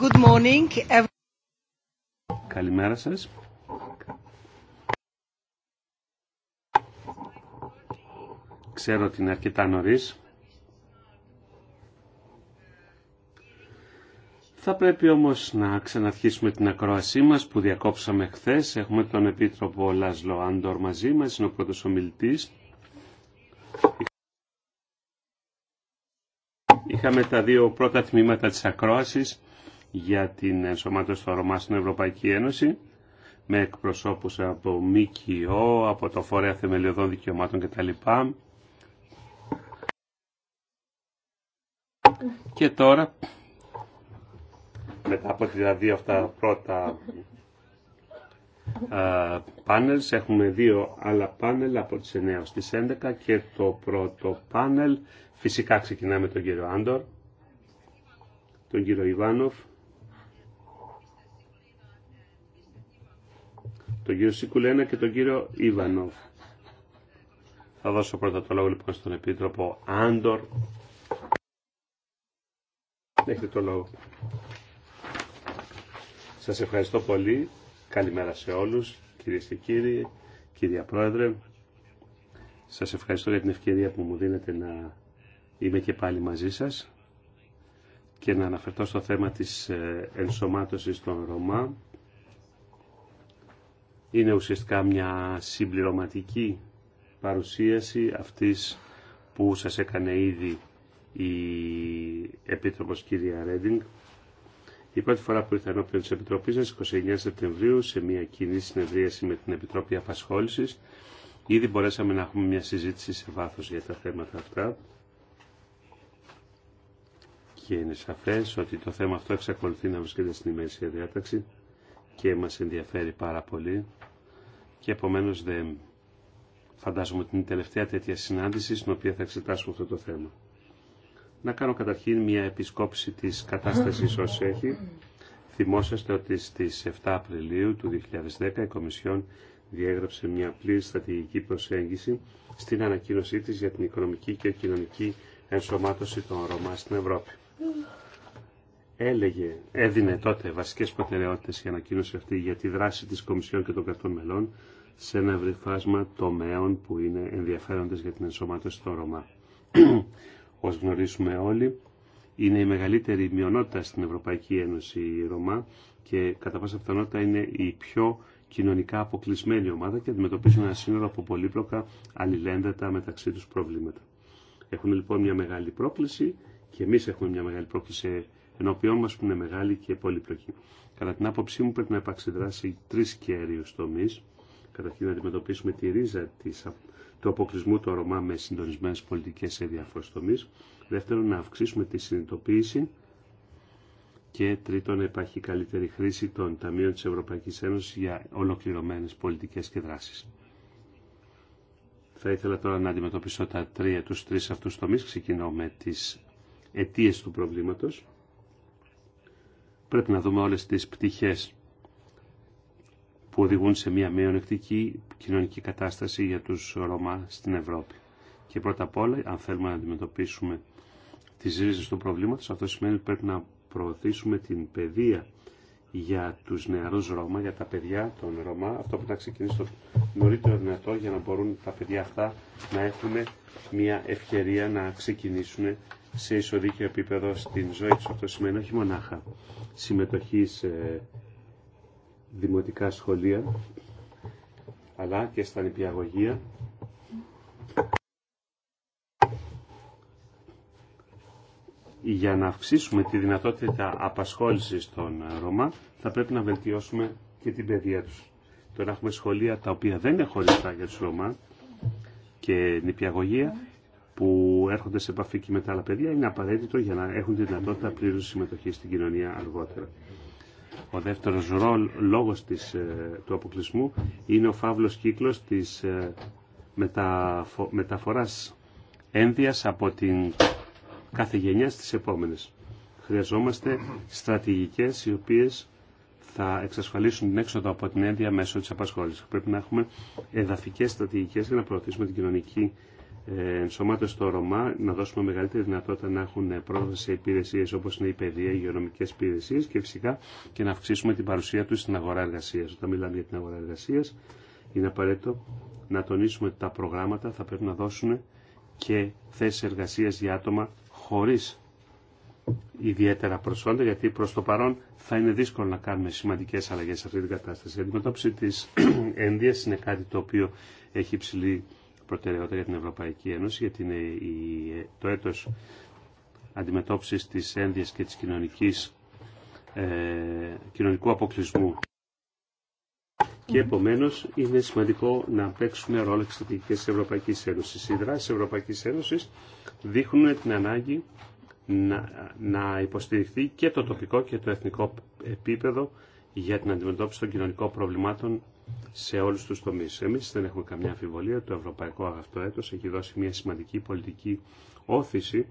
Good morning. Καλημέρα σας. Ξέρω ότι είναι αρκετά νωρίς. Θα πρέπει όμως να ξαναρχίσουμε την ακρόασή μας που διακόψαμε χθες. Έχουμε τον Επίτροπο Λάσλο Άντορ μαζί μας, είναι ο πρώτος ομιλητής. Είχαμε τα δύο πρώτα τμήματα της ακρόασης για την ενσωμάτωση των Ρωμά στην Ευρωπαϊκή Ένωση με εκπροσώπους από ΜΚΟ, από το Φορέα Θεμελιωδών Δικαιωμάτων κτλ. Και τώρα, μετά από τα δύο δηλαδή αυτά πρώτα πάνελ, έχουμε δύο άλλα πάνελ από τις 9 στις 11 και το πρώτο πάνελ, φυσικά ξεκινάμε τον κύριο Άντορ, τον κύριο Ιβάνοφ, τον κύριο Σικουλένα και τον κύριο Ιβανόφ. Θα δώσω πρώτα το λόγο λοιπόν στον Επίτροπο Άντορ. Έχετε το λόγο. Σας ευχαριστώ πολύ. Καλημέρα σε όλους, κυρίε και κύριοι, κυρία Πρόεδρε. Σας ευχαριστώ για την ευκαιρία που μου δίνετε να είμαι και πάλι μαζί σας και να αναφερθώ στο θέμα της ε, ενσωμάτωσης των Ρωμά είναι ουσιαστικά μια συμπληρωματική παρουσίαση αυτής που σας έκανε ήδη η Επίτροπος κυρία Ρέντινγκ. Η πρώτη φορά που ήρθα ενώπιον της Επιτροπής σας, 29 Σεπτεμβρίου, σε μια κοινή συνεδρίαση με την Επιτροπή Απασχόλησης, ήδη μπορέσαμε να έχουμε μια συζήτηση σε βάθος για τα θέματα αυτά. Και είναι σαφές ότι το θέμα αυτό εξακολουθεί να βρίσκεται στην ημέρησια διάταξη και μας ενδιαφέρει πάρα πολύ και επομένω δεν φαντάζομαι την τελευταία τέτοια συνάντηση στην οποία θα εξετάσουμε αυτό το θέμα. Να κάνω καταρχήν μια επισκόπηση της κατάστασης όσο έχει. Θυμόσαστε ότι στις 7 Απριλίου του 2010 η Κομισιόν διέγραψε μια πλήρη στρατηγική προσέγγιση στην ανακοίνωσή της για την οικονομική και κοινωνική ενσωμάτωση των Ρωμά στην Ευρώπη έλεγε, έδινε τότε βασικέ προτεραιότητε η ανακοίνωση αυτή για τη δράση τη Κομισιόν και των κρατών μελών σε ένα ευρυφάσμα τομέων που είναι ενδιαφέροντε για την ενσωμάτωση των Ρωμά. Ω γνωρίζουμε όλοι, είναι η μεγαλύτερη μειονότητα στην Ευρωπαϊκή Ένωση η Ρωμά και κατά πάσα πιθανότητα είναι η πιο κοινωνικά αποκλεισμένη ομάδα και αντιμετωπίζουν ένα σύνολο από πολύπλοκα αλληλένδετα μεταξύ του προβλήματα. Έχουν λοιπόν μια μεγάλη πρόκληση και εμεί έχουμε μια μεγάλη πρόκληση ενώπιόν μας που είναι μεγάλη και πολύπλοκη. Κατά την άποψή μου πρέπει να υπάρξει δράση τρεις κέριους τομείς. Καταρχήν να αντιμετωπίσουμε τη ρίζα της, του αποκλεισμού του Ρωμά με συντονισμένες πολιτικές σε διάφορες τομείς. Δεύτερον, να αυξήσουμε τη συνειδητοποίηση και τρίτον, να υπάρχει καλύτερη χρήση των ταμείων της Ευρωπαϊκής Ένωσης για ολοκληρωμένες πολιτικές και δράσεις. Θα ήθελα τώρα να αντιμετωπίσω τα τρία, τους τρεις αυτούς τομείς. Ξεκινώ με τις αιτίες του προβλήματος. Πρέπει να δούμε όλες τις πτυχές που οδηγούν σε μια μειονεκτική κοινωνική κατάσταση για τους Ρωμά στην Ευρώπη. Και πρώτα απ' όλα, αν θέλουμε να αντιμετωπίσουμε τις ρίζες του προβλήματος, αυτό σημαίνει ότι πρέπει να προωθήσουμε την παιδεία για τους νεαρούς Ρώμα, για τα παιδιά των Ρωμά. Αυτό που θα ξεκινήσει το νωρίτερο δυνατό για να μπορούν τα παιδιά αυτά να έχουν μια ευκαιρία να ξεκινήσουν σε ισοδίκαιο επίπεδο στην ζωή του. Αυτό σημαίνει όχι μονάχα συμμετοχή σε δημοτικά σχολεία, αλλά και στα νηπιαγωγεία. Για να αυξήσουμε τη δυνατότητα απασχόλησης των Ρωμά, θα πρέπει να βελτιώσουμε και την παιδεία τους. Τώρα έχουμε σχολεία τα οποία δεν είναι χωριστά για τους Ρωμά και νηπιαγωγεία που έρχονται σε επαφή και με τα άλλα παιδιά είναι απαραίτητο για να έχουν τη δυνατότητα πλήρου συμμετοχή στην κοινωνία αργότερα. Ο δεύτερο λόγο ε, του αποκλεισμού είναι ο φαύλο κύκλο τη ε, μεταφορά μεταφοράς από την κάθε γενιά στι επόμενες. Χρειαζόμαστε στρατηγικέ οι οποίε θα εξασφαλίσουν την έξοδο από την ένδυα μέσω της απασχόληση. Πρέπει να έχουμε εδαφικέ στρατηγικέ για να προωθήσουμε την κοινωνική ενσωμάτωση στο Ρωμά, να δώσουμε μεγαλύτερη δυνατότητα να έχουν πρόσβαση σε υπηρεσίε όπω είναι η παιδεία, οι υγειονομικέ υπηρεσίε και φυσικά και να αυξήσουμε την παρουσία του στην αγορά εργασία. Όταν μιλάμε για την αγορά εργασία, είναι απαραίτητο να τονίσουμε ότι τα προγράμματα θα πρέπει να δώσουν και θέσει εργασία για άτομα χωρί ιδιαίτερα προσόντα, γιατί προ το παρόν θα είναι δύσκολο να κάνουμε σημαντικέ αλλαγέ σε αυτή την κατάσταση. Η αντιμετώπιση τη ένδυα είναι κάτι το οποίο έχει υψηλή προτεραιότητα για την Ευρωπαϊκή Ένωση, γιατί είναι το έτος αντιμετώπισης της ένδυας και της ε, κοινωνικού αποκλεισμού. Και επομένω είναι σημαντικό να παίξουμε ρόλο και στρατηγικέ τη Ευρωπαϊκή Ένωση. Οι δράσει τη Ευρωπαϊκή Ένωση δείχνουν την ανάγκη να, να υποστηριχθεί και το τοπικό και το εθνικό επίπεδο για την αντιμετώπιση των κοινωνικών προβλημάτων σε όλους τους τομείς. Εμείς δεν έχουμε καμιά αμφιβολία, το ευρωπαϊκό αυτό έτος έχει δώσει μια σημαντική πολιτική όθηση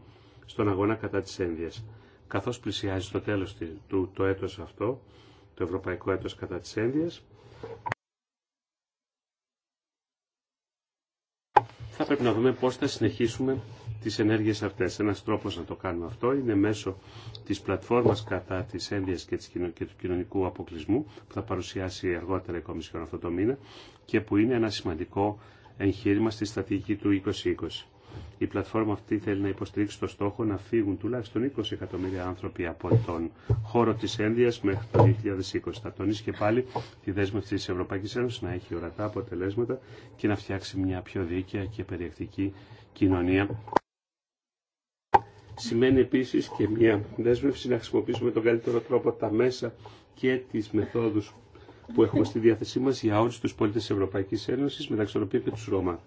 στον αγώνα κατά της ένδυας. Καθώς πλησιάζει το τέλος του το έτος αυτό, το ευρωπαϊκό έτος κατά της ένδυας, θα πρέπει να δούμε πώς θα συνεχίσουμε τις ενέργειες αυτές. Ένας τρόπος να το κάνουμε αυτό είναι μέσω της πλατφόρμας κατά της ένδυας και, και του κοινωνικού αποκλεισμού που θα παρουσιάσει αργότερα η Κομισιόν αυτό το μήνα και που είναι ένα σημαντικό εγχείρημα στη στρατηγική του 2020. Η πλατφόρμα αυτή θέλει να υποστηρίξει το στόχο να φύγουν τουλάχιστον 20 εκατομμύρια άνθρωποι από τον χώρο τη ένδυα μέχρι το 2020. Θα τονίσει και πάλι τη δέσμευση τη Ευρωπαϊκή Ένωση να έχει ορατά αποτελέσματα και να φτιάξει μια πιο δίκαια και περιεκτική κοινωνία Σημαίνει επίσης και μια δέσμευση να χρησιμοποιήσουμε τον καλύτερο τρόπο τα μέσα και τις μεθόδους που έχουμε στη διάθεσή μας για όλους τους πολίτες της Ευρωπαϊκής Ένωσης, μεταξύ των οποίων και του Ρώμα.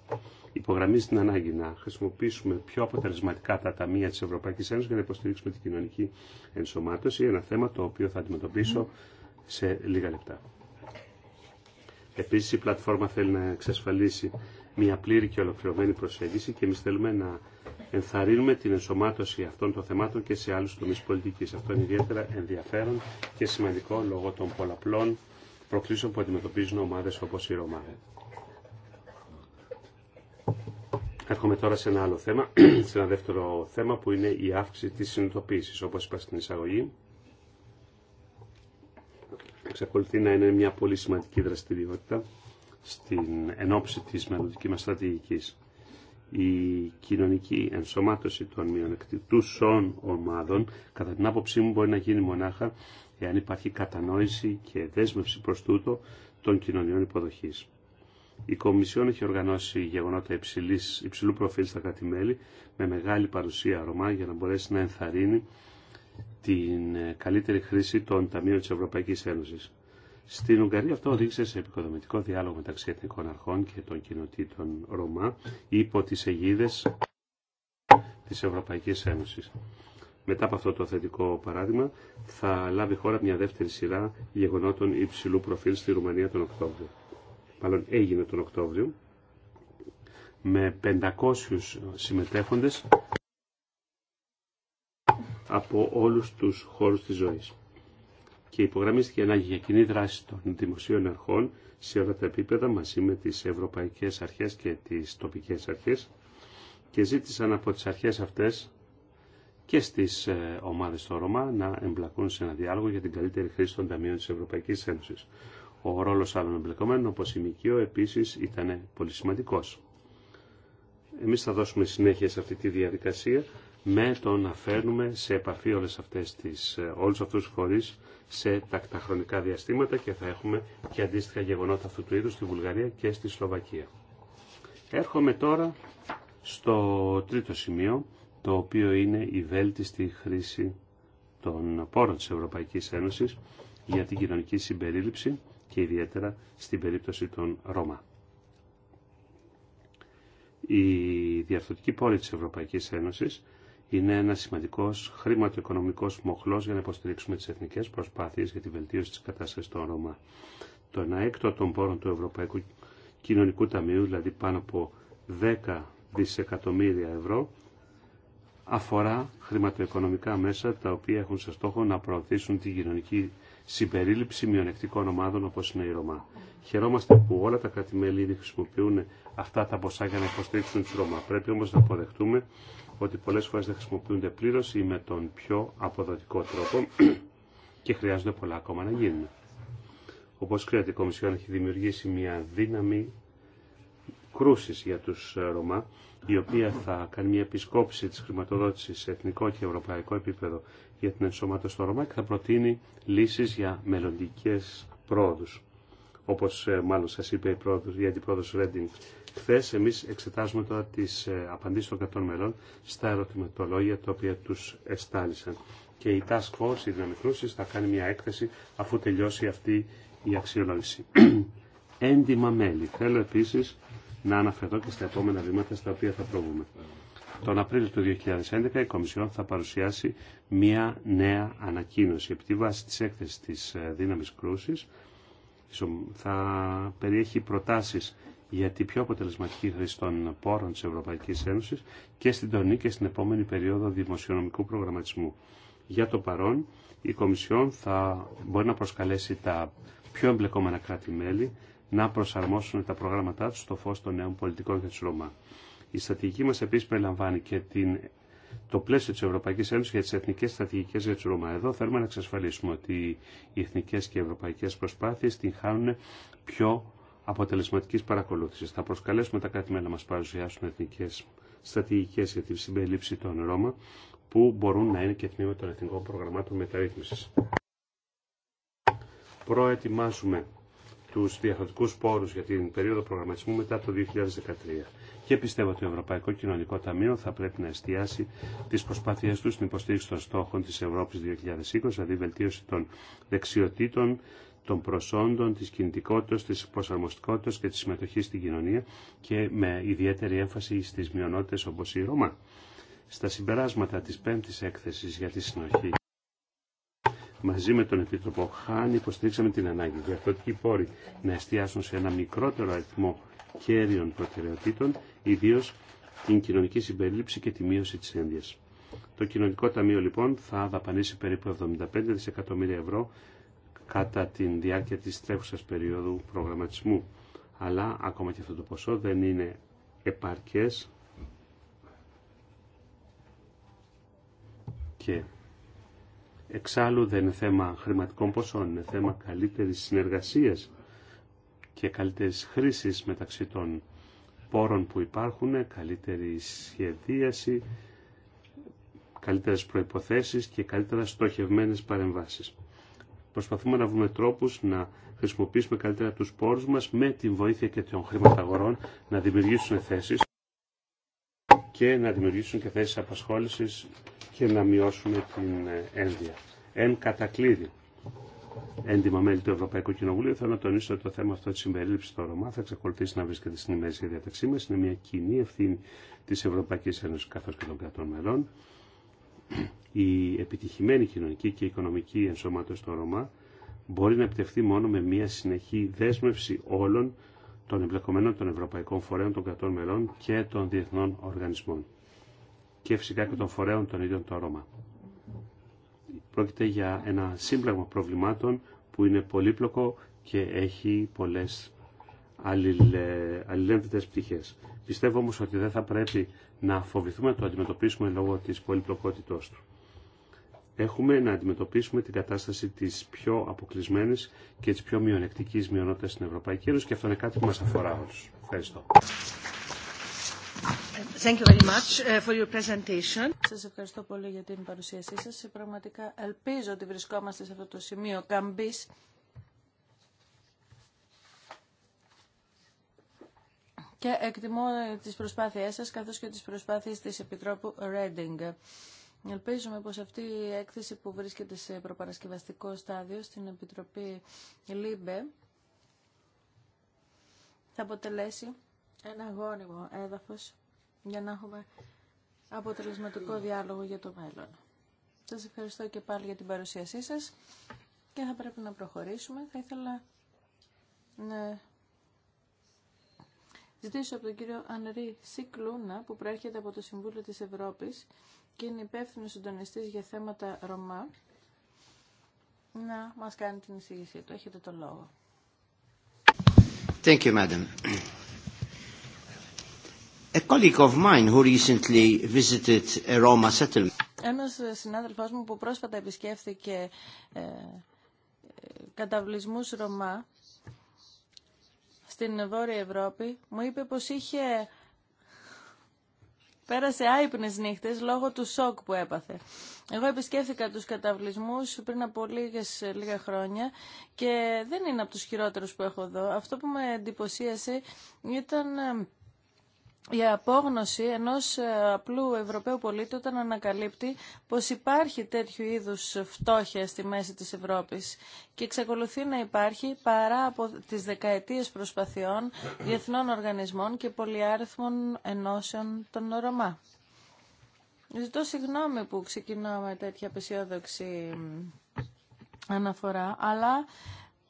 Υπογραμμίζει την ανάγκη να χρησιμοποιήσουμε πιο αποτελεσματικά τα ταμεία της Ευρωπαϊκής Ένωσης για να υποστηρίξουμε την κοινωνική ενσωμάτωση, ένα θέμα το οποίο θα αντιμετωπίσω σε λίγα λεπτά. Επίσης η πλατφόρμα θέλει να εξασφαλίσει μια πλήρη και ολοκληρωμένη προσέγγιση και εμεί θέλουμε να ενθαρρύνουμε την ενσωμάτωση αυτών των θεμάτων και σε άλλους τομείς πολιτικής. Αυτό είναι ιδιαίτερα ενδιαφέρον και σημαντικό λόγω των πολλαπλών προκλήσεων που αντιμετωπίζουν ομάδες όπως η Ρωμά. Έρχομαι τώρα σε ένα άλλο θέμα, σε ένα δεύτερο θέμα που είναι η αύξηση της συνειδητοποίησης, όπως είπα στην εισαγωγή. Εξακολουθεί να είναι μια πολύ σημαντική δραστηριότητα στην ενόψη της μελλοντική μας στρατηγικής η κοινωνική ενσωμάτωση των μειονεκτητούσων ομάδων, κατά την άποψή μου, μπορεί να γίνει μονάχα εάν υπάρχει κατανόηση και δέσμευση προς τούτο των κοινωνιών υποδοχής. Η Κομισιόν έχει οργανώσει γεγονότα υψηλής, υψηλού προφίλ στα κράτη-μέλη με μεγάλη παρουσία Ρωμά για να μπορέσει να ενθαρρύνει την ε, καλύτερη χρήση των ταμείων της Ευρωπαϊκής Ένωσης. Στην Ουγγαρία αυτό οδήγησε σε επικοδομητικό διάλογο μεταξύ εθνικών αρχών και των κοινοτήτων Ρωμά υπό τις αιγίδες της Ευρωπαϊκής Ένωσης. Μετά από αυτό το θετικό παράδειγμα θα λάβει χώρα μια δεύτερη σειρά γεγονότων υψηλού προφίλ στη Ρουμανία τον Οκτώβριο. Μάλλον έγινε τον Οκτώβριο με 500 συμμετέχοντες από όλους τους χώρους της ζωής και υπογραμμίστηκε η ανάγκη για κοινή δράση των δημοσίων αρχών σε όλα τα επίπεδα μαζί με τις ευρωπαϊκές αρχές και τις τοπικές αρχές και ζήτησαν από τις αρχές αυτές και στις ε, ομάδες στο Ρώμα να εμπλακούν σε ένα διάλογο για την καλύτερη χρήση των ταμείων της Ευρωπαϊκής Ένωσης. Ο ρόλος άλλων εμπλεκομένων, όπως η ΜΚΟ, επίσης ήταν πολύ σημαντικός. Εμείς θα δώσουμε συνέχεια σε αυτή τη διαδικασία με το να φέρνουμε σε επαφή όλες αυτές τις, ε, όλους αυτούς τους φορείς σε τακταχρονικά διαστήματα και θα έχουμε και αντίστοιχα γεγονότα αυτού του είδους στη Βουλγαρία και στη Σλοβακία. Έρχομαι τώρα στο τρίτο σημείο, το οποίο είναι η βέλτιστη χρήση των πόρων της Ευρωπαϊκής Ένωσης για την κοινωνική συμπερίληψη και ιδιαίτερα στην περίπτωση των Ρώμα. Η διαφθορτική πόλη της Ευρωπαϊκής Ένωσης είναι ένα σημαντικό χρηματοοικονομικό μοχλό για να υποστηρίξουμε τι εθνικέ προσπάθειε για τη βελτίωση τη κατάσταση των Ρώμα. Το 1 έκτο των πόρων του Ευρωπαϊκού Κοινωνικού Ταμείου, δηλαδή πάνω από 10 δισεκατομμύρια ευρώ, αφορά χρηματοοικονομικά μέσα τα οποία έχουν σε στόχο να προωθήσουν την κοινωνική συμπερίληψη μειονεκτικών ομάδων όπω είναι η Ρωμά. Χαιρόμαστε που όλα τα κράτη-μέλη ήδη χρησιμοποιούν αυτά τα ποσά για να υποστηρίξουν του Ρωμά. Πρέπει όμω να αποδεχτούμε ότι πολλές φορές δεν χρησιμοποιούνται πλήρως ή με τον πιο αποδοτικό τρόπο και χρειάζονται πολλά ακόμα να γίνουν. Όπως ξέρετε, η Κομισιόν έχει δημιουργήσει μια δύναμη κρούσης για τους ε, Ρωμά, η οποία θα κάνει μια επισκόπηση της χρηματοδότησης σε εθνικό και ευρωπαϊκό επίπεδο για την ενσωμάτωση των Ρωμά και θα προτείνει λύσεις για μελλοντικέ πρόοδους. Όπως ε, μάλλον σας είπε η, πρόεδρος, η αντιπρόεδρος Ρέντινγκ χθε, εμείς εξετάζουμε τώρα τις ε, απαντήσεις των 100 μελών στα ερωτηματολόγια τα οποία τους εστάλησαν. Και η Task Force, η δυναμικρούση, θα κάνει μια έκθεση αφού τελειώσει αυτή η αξιολόγηση. Έντιμα μέλη. Θέλω επίσης να αναφερθώ και στα επόμενα βήματα στα οποία θα προβούμε. Τον Απρίλιο του 2011 η Κομισιόν θα παρουσιάσει μία νέα ανακοίνωση επί τη βάση της έκθεσης της δύναμης ε, κρούσης θα περιέχει προτάσεις για τη πιο αποτελεσματική χρήση των πόρων της Ευρωπαϊκής Ένωσης και στην τονή και στην επόμενη περίοδο δημοσιονομικού προγραμματισμού. Για το παρόν, η Κομισιόν θα μπορεί να προσκαλέσει τα πιο εμπλεκόμενα κράτη-μέλη να προσαρμόσουν τα προγράμματά τους στο φως των νέων πολιτικών για της Ρωμά. Η στρατηγική μας επίσης περιλαμβάνει και την το πλαίσιο τη Ευρωπαϊκή Ένωση για τι εθνικέ στρατηγικές για τους Ρωμά. Εδώ θέλουμε να εξασφαλίσουμε ότι οι εθνικέ και ευρωπαϊκέ προσπάθειε την χάνουν πιο αποτελεσματική παρακολούθηση. Θα προσκαλέσουμε τα κράτη να μα παρουσιάσουν εθνικέ στρατηγικές για τη συμπερίληψη των Ρώμα που μπορούν να είναι και τμήμα των εθνικών προγραμμάτων μεταρρύθμιση. Προετοιμάσουμε του διαχρονικούς πόρου για την περίοδο προγραμματισμού μετά το 2013 και πιστεύω ότι το Ευρωπαϊκό Κοινωνικό Ταμείο θα πρέπει να εστιάσει τι προσπάθειέ του στην υποστήριξη των στόχων τη Ευρώπη 2020, δηλαδή βελτίωση των δεξιοτήτων, των προσόντων, τη κινητικότητα, τη προσαρμοστικότητα και τη συμμετοχή στην κοινωνία και με ιδιαίτερη έμφαση στι μειονότητες όπω η Ρώμα. Στα συμπεράσματα τη πέμπτη έκθεση για τη συνοχή μαζί με τον Επίτροπο Χάν υποστήριξαμε την ανάγκη για διαθωτικοί πόροι να εστιάσουν σε ένα μικρότερο αριθμό κέριων προτεραιοτήτων ιδίω την κοινωνική συμπερίληψη και τη μείωση τη ένδυα. Το Κοινωνικό Ταμείο λοιπόν θα δαπανίσει περίπου 75 δισεκατομμύρια ευρώ κατά τη διάρκεια της τρέχουσα περίοδου προγραμματισμού. Αλλά ακόμα και αυτό το ποσό δεν είναι επαρκές και εξάλλου δεν είναι θέμα χρηματικών ποσών, είναι θέμα καλύτερης συνεργασίας και καλύτερης χρήσης μεταξύ των πόρων που υπάρχουν, καλύτερη σχεδίαση, καλύτερες προϋποθέσεις και καλύτερα στοχευμένες παρεμβάσεις. Προσπαθούμε να βρούμε τρόπους να χρησιμοποιήσουμε καλύτερα τους πόρους μας με την βοήθεια και των χρηματαγορών να δημιουργήσουν θέσεις και να δημιουργήσουν και θέσεις απασχόλησης και να μειώσουμε την ε, ένδυα. Εν κατακλείδη, έντιμα μέλη του Ευρωπαϊκού Κοινοβουλίου. Θέλω να τονίσω ότι το θέμα αυτό τη συμπερίληψη των Ρωμά θα εξακολουθήσει να βρίσκεται στην για διαταξή μα. Είναι μια κοινή ευθύνη τη Ευρωπαϊκή Ένωση καθώ και των κρατών μελών. Η επιτυχημένη κοινωνική και οικονομική ενσωμάτωση στο Ρωμά μπορεί να επιτευχθεί μόνο με μια συνεχή δέσμευση όλων των εμπλεκομένων των Ευρωπαϊκών Φορέων, των κρατών μελών και των διεθνών οργανισμών. Και φυσικά και των φορέων των ίδιων των Ρώμα πρόκειται για ένα σύμπλεγμα προβλημάτων που είναι πολύπλοκο και έχει πολλές αλληλένδετες πτυχές. Πιστεύω όμως ότι δεν θα πρέπει να φοβηθούμε να το αντιμετωπίσουμε λόγω της πολυπλοκότητός του. Έχουμε να αντιμετωπίσουμε την κατάσταση της πιο αποκλεισμένη και της πιο μειονεκτικής μειονότητας στην Ευρωπαϊκή Ένωση και αυτό είναι κάτι που μας αφορά όλους. Ευχαριστώ. Thank you very much uh, for your presentation. Σας ευχαριστώ πολύ για την παρουσίασή σας. Πραγματικά ελπίζω ότι βρισκόμαστε σε αυτό το σημείο καμπής. Και εκτιμώ ε, τις προσπάθειές σας καθώς και τις προσπάθειες της Επιτρόπου Reading. Ελπίζουμε πως αυτή η έκθεση που βρίσκεται σε προπαρασκευαστικό στάδιο στην Επιτροπή ΛΥΜΠΕ θα αποτελέσει ένα γόνιμο έδαφος για να έχουμε αποτελεσματικό διάλογο για το μέλλον. Σας ευχαριστώ και πάλι για την παρουσίασή σας και θα πρέπει να προχωρήσουμε. Θα ήθελα να ζητήσω από τον κύριο Ανρί Σικλούνα που προέρχεται από το Συμβούλιο της Ευρώπης και είναι υπεύθυνο συντονιστή για θέματα Ρωμά να μας κάνει την εισήγησή του. Έχετε το λόγο. Thank you, A colleague of mine who recently visited a Roma settlement. Ένας ε, συνάδελφός μου που πρόσφατα επισκέφθηκε ε, καταβλισμούς Ρωμά στην Βόρεια Ευρώπη μου είπε πως είχε πέρασε άϊπνες νύχτες λόγω του σοκ που έπαθε. Εγώ επισκέφθηκα τους καταβλισμούς πριν από λίγες, ε, λίγα χρόνια και δεν είναι από τους χειρότερους που έχω εδώ. Αυτό που με εντυπωσίασε ήταν ε, η απόγνωση ενός ε, απλού Ευρωπαίου πολίτη όταν ανακαλύπτει πως υπάρχει τέτοιου είδους φτώχεια στη μέση της Ευρώπης και εξακολουθεί να υπάρχει παρά από τις δεκαετίες προσπαθειών διεθνών οργανισμών και πολυάριθμων ενώσεων των Ρωμά. Ζητώ συγγνώμη που ξεκινώ με τέτοια απεσιόδοξη αναφορά, αλλά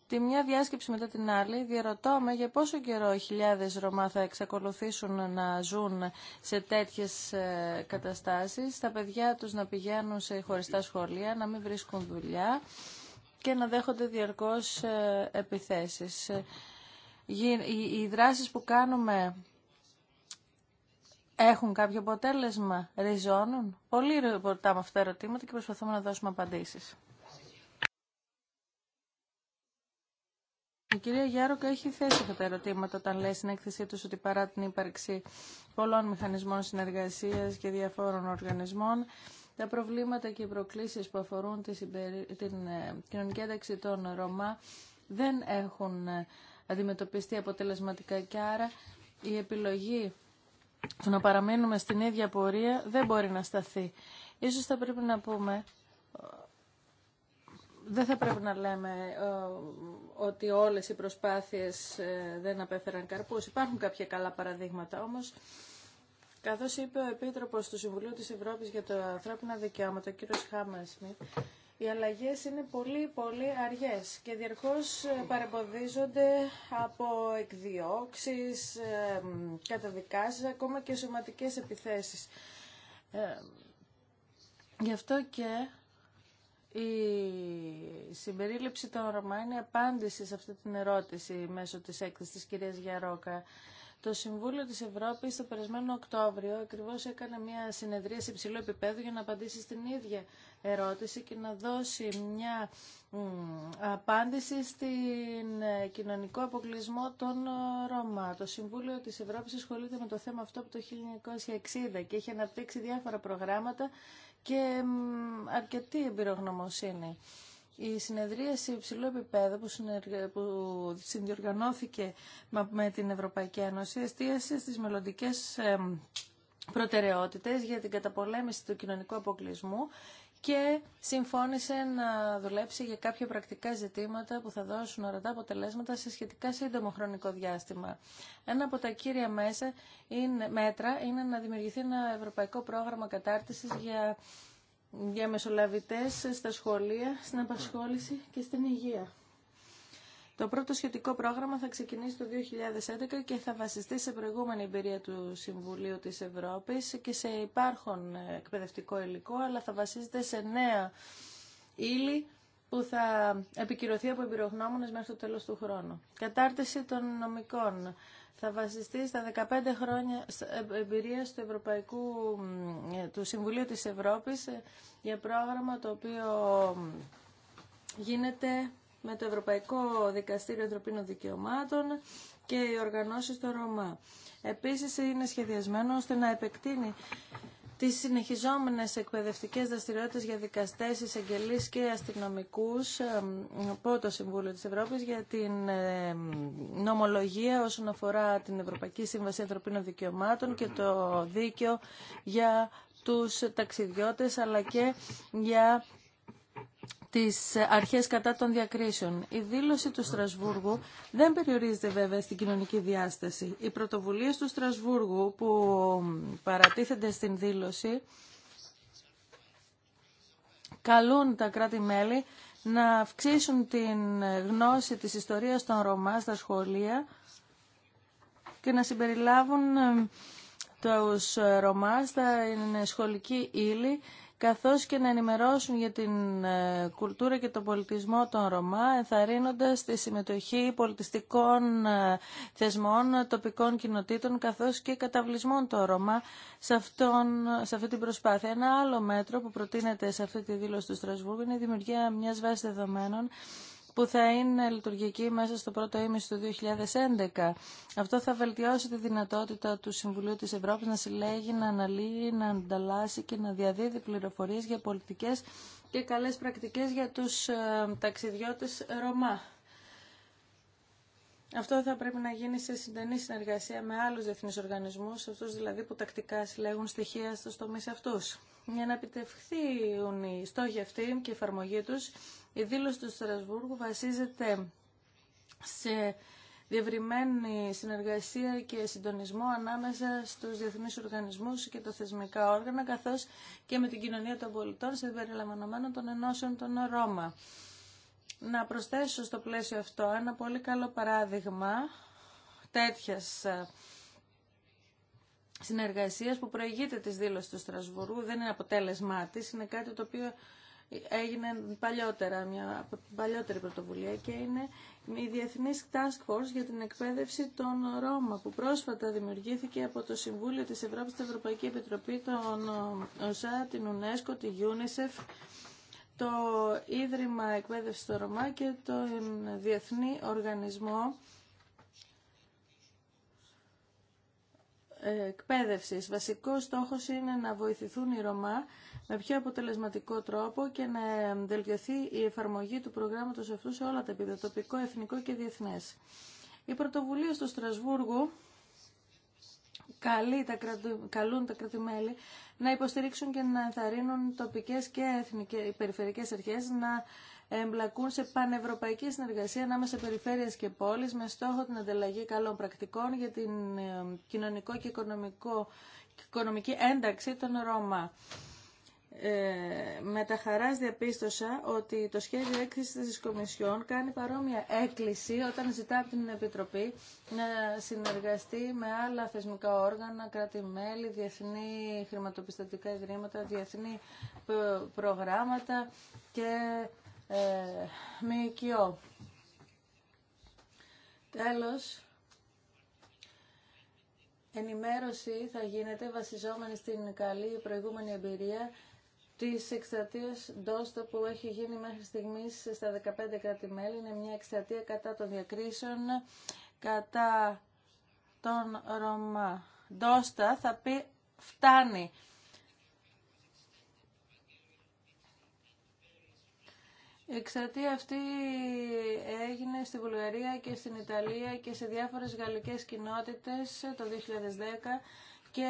τη μια διάσκεψη μετά την άλλη διαρωτώ με για πόσο καιρό οι χιλιάδες Ρωμά θα εξακολουθήσουν να ζουν σε τέτοιες ε, καταστάσεις, τα παιδιά τους να πηγαίνουν σε χωριστά σχολεία, να μην βρίσκουν δουλειά και να δέχονται διαρκώς ε, επιθέσεις. Ε, οι δράσεις που κάνουμε έχουν κάποιο αποτέλεσμα, ριζώνουν. Πολύ ρωτάμε αυτά τα ερωτήματα και προσπαθούμε να δώσουμε απαντήσεις. Η κυρία Γιάροκα έχει θέσει αυτά τα ερωτήματα όταν λέει στην έκθεσή του ότι παρά την ύπαρξη πολλών μηχανισμών συνεργασία και διαφόρων οργανισμών, τα προβλήματα και οι προκλήσεις που αφορούν την ε, κοινωνική ένταξη των Ρωμά δεν έχουν ε, αντιμετωπιστεί αποτελεσματικά και άρα η επιλογή του να παραμείνουμε στην ίδια πορεία δεν μπορεί να σταθεί. Ίσως θα πρέπει να πούμε δεν θα πρέπει να λέμε ε, ότι όλες οι προσπάθειες ε, δεν απέφεραν καρπούς. Υπάρχουν κάποια καλά παραδείγματα όμως. Καθώς είπε ο Επίτροπος του Συμβουλίου της Ευρώπης για το ανθρώπινα δικαιώματα, ο κύριο Χάμεσμι, οι αλλαγές είναι πολύ πολύ αργές και διαρκώς ε, παρεμποδίζονται από εκδιώξεις, καταδικάσεις, ακόμα και σωματικές επιθέσεις. Γι' αυτό και η συμπερίληψη των Ρωμά είναι απάντηση σε αυτή την ερώτηση μέσω της έκθεσης της κυρίας Γιαρόκα. Το Συμβούλιο της Ευρώπης το περασμένο Οκτώβριο ακριβώ έκανε μια συνεδρία σε υψηλό επίπεδο για να απαντήσει στην ίδια ερώτηση και να δώσει μια απάντηση στην ε, κοινωνικό αποκλεισμό των ε, Ρωμά. Το Συμβούλιο της Ευρώπης ασχολείται με το θέμα αυτό από το 1960 και έχει αναπτύξει διάφορα προγράμματα και αρκετή εμπειρογνωμοσύνη. Η συνεδρία υψηλού επίπεδου που, συνεργα... που συνδιοργανώθηκε με την Ευρωπαϊκή Ένωση εστίασε στις μελλοντικές προτεραιότητες για την καταπολέμηση του κοινωνικού αποκλεισμού και συμφώνησε να δουλέψει για κάποια πρακτικά ζητήματα που θα δώσουν ορατά αποτελέσματα σε σχετικά σύντομο χρονικό διάστημα. Ένα από τα κύρια μέσα είναι, μέτρα είναι να δημιουργηθεί ένα ευρωπαϊκό πρόγραμμα κατάρτισης για, για μεσολαβητές στα σχολεία, στην απασχόληση και στην υγεία. Το πρώτο σχετικό πρόγραμμα θα ξεκινήσει το 2011 και θα βασιστεί σε προηγούμενη εμπειρία του Συμβουλίου της Ευρώπης και σε υπάρχον ε, εκπαιδευτικό υλικό, αλλά θα βασίζεται σε νέα ύλη που θα επικυρωθεί από εμπειρογνώμονες μέχρι το τέλος του χρόνου. Κατάρτιση των νομικών θα βασιστεί στα 15 χρόνια ε, εμπειρία του, Ευρωπαϊκού, ε, του Συμβουλίου της Ευρώπης για πρόγραμμα το οποίο γίνεται με το Ευρωπαϊκό Δικαστήριο Ανθρωπίνων Δικαιωμάτων και οι οργανώσεις των Ρωμά. Επίσης είναι σχεδιασμένο ώστε να επεκτείνει τις συνεχιζόμενες εκπαιδευτικές δραστηριότητες για δικαστές, εισαγγελείς και αστυνομικούς από το Συμβούλιο της Ευρώπης για την νομολογία όσον αφορά την Ευρωπαϊκή Σύμβαση Ανθρωπίνων Δικαιωμάτων και το δίκαιο για τους ταξιδιώτες αλλά και για τις αρχές κατά των διακρίσεων. Η δήλωση του Στρασβούργου δεν περιορίζεται βέβαια στην κοινωνική διάσταση. Οι πρωτοβουλίες του Στρασβούργου που παρατίθενται στην δήλωση καλούν τα κράτη-μέλη να αυξήσουν την γνώση της ιστορίας των Ρωμά στα σχολεία και να συμπεριλάβουν ε, τους Ρωμά στα ε, σχολική ύλη καθώς και να ενημερώσουν για την ε, κουλτούρα και τον πολιτισμό των Ρωμά, ενθαρρύνοντας τη συμμετοχή πολιτιστικών ε, θεσμών, τοπικών κοινοτήτων, καθώς και καταβλισμών των Ρωμά σε, αυτόν, σε αυτή την προσπάθεια. Ένα άλλο μέτρο που προτείνεται σε αυτή τη δήλωση του Στρασβούργου είναι η δημιουργία μιας βάσης δεδομένων που θα είναι λειτουργική μέσα στο πρώτο ήμιση του 2011. Αυτό θα βελτιώσει τη δυνατότητα του Συμβουλίου της Ευρώπης να συλλέγει, να αναλύει, να ανταλλάσσει και να διαδίδει πληροφορίες για πολιτικές και καλές πρακτικές για τους ε, ταξιδιώτες Ρωμά. Αυτό θα πρέπει να γίνει σε συντενή συνεργασία με άλλους διεθνείς οργανισμούς, αυτούς δηλαδή που τακτικά συλλέγουν στοιχεία στους τομείς αυτούς. Για να επιτευχθούν οι στόχοι αυτοί και η εφαρμογή τους, η δήλωση του Στρασβούργου βασίζεται σε διευρυμένη συνεργασία και συντονισμό ανάμεσα στους διεθνείς οργανισμούς και τα θεσμικά όργανα, καθώς και με την κοινωνία των πολιτών, σε περιλαμβανωμένο των ενώσεων των Ρώμα. Να προσθέσω στο πλαίσιο αυτό ένα πολύ καλό παράδειγμα τέτοιας ε, συνεργασίας που προηγείται της δήλωσης του Στρασβουργού, δεν είναι αποτέλεσμά της, είναι κάτι το οποίο έγινε παλιότερα, μια παλιότερη πρωτοβουλία και είναι η Διεθνής Task Force για την εκπαίδευση των Ρώμα που πρόσφατα δημιουργήθηκε από το Συμβούλιο της Ευρώπης, την Ευρωπαϊκή Επιτροπή, τον ΟΣΑ, την UNESCO, τη UNICEF, το Ίδρυμα Εκπαίδευση των Ρωμά και τον Διεθνή Οργανισμό εκπαίδευσης. Βασικός στόχος είναι να βοηθηθούν οι Ρωμά με πιο αποτελεσματικό τρόπο και να δελτιωθεί η εφαρμογή του προγράμματος αυτού σε όλα τα επίπεδα, τοπικό, εθνικό και διεθνές. Η πρωτοβουλία στο Στρασβούργο καλεί, τα κρατου, καλούν τα κρατημέλη να υποστηρίξουν και να ενθαρρύνουν τοπικές και εθνικές, περιφερειακές αρχές να εμπλακούν σε πανευρωπαϊκή συνεργασία ανάμεσα σε περιφέρειες και πόλεις με στόχο την ανταλλαγή καλών πρακτικών για την ε, κοινωνικό και οικονομικό, οικονομική ένταξη των Ρώμα. Ε, με τα χαράς διαπίστωσα ότι το σχέδιο έκθεση της Κομισιόν κάνει παρόμοια έκκληση όταν ζητά από την Επιτροπή να συνεργαστεί με άλλα θεσμικά όργανα, κράτη-μέλη, διεθνή χρηματοπιστωτικά ιδρύματα, διεθνή προγράμματα και ε, οικειό. Τέλος, ενημέρωση θα γίνεται βασιζόμενη στην καλή προηγούμενη εμπειρία της εκστρατείας Ντόστο που έχει γίνει μέχρι στιγμής στα 15 κράτη-μέλη. Είναι μια εκστρατεία κατά των διακρίσεων, κατά τον Ρωμά. Ντόστα θα πει φτάνει. Η αυτή έγινε στη Βουλγαρία και στην Ιταλία και σε διάφορες γαλλικές κοινότητες το 2010 και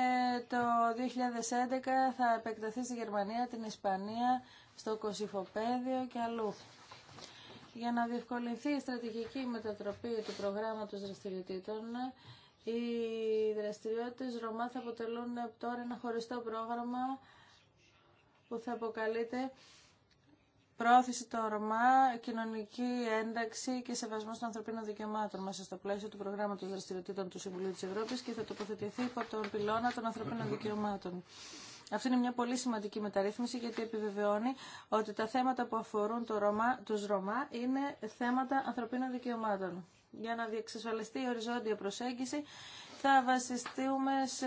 το 2011 θα επεκταθεί στη Γερμανία, την Ισπανία, στο Κωσυφοπαίδιο και αλλού. Για να διευκολυνθεί η στρατηγική μετατροπή του προγράμματος δραστηριοτήτων, οι δραστηριότητες Ρωμά θα αποτελούν τώρα ένα χωριστό πρόγραμμα που θα αποκαλείται πρόθεση το ρομά κοινωνική ένταξη και σεβασμό των ανθρωπίνων δικαιωμάτων μέσα στο πλαίσιο του προγράμματο δραστηριοτήτων του Συμβουλίου τη Ευρώπη και θα τοποθετηθεί υπό τον πυλώνα των ανθρωπίνων δικαιωμάτων. Αυτή είναι μια πολύ σημαντική μεταρρύθμιση γιατί επιβεβαιώνει ότι τα θέματα που αφορούν το Ρωμά, τους Ρωμά είναι θέματα ανθρωπίνων δικαιωμάτων για να διεξασφαλιστεί η οριζόντια προσέγγιση θα βασιστούμε σε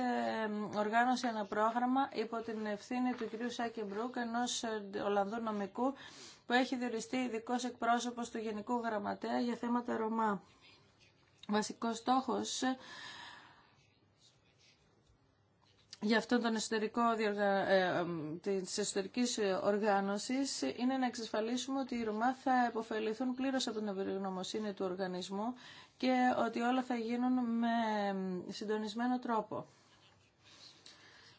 οργάνωση ένα πρόγραμμα υπό την ευθύνη του κ. Σάκη Μπρούκ, ενό ε, Ολλανδού νομικού που έχει διοριστεί ειδικό εκπρόσωπος του Γενικού Γραμματέα για θέματα Ρωμά. Βασικός στόχος για αυτόν τον εσωτερικό διοργα... ε, της εσωτερικής ε, οργάνωσης είναι να εξασφαλίσουμε ότι οι Ρωμά θα επωφεληθούν πλήρως από την ευρυγνωμοσύνη του οργανισμού και ότι όλα θα γίνουν με συντονισμένο τρόπο.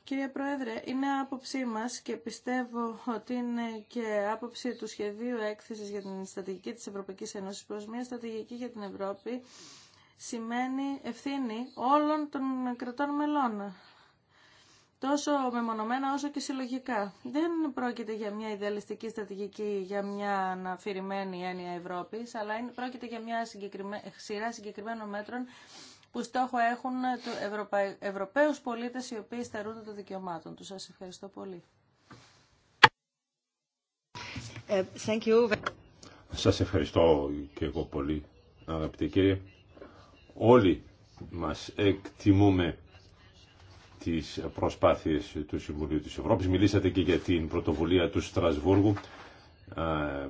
Κύριε Πρόεδρε, είναι άποψή μας και πιστεύω ότι είναι και άποψη του σχεδίου έκθεσης για την στρατηγική της Ευρωπαϊκής Ένωσης προς μια στρατηγική για την Ευρώπη σημαίνει ευθύνη όλων των κρατών μελών τόσο μεμονωμένα όσο και συλλογικά. Δεν πρόκειται για μια ιδεαλιστική στρατηγική, για μια αναφηρημένη έννοια Ευρώπης, αλλά πρόκειται για μια σειρά συγκεκριμένων μέτρων που στόχο έχουν του Ευρωπα... Ευρωπαίους πολίτες οι οποίοι στερούνται των δικαιωμάτων τους. Σας ευχαριστώ πολύ. Ε, thank you. Σας ευχαριστώ και εγώ πολύ, αγαπητέ κύριε. Όλοι μας εκτιμούμε τις προσπάθειες του Συμβουλίου της Ευρώπης. Μιλήσατε και για την πρωτοβουλία του Στρασβούργου ε,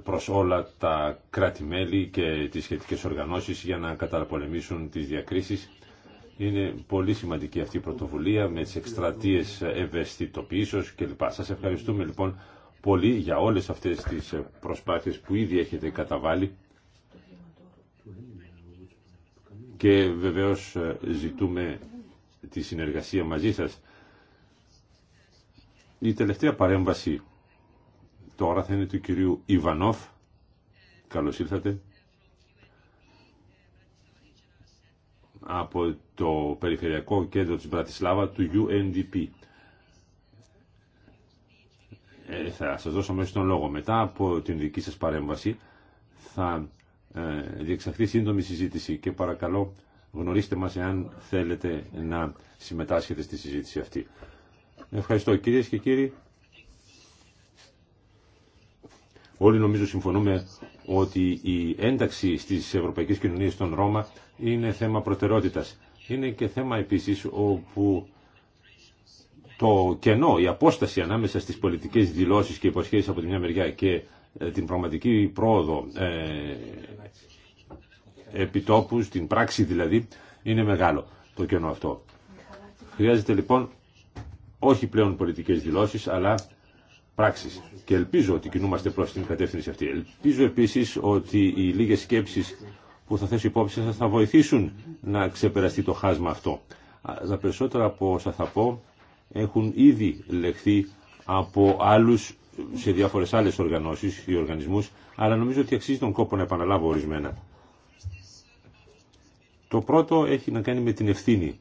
προς όλα τα κράτη-μέλη και τις σχετικές οργανώσεις για να καταπολεμήσουν τις διακρίσεις. Είναι πολύ σημαντική αυτή η πρωτοβουλία με τις εκστρατείες ευαισθητοποίησεως κλπ. Σας ευχαριστούμε λοιπόν πολύ για όλες αυτές τις προσπάθειες που ήδη έχετε καταβάλει και βεβαίως ζητούμε τη συνεργασία μαζί σας. Η τελευταία παρέμβαση τώρα θα είναι του κυρίου Ιβανόφ. Καλώς ήρθατε. Από το Περιφερειακό Κέντρο της Μπρατισλάβα του UNDP. Ε, θα σας δώσω μέσα τον λόγο. Μετά από την δική σας παρέμβαση θα ε, διεξαχθεί σύντομη συζήτηση και παρακαλώ Γνωρίστε μας εάν θέλετε να συμμετάσχετε στη συζήτηση αυτή. Ευχαριστώ κυρίες και κύριοι. Όλοι νομίζω συμφωνούμε ότι η ένταξη στις ευρωπαϊκές κοινωνίες των Ρώμα είναι θέμα προτεραιότητας. Είναι και θέμα επίσης όπου το κενό, η απόσταση ανάμεσα στις πολιτικές δηλώσεις και υποσχέσεις από τη μια μεριά και ε, την πραγματική πρόοδο ε, επιτόπου, στην πράξη δηλαδή, είναι μεγάλο το κενό αυτό. Χρειάζεται λοιπόν όχι πλέον πολιτικές δηλώσεις, αλλά πράξεις. Και ελπίζω ότι κινούμαστε προς την κατεύθυνση αυτή. Ελπίζω επίσης ότι οι λίγες σκέψεις που θα θέσω υπόψη σας θα βοηθήσουν να ξεπεραστεί το χάσμα αυτό. Τα περισσότερα από όσα θα πω έχουν ήδη λεχθεί από άλλους σε διάφορες άλλες οργανώσεις ή οργανισμούς, αλλά νομίζω ότι αξίζει τον κόπο να επαναλάβω ορισμένα. Το πρώτο έχει να κάνει με την ευθύνη.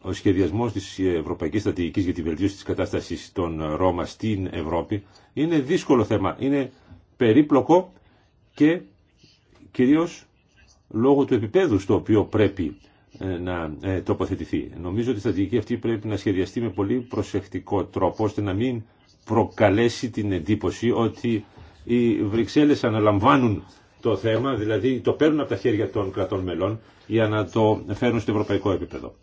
Ο σχεδιασμός της Ευρωπαϊκής Στρατηγικής για τη βελτίωση της κατάστασης των Ρώμα στην Ευρώπη είναι δύσκολο θέμα. Είναι περίπλοκο και κυρίως λόγω του επίπεδου στο οποίο πρέπει ε, να ε, τοποθετηθεί. Νομίζω ότι η στρατηγική αυτή πρέπει να σχεδιαστεί με πολύ προσεκτικό τρόπο ώστε να μην προκαλέσει την εντύπωση ότι οι Βρυξέλλες αναλαμβάνουν το θέμα, δηλαδή το παίρνουν από τα χέρια των κρατών μελών για να το φέρουν στο ευρωπαϊκό επίπεδο.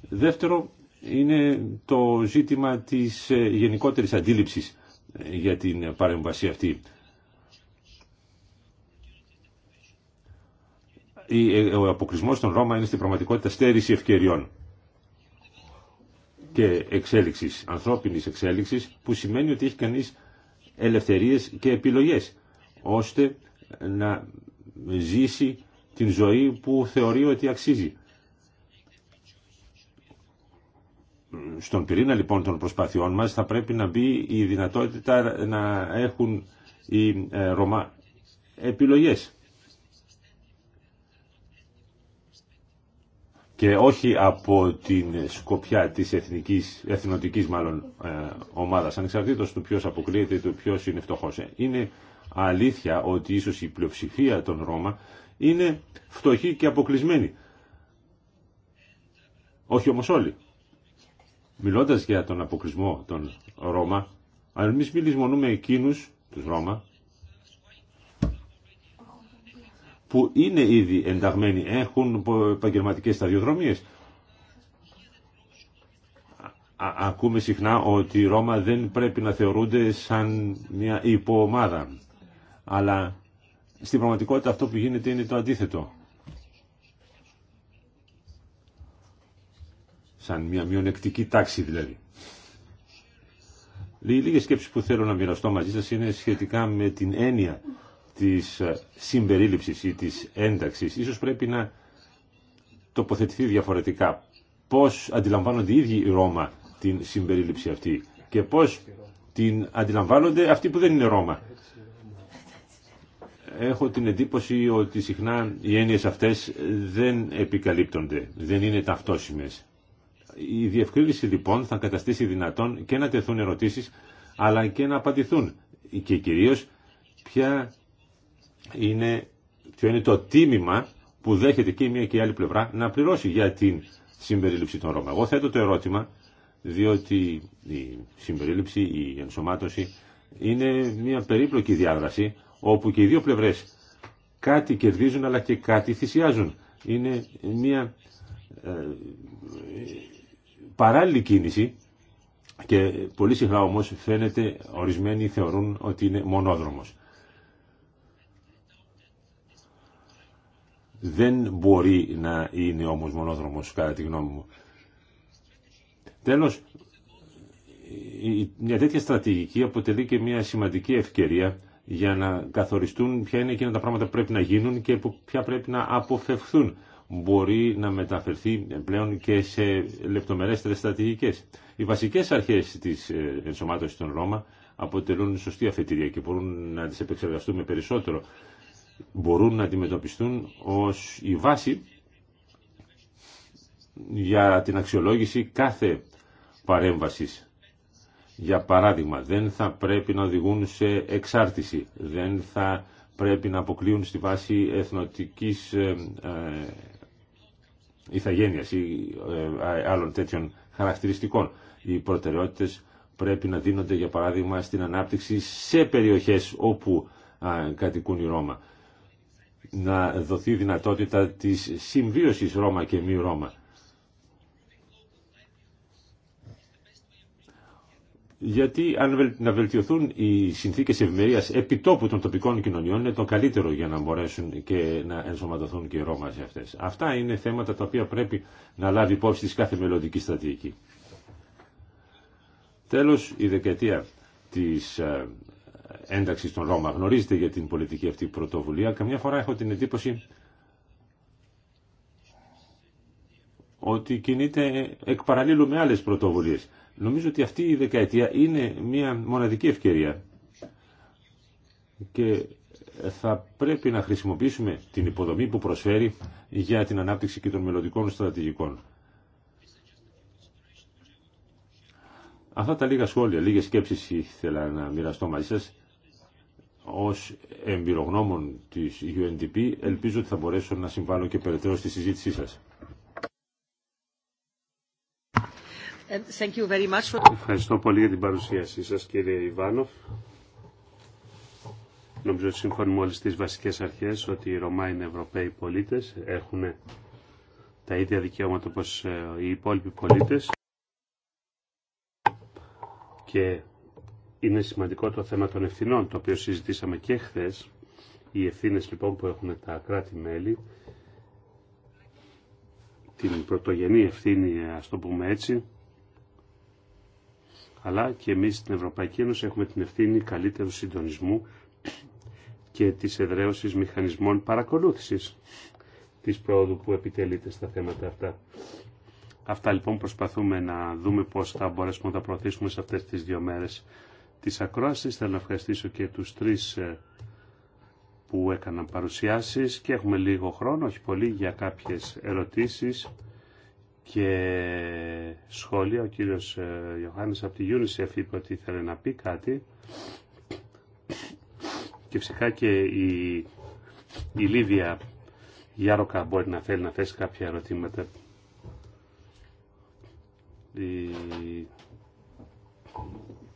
Δεύτερο είναι το ζήτημα της ε, γενικότερης αντίληψης ε, για την παρεμβασία αυτή. Ε, ο αποκρισμός των Ρώμα είναι στην πραγματικότητα στέρηση ευκαιριών και εξέλιξης, ανθρώπινης εξέλιξης, που σημαίνει ότι έχει κανείς ελευθερίες και επιλογές, ώστε να ζήσει την ζωή που θεωρεί ότι αξίζει. Στον πυρήνα λοιπόν των προσπαθειών μας θα πρέπει να μπει η δυνατότητα να έχουν οι ε, Ρωμά επιλογές. και όχι από την σκοπιά της εθνικής, εθνοτικής μάλλον ε, ομάδας, ανεξαρτήτως του ποιος αποκλείεται του ποιος είναι φτωχός. Ε, είναι αλήθεια ότι ίσως η πλειοψηφία των Ρώμα είναι φτωχή και αποκλεισμένη. Όχι όμως όλοι. Μιλώντας για τον αποκλεισμό των Ρώμα, αν εμείς με εκείνους, τους Ρώμα, που είναι ήδη ενταγμένοι, έχουν επαγγελματικέ σταδιοδρομίες. ακούμε συχνά ότι οι Ρώμα δεν πρέπει να θεωρούνται σαν μια υποομάδα. Αλλά στην πραγματικότητα αυτό που γίνεται είναι το αντίθετο. Σαν μια μειονεκτική τάξη δηλαδή. Οι λίγες σκέψεις που θέλω να μοιραστώ μαζί σας είναι σχετικά με την έννοια της ε, συμπερίληψης ή της ένταξης. Ίσως πρέπει να τοποθετηθεί διαφορετικά. Πώς αντιλαμβάνονται οι ίδιοι οι Ρώμα την συμπερίληψη αυτή και πώς την αντιλαμβάνονται αυτοί που δεν είναι Ρώμα έχω την εντύπωση ότι συχνά οι έννοιες αυτές δεν επικαλύπτονται, δεν είναι ταυτόσιμες. Η διευκρίνηση λοιπόν θα καταστήσει δυνατόν και να τεθούν ερωτήσεις αλλά και να απαντηθούν και κυρίως ποια είναι, ποιο είναι το τίμημα που δέχεται και η μία και η άλλη πλευρά να πληρώσει για την συμπερίληψη των Ρώμα. Εγώ θέτω το ερώτημα διότι η συμπερίληψη, η ενσωμάτωση είναι μια περίπλοκη διάδραση όπου και οι δύο πλευρές κάτι κερδίζουν αλλά και κάτι θυσιάζουν. Είναι μια ε, παράλληλη κίνηση και πολύ συχνά όμως φαίνεται ορισμένοι θεωρούν ότι είναι μονόδρομος. Δεν μπορεί να είναι όμως μονόδρομος κατά τη γνώμη μου. Τέλος, μια τέτοια στρατηγική αποτελεί και μια σημαντική ευκαιρία για να καθοριστούν ποια είναι εκείνα τα πράγματα που πρέπει να γίνουν και ποια πρέπει να αποφευχθούν. Μπορεί να μεταφερθεί πλέον και σε λεπτομερέστερες στρατηγικές. Οι βασικές αρχές της ε, ενσωμάτωσης των Ρώμα αποτελούν σωστή αφετηρία και μπορούν να τις επεξεργαστούμε περισσότερο. Μπορούν να αντιμετωπιστούν ως η βάση για την αξιολόγηση κάθε παρέμβασης για παράδειγμα, δεν θα πρέπει να οδηγούν σε εξάρτηση, δεν θα πρέπει να αποκλείουν στη βάση εθνοτικής ε, ε ή ε, άλλων τέτοιων χαρακτηριστικών. Οι προτεραιότητες πρέπει να δίνονται, για παράδειγμα, στην ανάπτυξη σε περιοχές όπου κατοικούν οι Ρώμα. Να δοθεί δυνατότητα της συμβίωσης Ρώμα και μη Ρώμα γιατί αν να βελτιωθούν οι συνθήκες ευημερίας τόπου των τοπικών κοινωνιών είναι το καλύτερο για να μπορέσουν και να ενσωματωθούν και οι Ρώμα σε αυτές. Αυτά είναι θέματα τα οποία πρέπει να λάβει υπόψη της κάθε μελλοντική στρατηγική. Τέλος, η δεκαετία της ε, ένταξης των Ρώμα γνωρίζετε για την πολιτική αυτή πρωτοβουλία. Καμιά φορά έχω την εντύπωση ότι κινείται εκ παραλίλου με άλλες πρωτοβουλίες. Νομίζω ότι αυτή η δεκαετία είναι μια μοναδική ευκαιρία και θα πρέπει να χρησιμοποιήσουμε την υποδομή που προσφέρει για την ανάπτυξη και των μελλοντικών στρατηγικών. Αυτά τα λίγα σχόλια, λίγες σκέψεις ήθελα να μοιραστώ μαζί σας. Ως εμπειρογνώμων της UNDP ελπίζω ότι θα μπορέσω να συμβάλλω και περαιτέρω στη συζήτησή σας. Ευχαριστώ πολύ για την παρουσίασή σας κύριε Ιβάνοφ. Νομίζω ότι συμφωνούμε όλοι στις βασικές αρχές ότι οι Ρωμά είναι Ευρωπαίοι πολίτες, έχουν τα ίδια δικαιώματα όπως ε, οι υπόλοιποι πολίτες και είναι σημαντικό το θέμα των ευθυνών, το οποίο συζητήσαμε και χθε. Οι ευθύνε λοιπόν που έχουν τα κράτη-μέλη, την πρωτογενή ευθύνη, α το πούμε έτσι, αλλά και εμείς στην Ευρωπαϊκή Ένωση έχουμε την ευθύνη καλύτερου συντονισμού και της εδραίωσης μηχανισμών παρακολούθησης της πρόοδου που επιτελείται στα θέματα αυτά. Αυτά λοιπόν προσπαθούμε να δούμε πώς θα μπορέσουμε να τα προωθήσουμε σε αυτές τις δύο μέρες της ακρόασης. Θέλω να ευχαριστήσω και τους τρεις ε, που έκαναν παρουσιάσεις και έχουμε λίγο χρόνο, όχι πολύ, για κάποιες ερωτήσεις και σχόλια. Ο κύριος ε, Ιωάννης από τη UNICEF είπε ότι ήθελε να πει κάτι και φυσικά και η, η Λίβια Γιάροκα μπορεί να θέλει να θέσει κάποια ερωτήματα. Η...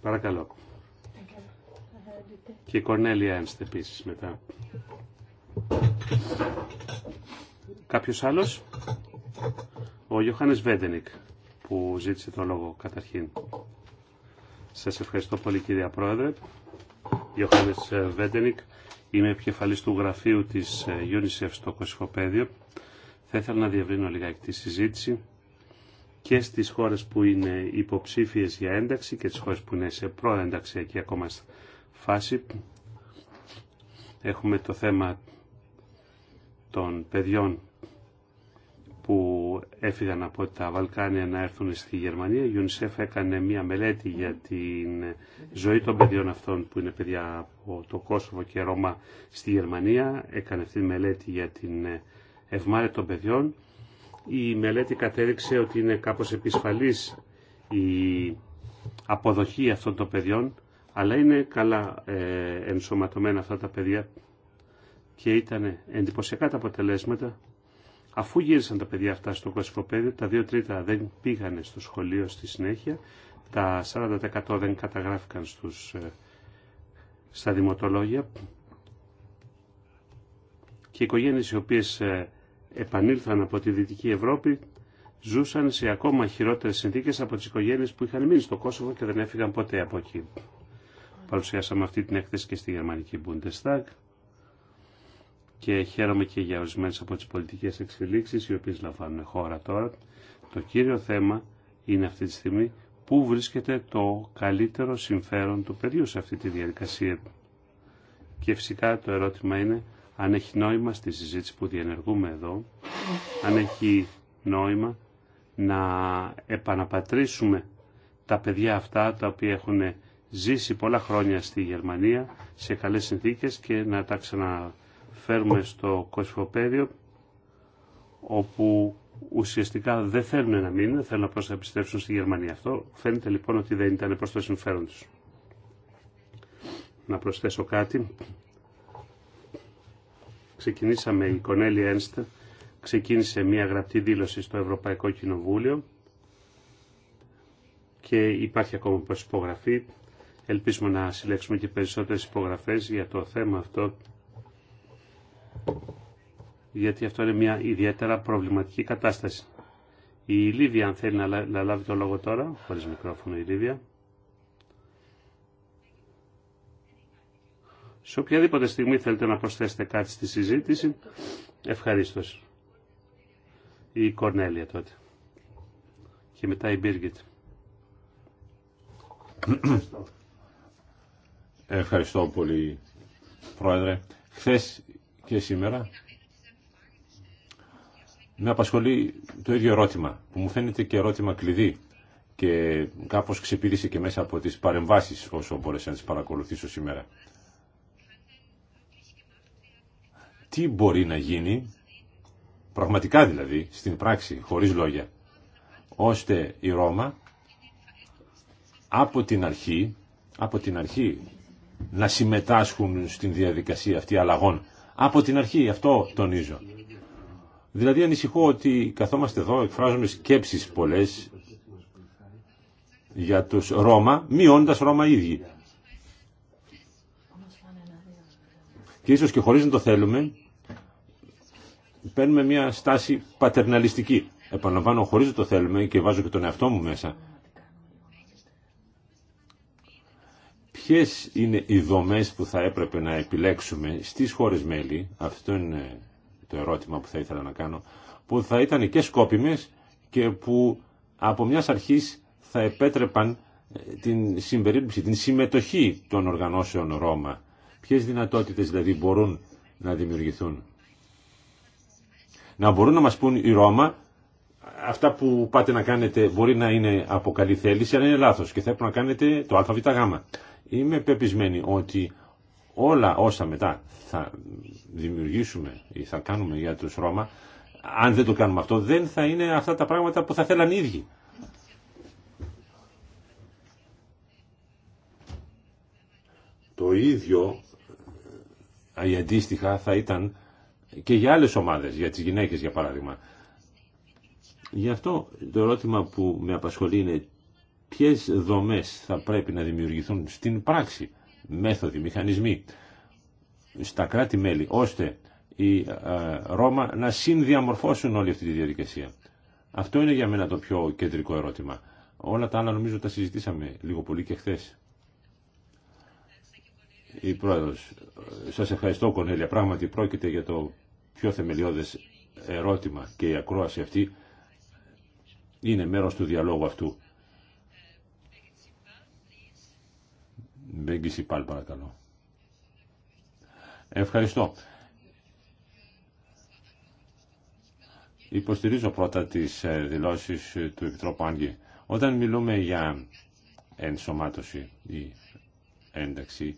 Παρακαλώ. Και η Κορνέλια Ένστε επίσης μετά. Κάποιος άλλος. Ο Γιώχανες Βέντενικ που ζήτησε το λόγο καταρχήν. Σας ευχαριστώ πολύ κύριε Πρόεδρε. Γιώχανες ε, Βέντενικ, είμαι επικεφαλής του γραφείου της ε, UNICEF στο Κωσυφοπαίδιο. Θα ήθελα να διευρύνω λιγάκι τη συζήτηση και στις χώρες που είναι υποψήφιες για ένταξη και τις χώρες που είναι σε προένταξιακή ακόμα φάση. Έχουμε το θέμα των παιδιών που έφυγαν από τα Βαλκάνια να έρθουν στη Γερμανία. Η UNICEF έκανε μία μελέτη για την ζωή των παιδιών αυτών που είναι παιδιά από το Κόσοβο και Ρώμα στη Γερμανία. Έκανε αυτή τη μελέτη για την ευμάρεια των παιδιών. Η μελέτη κατέδειξε ότι είναι κάπως επισφαλής η αποδοχή αυτών των παιδιών, αλλά είναι καλά ε, ενσωματωμένα αυτά τα παιδιά και ήταν εντυπωσιακά τα αποτελέσματα Αφού γύρισαν τα παιδιά αυτά στο κοσμοπέδιο, τα δύο τρίτα δεν πήγανε στο σχολείο στη συνέχεια, τα 40% δεν καταγράφηκαν στους, ε, στα δημοτολόγια και οι οικογένειες οι οποίες ε, επανήλθαν από τη Δυτική Ευρώπη ζούσαν σε ακόμα χειρότερες συνθήκες από τις οικογένειες που είχαν μείνει στο Κόσοβο και δεν έφυγαν ποτέ από εκεί. Παρουσιάσαμε αυτή την έκθεση και στη Γερμανική Bundestag και χαίρομαι και για ορισμένε από τις πολιτικές εξελίξεις οι οποίες λαμβάνουν χώρα τώρα. Το κύριο θέμα είναι αυτή τη στιγμή πού βρίσκεται το καλύτερο συμφέρον του παιδιού σε αυτή τη διαδικασία. Και φυσικά το ερώτημα είναι αν έχει νόημα στη συζήτηση που διενεργούμε εδώ, αν έχει νόημα να επαναπατρίσουμε τα παιδιά αυτά τα οποία έχουν ζήσει πολλά χρόνια στη Γερμανία σε καλές συνθήκες και να τα ξανα φέρουμε στο κοσμοπέδιο όπου ουσιαστικά δεν θέλουν να μείνουν, θέλουν απλώ να επιστρέψουν στη Γερμανία. Αυτό φαίνεται λοιπόν ότι δεν ήταν προ το συμφέρον του. Να προσθέσω κάτι. Ξεκινήσαμε, η Κονέλη Ένστε, ξεκίνησε μια γραπτή δήλωση στο Ευρωπαϊκό Κοινοβούλιο και υπάρχει ακόμα υπογραφή. Ελπίζουμε να συλλέξουμε και περισσότερες υπογραφές για το θέμα αυτό γιατί αυτό είναι μια ιδιαίτερα προβληματική κατάσταση. Η Λίβια, αν θέλει να λάβει το λόγο τώρα, χωρίς μικρόφωνο η Λίβια. Σε οποιαδήποτε στιγμή θέλετε να προσθέσετε κάτι στη συζήτηση, ευχαρίστω. Η Κορνέλια τότε. Και μετά η Μπίργκετ. Ευχαριστώ. πολύ, Πρόεδρε. Χθε και σήμερα με απασχολεί το ίδιο ερώτημα, που μου φαίνεται και ερώτημα κλειδί και κάπως ξεπήδησε και μέσα από τις παρεμβάσεις όσο μπόρεσα να τις παρακολουθήσω σήμερα. Τι μπορεί να γίνει, πραγματικά δηλαδή, στην πράξη, χωρίς λόγια, ώστε η Ρώμα από την αρχή, από την αρχή να συμμετάσχουν στην διαδικασία αυτή αλλαγών. Από την αρχή, αυτό τονίζω. Δηλαδή ανησυχώ ότι καθόμαστε εδώ, εκφράζουμε σκέψεις πολλές για τους Ρώμα, μειώντας Ρώμα ίδιοι. Και ίσως και χωρίς να το θέλουμε, παίρνουμε μια στάση πατερναλιστική. Επαναλαμβάνω, χωρίς να το θέλουμε και βάζω και τον εαυτό μου μέσα. Ποιες είναι οι δομές που θα έπρεπε να επιλέξουμε στις χώρες μέλη, αυτό είναι το ερώτημα που θα ήθελα να κάνω, που θα ήταν και σκόπιμες και που από μιας αρχής θα επέτρεπαν ε, την συμπερίληψη, την συμμετοχή των οργανώσεων Ρώμα. Ποιες δυνατότητες δηλαδή μπορούν να δημιουργηθούν. Να μπορούν να μας πούν οι Ρώμα αυτά που πάτε να κάνετε μπορεί να είναι από καλή θέληση αλλά είναι λάθος και θα έπρεπε να κάνετε το ΑΒΓ. Είμαι πεπισμένη ότι όλα όσα μετά θα δημιουργήσουμε ή θα κάνουμε για τους Ρώμα, αν δεν το κάνουμε αυτό, δεν θα είναι αυτά τα πράγματα που θα θέλαν οι ίδιοι. Το ίδιο, η ε, αντίστοιχα, θα ήταν και για άλλες ομάδες, για τις γυναίκες για παράδειγμα. Γι' αυτό το ερώτημα που με απασχολεί είναι ποιες δομές θα πρέπει να δημιουργηθούν στην πράξη μέθοδοι, μηχανισμοί στα κράτη-μέλη, ώστε οι ε, Ρώμα να συνδιαμορφώσουν όλη αυτή τη διαδικασία. Αυτό είναι για μένα το πιο κεντρικό ερώτημα. Όλα τα άλλα νομίζω τα συζητήσαμε λίγο πολύ και χθε. Η Πρόεδρος, ε, σας ευχαριστώ Κονέλια, πράγματι πρόκειται για το πιο θεμελιώδες ερώτημα και η ακρόαση αυτή είναι μέρος του διαλόγου αυτού. Μπέγκης πάλι παρακαλώ. Ευχαριστώ. Υποστηρίζω πρώτα τις ε, δηλώσεις ε, του Επιτρόπου Άγγε. Όταν μιλούμε για ενσωμάτωση ή ένταξη,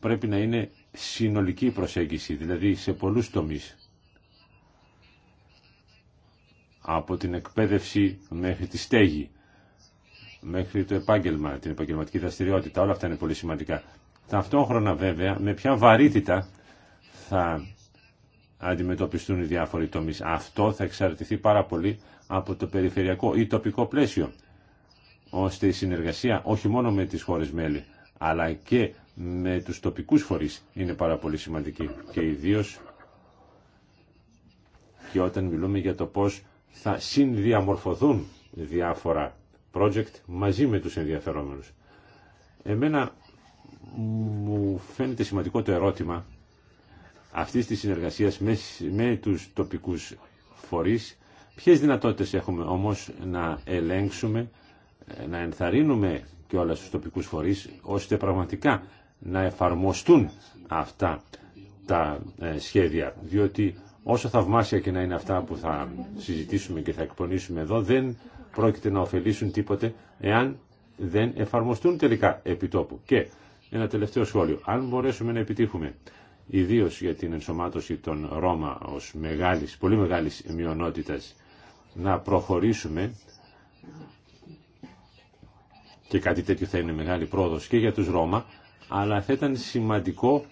πρέπει να είναι συνολική προσέγγιση, δηλαδή σε πολλούς τομείς. Από την εκπαίδευση μέχρι τη στέγη, μέχρι το επάγγελμα, την επαγγελματική δραστηριότητα. Όλα αυτά είναι πολύ σημαντικά. Ταυτόχρονα βέβαια με ποια βαρύτητα θα αντιμετωπιστούν οι διάφοροι τομείς. Αυτό θα εξαρτηθεί πάρα πολύ από το περιφερειακό ή τοπικό πλαίσιο, ώστε η συνεργασία όχι μόνο με τις χώρες μέλη, αλλά και με τους τοπικούς φορείς είναι πάρα πολύ σημαντική και ιδίω, και όταν μιλούμε για το πώς θα συνδιαμορφωθούν διάφορα project μαζί με τους ενδιαφερόμενους. Εμένα μου φαίνεται σημαντικό το ερώτημα αυτής της συνεργασίας με, με τους τοπικούς φορείς. Ποιες δυνατότητες έχουμε όμως να ελέγξουμε, να ενθαρρύνουμε και όλα στους τοπικούς φορείς, ώστε πραγματικά να εφαρμοστούν αυτά τα ε, σχέδια. Διότι όσο θαυμάσια και να είναι αυτά που θα συζητήσουμε και θα εκπονήσουμε εδώ, δεν πρόκειται να ωφελήσουν τίποτε εάν δεν εφαρμοστούν τελικά επιτόπου. Και ένα τελευταίο σχόλιο. Αν μπορέσουμε να επιτύχουμε ιδίω για την ενσωμάτωση των Ρώμα ως μεγάλης, πολύ μεγάλη μειονότητα να προχωρήσουμε και κάτι τέτοιο θα είναι μεγάλη πρόοδος και για τους Ρώμα, αλλά θα ήταν σημαντικό,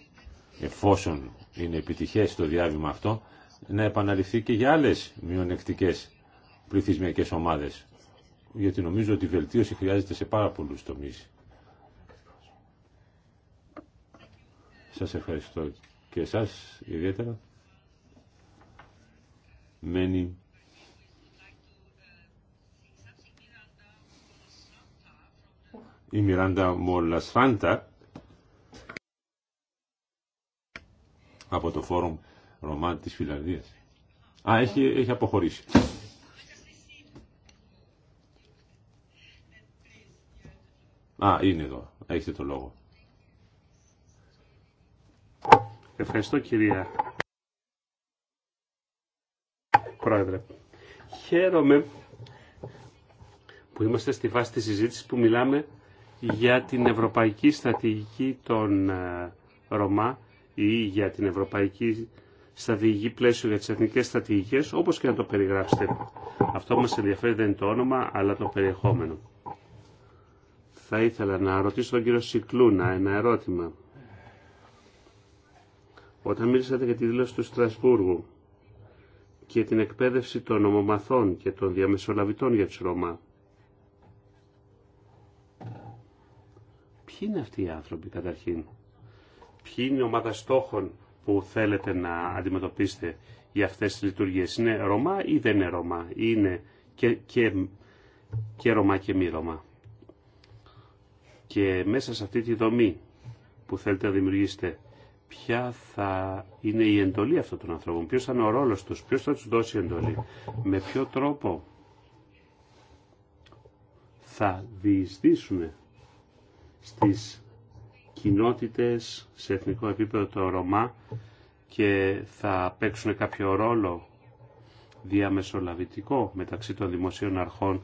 εφόσον είναι επιτυχές το διάβημα αυτό, να επαναληφθεί και για άλλες μειονεκτικές πληθυσμιακές ομάδες γιατί νομίζω ότι η βελτίωση χρειάζεται σε πάρα πολλούς τομείς. Σας ευχαριστώ και εσάς ιδιαίτερα. Μένει η Μιράντα Μολασφάντα από το φόρουμ Ρωμά της Φιλανδίας. Α, έχει, έχει αποχωρήσει. Α, είναι εδώ. Έχετε το λόγο. Ευχαριστώ κυρία Πρόεδρε. Χαίρομαι που είμαστε στη βάση της συζήτησης που μιλάμε για την ευρωπαϊκή στρατηγική των ε, Ρωμά ή για την ευρωπαϊκή στρατηγική πλαίσιο για τις εθνικές στρατηγικές, όπως και να το περιγράψετε. Αυτό μας ενδιαφέρει δεν είναι το όνομα, αλλά το περιεχόμενο. Θα ήθελα να ρωτήσω τον κύριο Σικλούνα ένα ερώτημα. Όταν μίλησατε για τη δήλωση του Στρασβούργου και την εκπαίδευση των ομομαθών και των διαμεσολαβητών για τους Ρωμά, ποιοι είναι αυτοί οι άνθρωποι καταρχήν, ποιοι είναι η ομάδα στόχων που θέλετε να αντιμετωπίσετε για αυτές τις λειτουργίες. Είναι Ρωμά ή δεν είναι Ρωμά, είναι και, και, και Ρωμά και μη Ρωμά. Και μέσα σε αυτή τη δομή που θέλετε να δημιουργήσετε, ποια θα είναι η εντολή αυτών των ανθρώπων, ποιος θα είναι ο ρόλος τους, ποιος θα τους δώσει εντολή, με ποιο τρόπο θα διεισδύσουν στις κοινότητες σε εθνικό επίπεδο το Ρωμά και θα παίξουν κάποιο ρόλο διαμεσολαβητικό μεταξύ των δημοσίων αρχών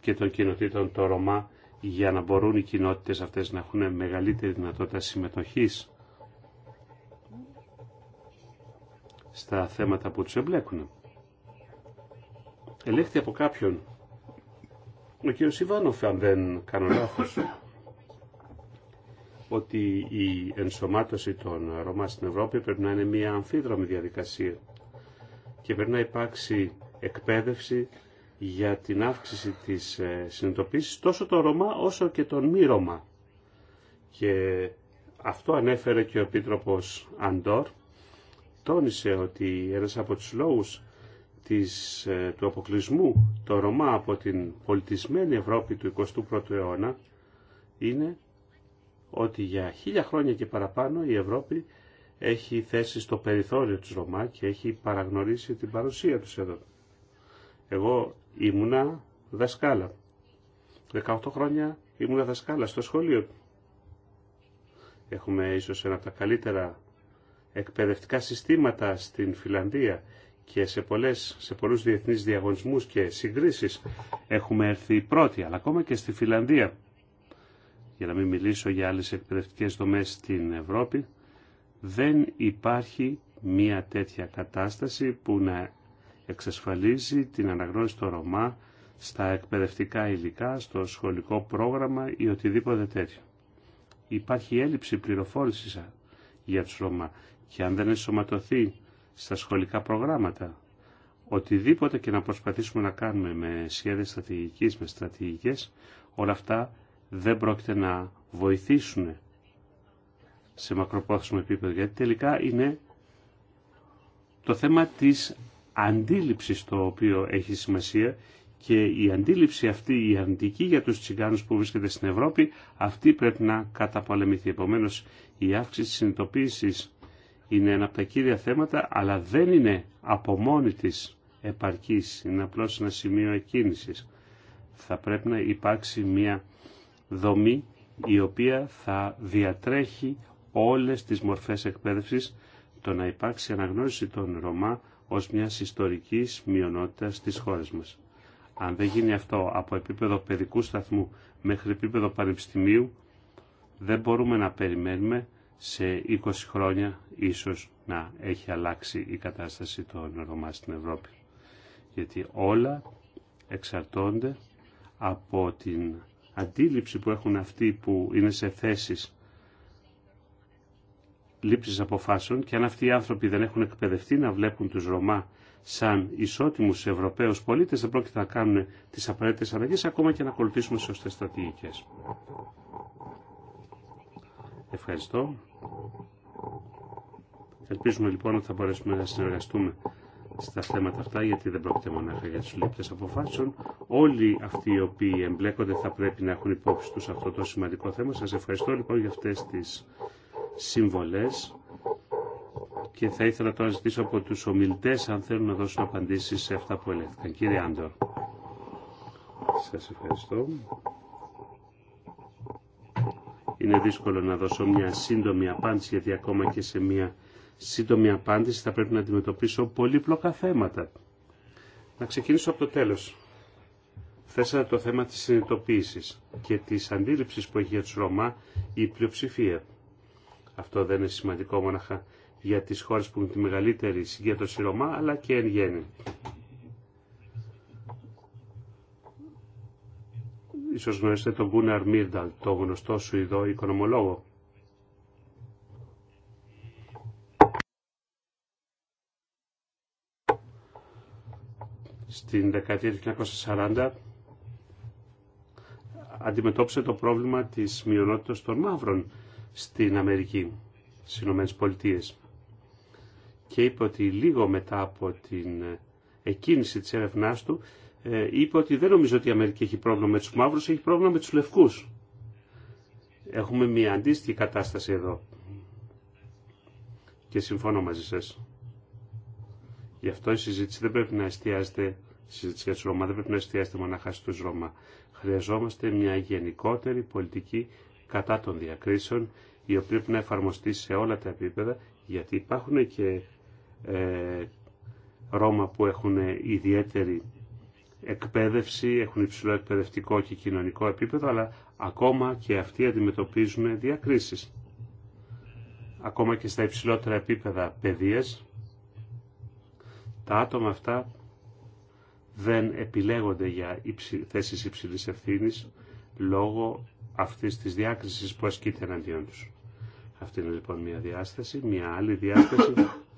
και των κοινοτήτων το Ρωμά για να μπορούν οι κοινότητες αυτές να έχουν μεγαλύτερη δυνατότητα συμμετοχής στα θέματα που τους εμπλέκουν. Ελέγχθη από κάποιον ο κ. Ιβάνοφ, αν δεν κάνω λάθος, ότι η ενσωμάτωση των Ρωμά στην Ευρώπη πρέπει να είναι μια αμφίδρομη διαδικασία και πρέπει να υπάρξει εκπαίδευση για την αύξηση της ε, συνειδητοποίησης τόσο το Ρωμά όσο και των μη Ρωμά. Και αυτό ανέφερε και ο Επίτροπος Αντόρ, τόνισε ότι ένας από τους λόγους της, ε, του αποκλεισμού το Ρωμά από την πολιτισμένη Ευρώπη του 21ου αιώνα είναι ότι για χίλια χρόνια και παραπάνω η Ευρώπη έχει θέσει στο περιθώριο τους Ρωμά και έχει παραγνωρίσει την παρουσία του εδώ. Εγώ ήμουνα δασκάλα. 18 χρόνια ήμουνα δασκάλα στο σχολείο. Έχουμε ίσως ένα από τα καλύτερα εκπαιδευτικά συστήματα στην Φιλανδία και σε, πολλές, σε πολλούς διεθνείς διαγωνισμούς και συγκρίσεις έχουμε έρθει πρώτοι, αλλά ακόμα και στη Φιλανδία. Για να μην μιλήσω για άλλες εκπαιδευτικές δομές στην Ευρώπη, δεν υπάρχει μία τέτοια κατάσταση που να εξασφαλίζει την αναγνώριση των Ρωμά στα εκπαιδευτικά υλικά, στο σχολικό πρόγραμμα ή οτιδήποτε τέτοιο. Υπάρχει έλλειψη πληροφόρησης για τους Ρωμά και αν δεν ενσωματωθεί στα σχολικά προγράμματα, οτιδήποτε και να προσπαθήσουμε να κάνουμε με σχέδια στρατηγικής, με στρατηγικές, όλα αυτά δεν πρόκειται να βοηθήσουν σε μακροπρόθεσμο επίπεδο, γιατί τελικά είναι το θέμα της αντίληψη το οποίο έχει σημασία και η αντίληψη αυτή, η αρνητική για τους τσιγκάνους που βρίσκεται στην Ευρώπη, αυτή πρέπει να καταπολεμηθεί. Επομένως, η αύξηση της συνειδητοποίησης είναι ένα από τα κύρια θέματα, αλλά δεν είναι από μόνη της επαρκής, είναι απλώς ένα σημείο εκκίνησης. Θα πρέπει να υπάρξει μια δομή η οποία θα διατρέχει όλες τις μορφές εκπαίδευσης, το να υπάρξει αναγνώριση των Ρωμά ως μιας ιστορικής μειονότητας της χώρας μας. Αν δεν γίνει αυτό από επίπεδο παιδικού σταθμού μέχρι επίπεδο πανεπιστημίου, δεν μπορούμε να περιμένουμε σε 20 χρόνια ίσως να έχει αλλάξει η κατάσταση των Ρωμά στην Ευρώπη. Γιατί όλα εξαρτώνται από την αντίληψη που έχουν αυτοί που είναι σε θέσεις Λήψη αποφάσεων και αν αυτοί οι άνθρωποι δεν έχουν εκπαιδευτεί να βλέπουν του Ρωμά σαν ισότιμους Ευρωπαίου πολίτε δεν πρόκειται να κάνουν τι απαραίτητε αλλαγέ ακόμα και να ακολουθήσουν σωστέ στρατηγικές. Ευχαριστώ. Ελπίζουμε λοιπόν ότι θα μπορέσουμε να συνεργαστούμε στα θέματα αυτά, γιατί δεν πρόκειται μονάχα για τις λήπτες αποφάσεων. Όλοι αυτοί οι οποίοι εμπλέκονται θα πρέπει να έχουν υπόψη τους αυτό το σημαντικό θέμα. Σας ευχαριστώ λοιπόν για αυτές τις συμβολές και θα ήθελα τώρα να ζητήσω από τους ομιλητές αν θέλουν να δώσουν απαντήσεις σε αυτά που ελέγχθηκαν. Κύριε Άντορ. Σας ευχαριστώ. Είναι δύσκολο να δώσω μια σύντομη απάντηση γιατί ακόμα και σε μια σύντομη απάντηση θα πρέπει να αντιμετωπίσω πολύπλοκα θέματα. Να ξεκινήσω από το τέλος. Θέσατε το θέμα της συνειδητοποίησης και της αντίληψης που έχει για τους Ρωμά η πλειοψηφία. Αυτό δεν είναι σημαντικό μόναχα για τις χώρες που είναι τη μεγαλύτερη συγκέντρωση Ρωμά, αλλά και εν γέννη. Ίσως γνωρίζετε τον Γκούναρ Μίρνταλ, το γνωστό Σουηδό οικονομολόγο. Στην δεκαετία του 1940 αντιμετώπισε το πρόβλημα της μειονότητας των μαύρων στην Αμερική, στις Ηνωμένες Πολιτείες. Και είπε ότι λίγο μετά από την ε, εκκίνηση της έρευνάς του, ε, είπε ότι δεν νομίζω ότι η Αμερική έχει πρόβλημα με τους μαύρους, έχει πρόβλημα με τους λευκούς. Έχουμε μια αντίστοιχη κατάσταση εδώ. Και συμφωνώ μαζί σας. Γι' αυτό η συζήτηση δεν πρέπει να εστιάζεται, η συζήτηση για τους Ρώμα δεν πρέπει να εστιάζεται μονάχα Ρώμα. Χρειαζόμαστε μια γενικότερη πολιτική κατά των διακρίσεων, η οποία πρέπει να εφαρμοστεί σε όλα τα επίπεδα, γιατί υπάρχουν και ε, Ρώμα που έχουν ιδιαίτερη εκπαίδευση, έχουν υψηλό εκπαιδευτικό και κοινωνικό επίπεδο, αλλά ακόμα και αυτοί αντιμετωπίζουν διακρίσεις. Ακόμα και στα υψηλότερα επίπεδα παιδείας, τα άτομα αυτά δεν επιλέγονται για θέσεις υψηλής ευθύνης λόγω αυτή τη διάκριση που ασκείται εναντίον του. Αυτή είναι λοιπόν μια διάσταση, μια άλλη διάσταση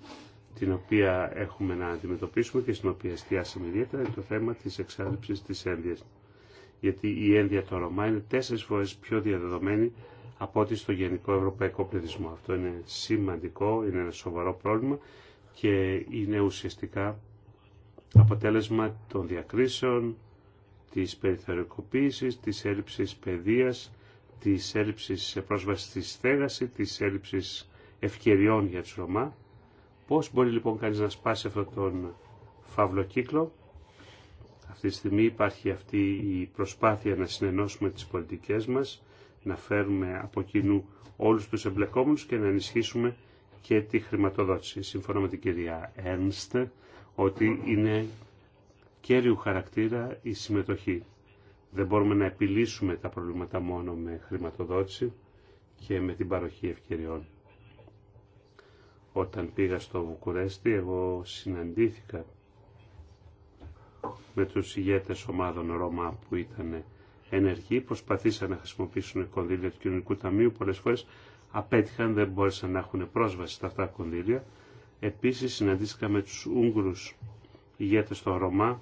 την οποία έχουμε να αντιμετωπίσουμε και στην οποία εστιάσαμε ιδιαίτερα είναι το θέμα τη εξάρτηση τη ένδυα. Γιατί η ένδυα το Ρωμά είναι τέσσερι φορέ πιο διαδεδομένη από ό,τι στο γενικό ευρωπαϊκό πληθυσμό. Αυτό είναι σημαντικό, είναι ένα σοβαρό πρόβλημα και είναι ουσιαστικά αποτέλεσμα των διακρίσεων, της περιθωρικοποίησης, της έλλειψης παιδείας, της έλλειψης πρόσβασης στη στέγαση, της έλλειψης ευκαιριών για τους Ρωμά. Πώς μπορεί λοιπόν κανείς να σπάσει αυτόν τον κύκλο, Αυτή τη στιγμή υπάρχει αυτή η προσπάθεια να συνενώσουμε τις πολιτικές μας, να φέρουμε από κοινού όλους τους εμπλεκόμενους και να ενισχύσουμε και τη χρηματοδότηση. Σύμφωνα με την κυρία Ένστε, ότι είναι κέριου χαρακτήρα η συμμετοχή. Δεν μπορούμε να επιλύσουμε τα προβλήματα μόνο με χρηματοδότηση και με την παροχή ευκαιριών. Όταν πήγα στο Βουκουρέστι, εγώ συναντήθηκα με τους ηγέτες ομάδων Ρώμα που ήταν ενεργοί, προσπαθήσαν να χρησιμοποιήσουν κονδύλια του Κοινωνικού Ταμείου, πολλές φορές απέτυχαν, δεν μπόρεσαν να έχουν πρόσβαση στα αυτά κονδύλια. Επίσης συναντήθηκα με τους Ούγγρους ηγέτες των Ρωμά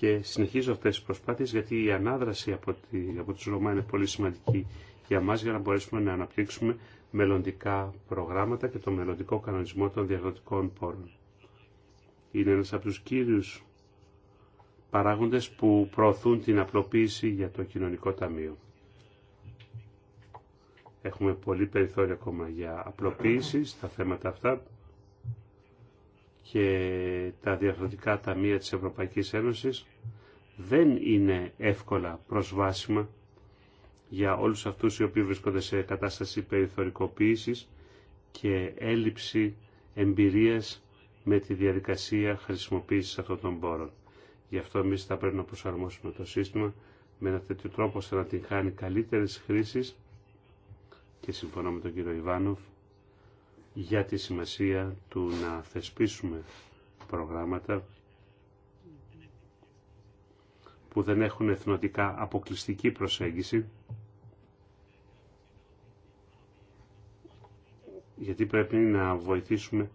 και συνεχίζω αυτές τις προσπάθειες γιατί η ανάδραση από, τη, από τους Ρωμά είναι πολύ σημαντική για μας για να μπορέσουμε να αναπτύξουμε μελλοντικά προγράμματα και το μελλοντικό κανονισμό των διαδοτικών πόρων. Είναι ένας από τους κύριους παράγοντες που προωθούν την απλοποίηση για το κοινωνικό ταμείο. Έχουμε πολύ περιθώριο ακόμα για απλοποίηση στα θέματα αυτά και τα διαφορετικά ταμεία της Ευρωπαϊκής Ένωσης δεν είναι εύκολα προσβάσιμα για όλους αυτούς οι οποίοι βρίσκονται σε κατάσταση περιθωρικοποίησης και έλλειψη εμπειρίας με τη διαδικασία χρησιμοποίησης αυτών των πόρων. Γι' αυτό εμεί θα πρέπει να προσαρμόσουμε το σύστημα με ένα τέτοιο τρόπο ώστε να την χάνει καλύτερες χρήσεις και συμφωνώ με τον κύριο Ιβάνοφ για τη σημασία του να θεσπίσουμε προγράμματα που δεν έχουν εθνοτικά αποκλειστική προσέγγιση γιατί πρέπει να βοηθήσουμε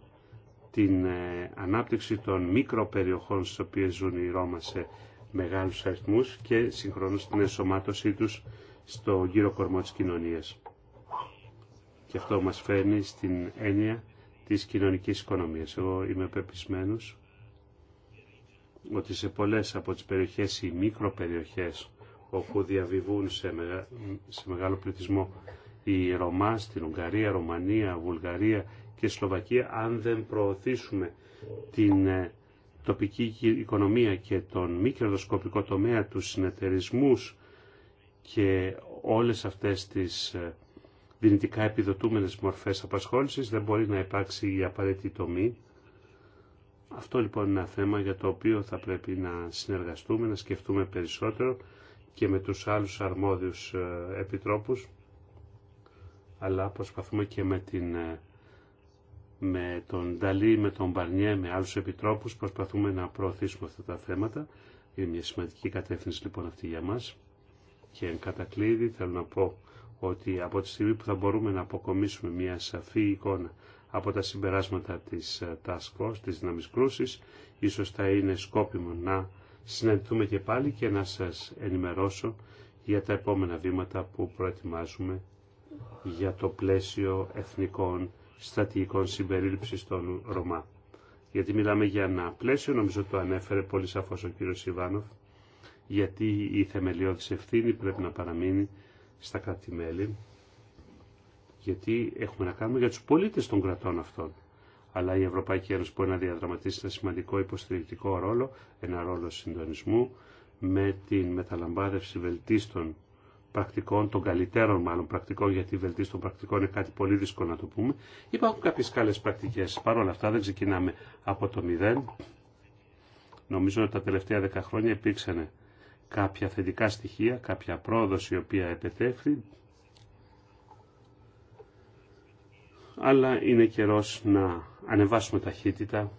την ε, ανάπτυξη των μικροπεριοχών στις οποίες ζουν οι Ρώμα σε μεγάλους αριθμούς και συγχρόνως την εσωμάτωσή τους στο γύρο κορμό της κοινωνίας. Και αυτό μας φέρνει στην έννοια της κοινωνικής οικονομίας. Εγώ είμαι πεπισμένος ότι σε πολλές από τις περιοχές ή μικροπεριοχές όπου διαβιβούν σε, σε μεγάλο πληθυσμό οι Ρωμά στην Ουγγαρία, Ρωμανία, Βουλγαρία και Σλοβακία, αν δεν προωθήσουμε την ε, τοπική οικονομία και τον μη κερδοσκοπικό τομέα, τους συνεταιρισμού και όλες αυτές τις ε, δυνητικά επιδοτούμενες μορφές απασχόλησης, δεν μπορεί να υπάρξει η απαραίτητη τομή. Αυτό λοιπόν είναι ένα θέμα για το οποίο θα πρέπει να συνεργαστούμε, να σκεφτούμε περισσότερο και με τους άλλους αρμόδιους ε, επιτρόπους, αλλά προσπαθούμε και με, την, ε, με τον Νταλή, με τον Μπαρνιέ, με άλλους επιτρόπους, προσπαθούμε να προωθήσουμε αυτά τα θέματα. Είναι μια σημαντική κατεύθυνση λοιπόν αυτή για μας. Και εν κατακλείδη θέλω να πω ότι από τη στιγμή που θα μπορούμε να αποκομίσουμε μια σαφή εικόνα από τα συμπεράσματα της ε, Task Force, της Δυναμής Κρούσης, ίσως θα είναι σκόπιμο να συναντηθούμε και πάλι και να σας ενημερώσω για τα επόμενα βήματα που προετοιμάζουμε για το πλαίσιο εθνικών στρατηγικών συμπερίληψης των Ρωμά. Γιατί μιλάμε για ένα πλαίσιο, νομίζω το ανέφερε πολύ σαφώς ο κύριος Ιβάνοφ, γιατί η θεμελιώδης ευθύνη πρέπει να παραμείνει στα κράτη-μέλη, γιατί έχουμε να κάνουμε για τους πολίτες των κρατών αυτών. Αλλά η Ευρωπαϊκή Ένωση μπορεί να διαδραματίσει ένα σημαντικό υποστηρικτικό ρόλο, ένα ρόλο συντονισμού, με την μεταλαμβάνευση βελτίστων πρακτικών, των καλύτερων μάλλον πρακτικών, γιατί βελτίωση των πρακτικών είναι κάτι πολύ δύσκολο να το πούμε. Υπάρχουν κάποιες καλές πρακτικές. Παρ' όλα αυτά δεν ξεκινάμε από το μηδέν. Νομίζω ότι τα τελευταία δέκα χρόνια υπήρξαν κάποια θετικά στοιχεία, κάποια πρόοδος η οποία επετέφθη, αλλά είναι καιρός να ανεβάσουμε ταχύτητα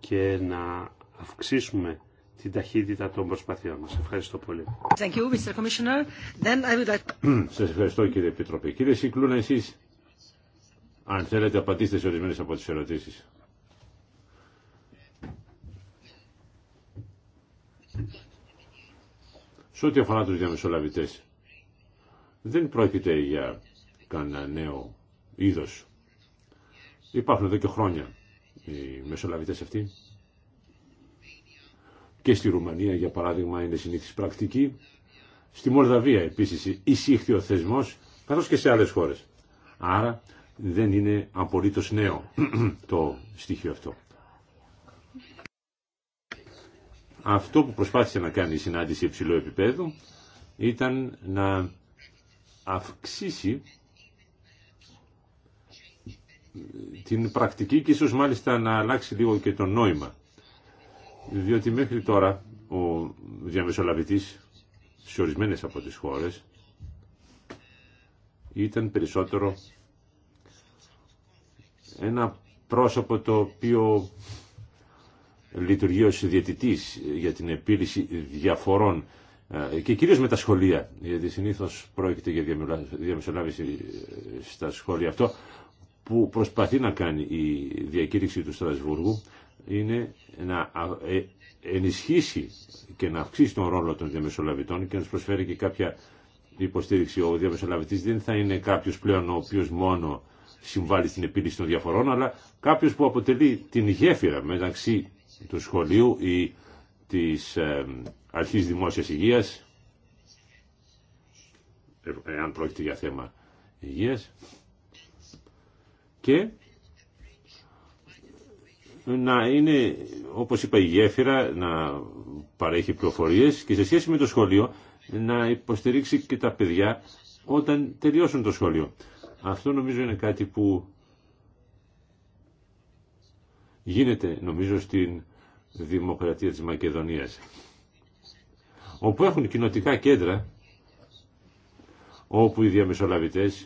και να αυξήσουμε την ταχύτητα των προσπαθειών μας. Ευχαριστώ πολύ. Thank you, like... Σας ευχαριστώ κύριε Επιτροπή. Κύριε Σικλούνα, εσείς, αν θέλετε, απαντήστε σε ορισμένες από τις ερωτήσεις. Σε ό,τι αφορά τους διαμεσολαβητές, δεν πρόκειται για κανένα νέο είδος. Υπάρχουν εδώ και χρόνια οι μεσολαβητές αυτοί. Και στη Ρουμανία, για παράδειγμα, είναι συνήθις πρακτική. Στη Μολδαβία, επίσης, εισήχθη ο θεσμός, καθώς και σε άλλες χώρες. Άρα, δεν είναι απολύτως νέο το στοιχείο αυτό. Αυτό που προσπάθησε να κάνει η συνάντηση υψηλού επίπεδου ήταν να αυξήσει την πρακτική και ίσως μάλιστα να αλλάξει λίγο και το νόημα. Διότι μέχρι τώρα ο διαμεσολαβητής σε ορισμένε από τις χώρες ήταν περισσότερο ένα πρόσωπο το οποίο λειτουργεί ως διαιτητής για την επίλυση διαφορών ε, και κυρίως με τα σχολεία, γιατί συνήθως πρόκειται για διαμεσολάβηση ε, στα σχολεία. αυτό, που προσπαθεί να κάνει η διακήρυξη του Στρασβούργου είναι να ε, ενισχύσει και να αυξήσει τον ρόλο των διαμεσολαβητών και να τους προσφέρει και κάποια υποστήριξη. Ο διαμεσολαβητής δεν θα είναι κάποιος πλέον ο οποίος μόνο συμβάλλει στην επίλυση των διαφορών, αλλά κάποιος που αποτελεί την γέφυρα μεταξύ του σχολείου ή της ε, αρχής δημόσιας υγείας, ε, εάν πρόκειται για θέμα υγείας, και να είναι, όπως είπα, η γέφυρα να παρέχει πληροφορίες και σε σχέση με το σχολείο να υποστηρίξει και τα παιδιά όταν τελειώσουν το σχολείο. Αυτό νομίζω είναι κάτι που γίνεται νομίζω στην Δημοκρατία της Μακεδονίας όπου έχουν κοινοτικά κέντρα όπου οι διαμεσολαβητές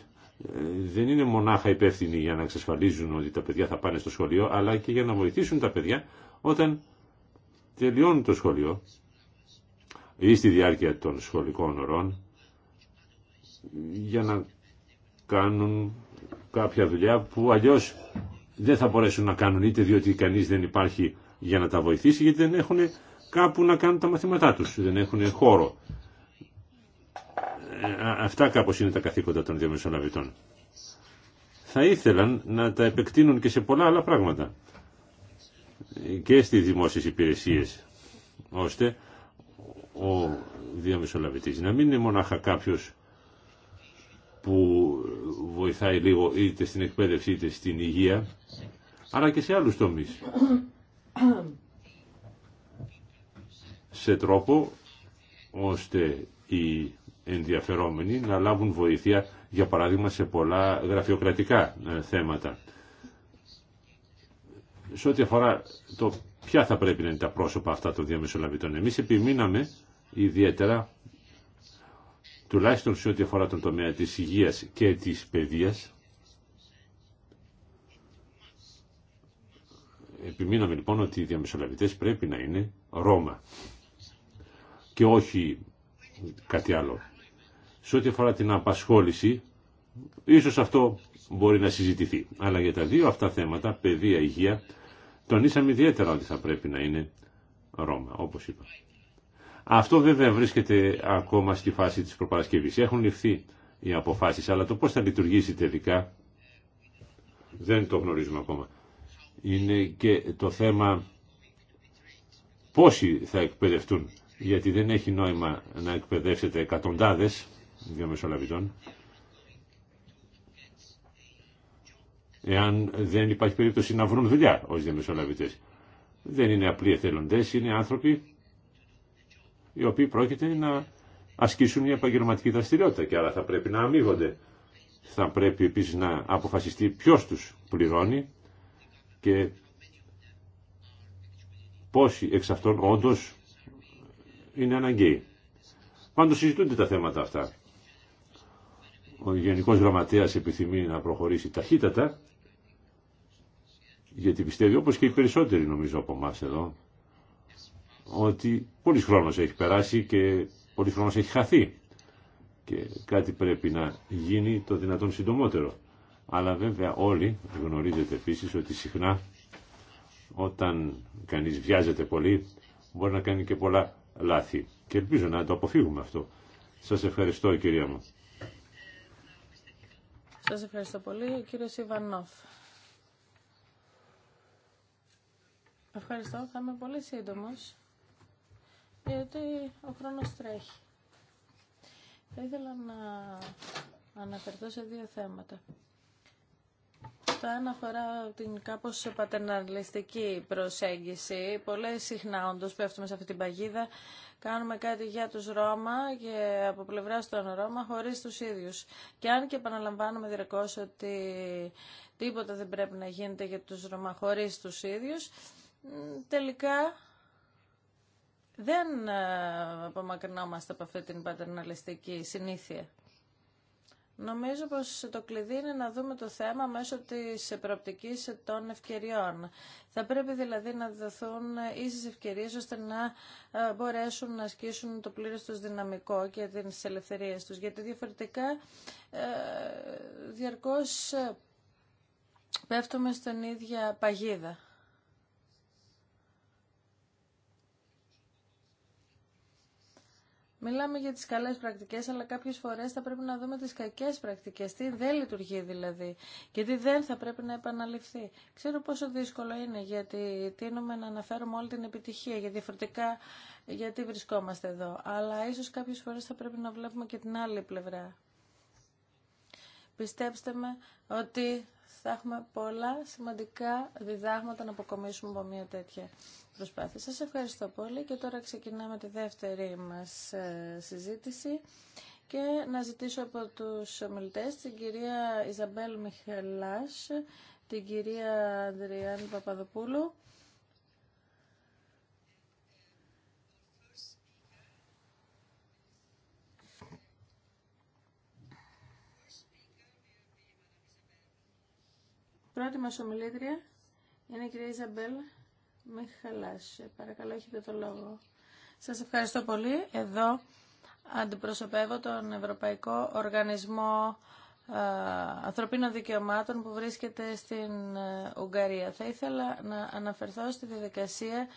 ε, δεν είναι μονάχα υπεύθυνοι για να εξασφαλίζουν ότι τα παιδιά θα πάνε στο σχολείο αλλά και για να βοηθήσουν τα παιδιά όταν τελειώνουν το σχολείο ή στη διάρκεια των σχολικών ωρών για να κάνουν κάποια δουλειά που αλλιώς δεν θα μπορέσουν να κάνουν είτε διότι κανείς δεν υπάρχει για να τα βοηθήσει γιατί δεν έχουν κάπου να κάνουν τα μαθήματά τους, δεν έχουν χώρο. Ε, αυτά κάπως είναι τα καθήκοντα των διαμεσολαβητών. Θα ήθελαν να τα επεκτείνουν και σε πολλά άλλα πράγματα και στις δημόσιες υπηρεσίες ώστε ο διαμεσολαβητής να μην είναι μονάχα κάποιος που βοηθάει λίγο είτε στην εκπαίδευση είτε στην υγεία αλλά και σε άλλους τομείς σε τρόπο ώστε οι ενδιαφερόμενοι να λάβουν βοήθεια, για παράδειγμα, σε πολλά γραφειοκρατικά ε, θέματα. Σε ό,τι αφορά το ποια θα πρέπει να είναι τα πρόσωπα αυτά των διαμεσολαβητών, εμείς επιμείναμε ιδιαίτερα, τουλάχιστον σε ό,τι αφορά τον τομέα της υγείας και της παιδείας, Επιμείναμε λοιπόν ότι οι διαμεσολαβητές πρέπει να είναι Ρώμα και όχι κάτι άλλο. Σε ό,τι αφορά την απασχόληση, ίσως αυτό μπορεί να συζητηθεί. Αλλά για τα δύο αυτά θέματα, παιδεία, υγεία, τονίσαμε ιδιαίτερα ότι θα πρέπει να είναι Ρώμα, όπως είπα. Αυτό βέβαια βρίσκεται ακόμα στη φάση της προπαρασκευής. Έχουν ληφθεί οι αποφάσεις, αλλά το πώς θα λειτουργήσει τελικά δεν το γνωρίζουμε ακόμα είναι και το θέμα πόσοι θα εκπαιδευτούν, γιατί δεν έχει νόημα να εκπαιδεύσετε εκατοντάδες διαμεσολαβητών, εάν δεν υπάρχει περίπτωση να βρουν δουλειά ως διαμεσολαβητές. Δεν είναι απλοί εθελοντές, είναι άνθρωποι οι οποίοι πρόκειται να ασκήσουν μια επαγγελματική δραστηριότητα και άρα θα πρέπει να αμείβονται. Θα πρέπει επίσης να αποφασιστεί ποιος τους πληρώνει και πόσοι εξ αυτών όντω είναι αναγκαίοι. Πάντως συζητούνται τα θέματα αυτά. Ο Γενικό Γραμματέα επιθυμεί να προχωρήσει ταχύτατα, γιατί πιστεύει, όπως και οι περισσότεροι νομίζω από εμά εδώ, ότι πολλή χρόνος έχει περάσει και πολλή χρόνος έχει χαθεί και κάτι πρέπει να γίνει το δυνατόν συντομότερο. Αλλά βέβαια όλοι γνωρίζετε επίσης ότι συχνά όταν κανείς βιάζεται πολύ μπορεί να κάνει και πολλά λάθη. Και ελπίζω να το αποφύγουμε αυτό. Σας ευχαριστώ κυρία μου. Σας ευχαριστώ πολύ. Ο κύριος Ιβανόφ. Ευχαριστώ. Θα είμαι πολύ σύντομος γιατί ο χρόνος τρέχει. Θα ήθελα να αναφερθώ σε δύο θέματα αν αφορά την κάπως πατερναλιστική προσέγγιση. Πολλές συχνά όντως πέφτουμε σε αυτή την παγίδα. Κάνουμε κάτι για τους Ρώμα και από πλευράς των Ρώμα χωρίς τους ίδιους. Και αν και επαναλαμβάνουμε διαρκώς ότι τίποτα δεν πρέπει να γίνεται για τους Ρώμα χωρίς τους ίδιους, τελικά δεν ε, απομακρυνόμαστε από αυτή την πατερναλιστική συνήθεια. Νομίζω πως το κλειδί είναι να δούμε το θέμα μέσω της προοπτικής των ευκαιριών. Θα πρέπει δηλαδή να δοθούν ίσες ευκαιρίες ώστε να ε, μπορέσουν να ασκήσουν το πλήρες τους δυναμικό και τις ελευθερίες τους. Γιατί διαφορετικά ε, διαρκώς ε, πέφτουμε στην ίδια παγίδα. Μιλάμε για τις καλές πρακτικές, αλλά κάποιες φορές θα πρέπει να δούμε τις κακές πρακτικές. Τι δεν λειτουργεί δηλαδή και τι δεν θα πρέπει να επαναληφθεί. Ξέρω πόσο δύσκολο είναι γιατί τίνουμε να αναφέρουμε όλη την επιτυχία, γιατί διαφορετικά γιατί βρισκόμαστε εδώ. Αλλά ίσως κάποιες φορές θα πρέπει να βλέπουμε και την άλλη πλευρά. Πιστέψτε με ότι θα έχουμε πολλά σημαντικά διδάγματα να αποκομίσουμε από μια τέτοια προσπάθεια. Σας ευχαριστώ πολύ και τώρα ξεκινάμε τη δεύτερη μας ε, συζήτηση και να ζητήσω από τους ομιλητές την κυρία Ιζαμπέλ Μιχελάς, την κυρία Ανδριάννη Παπαδοπούλου, Πρώτη μας ομιλήτρια είναι η κυρία Ιζαμπέλ με χαλάσε. Παρακαλώ, έχετε το λόγο. Σας ευχαριστώ πολύ. Εδώ αντιπροσωπεύω τον Ευρωπαϊκό Οργανισμό ε, Ανθρωπίνων Δικαιωμάτων που βρίσκεται στην ε, Ουγγαρία. Θα ήθελα να αναφερθώ στη διαδικασία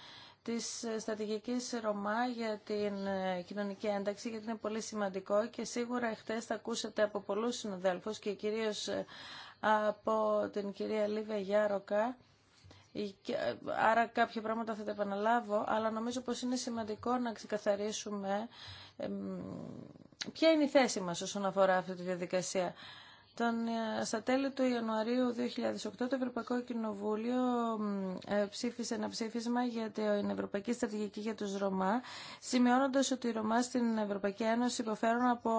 της στρατηγικής Ρωμά για την ε, κοινωνική ένταξη, γιατί είναι πολύ σημαντικό και σίγουρα χτες θα ακούσατε από πολλούς συναδέλφους και κυρίως από την κυρία Λίβε Γιάροκα, Άρα κάποια πράγματα θα τα επαναλάβω, αλλά νομίζω πως είναι σημαντικό να ξεκαθαρίσουμε ποια είναι η θέση μας όσον αφορά αυτή τη διαδικασία. Τον, ε, στα τέλη του Ιανουαρίου 2008 το Ευρωπαϊκό Κοινοβούλιο ε, ψήφισε ένα ψήφισμα για ε, την Ευρωπαϊκή Στρατηγική για τους Ρωμά, σημειώνοντας ότι οι Ρωμά στην Ευρωπαϊκή Ένωση υποφέρουν από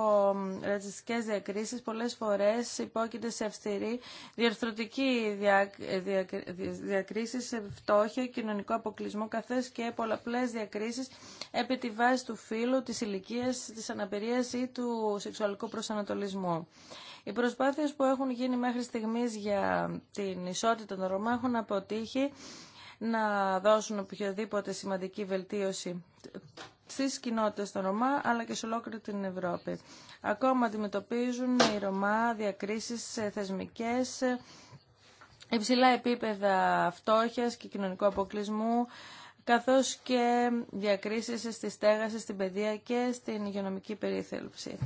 ρατσιστικές διακρίσεις, πολλές φορές υπόκειται σε αυστηρή διαρθρωτική διακρίσεις, φτώχεια, κοινωνικό αποκλεισμό, καθώς και πολλαπλές διακρίσεις επί τη βάση του φύλου, της ηλικίας, της αναπηρίας ή του σεξουαλικού προσανατολισμού. Οι προσπάθειες που έχουν γίνει μέχρι στιγμής για την ισότητα των Ρωμά έχουν αποτύχει να δώσουν οποιοδήποτε σημαντική βελτίωση στι κοινότητε των Ρωμά αλλά και σε ολόκληρη την Ευρώπη. Ακόμα αντιμετωπίζουν οι Ρωμά διακρίσεις θεσμικέ, υψηλά επίπεδα φτώχεια και κοινωνικού αποκλεισμού, καθώ και διακρίσει στη στέγαση, στην παιδεία και στην υγειονομική περίθελψη.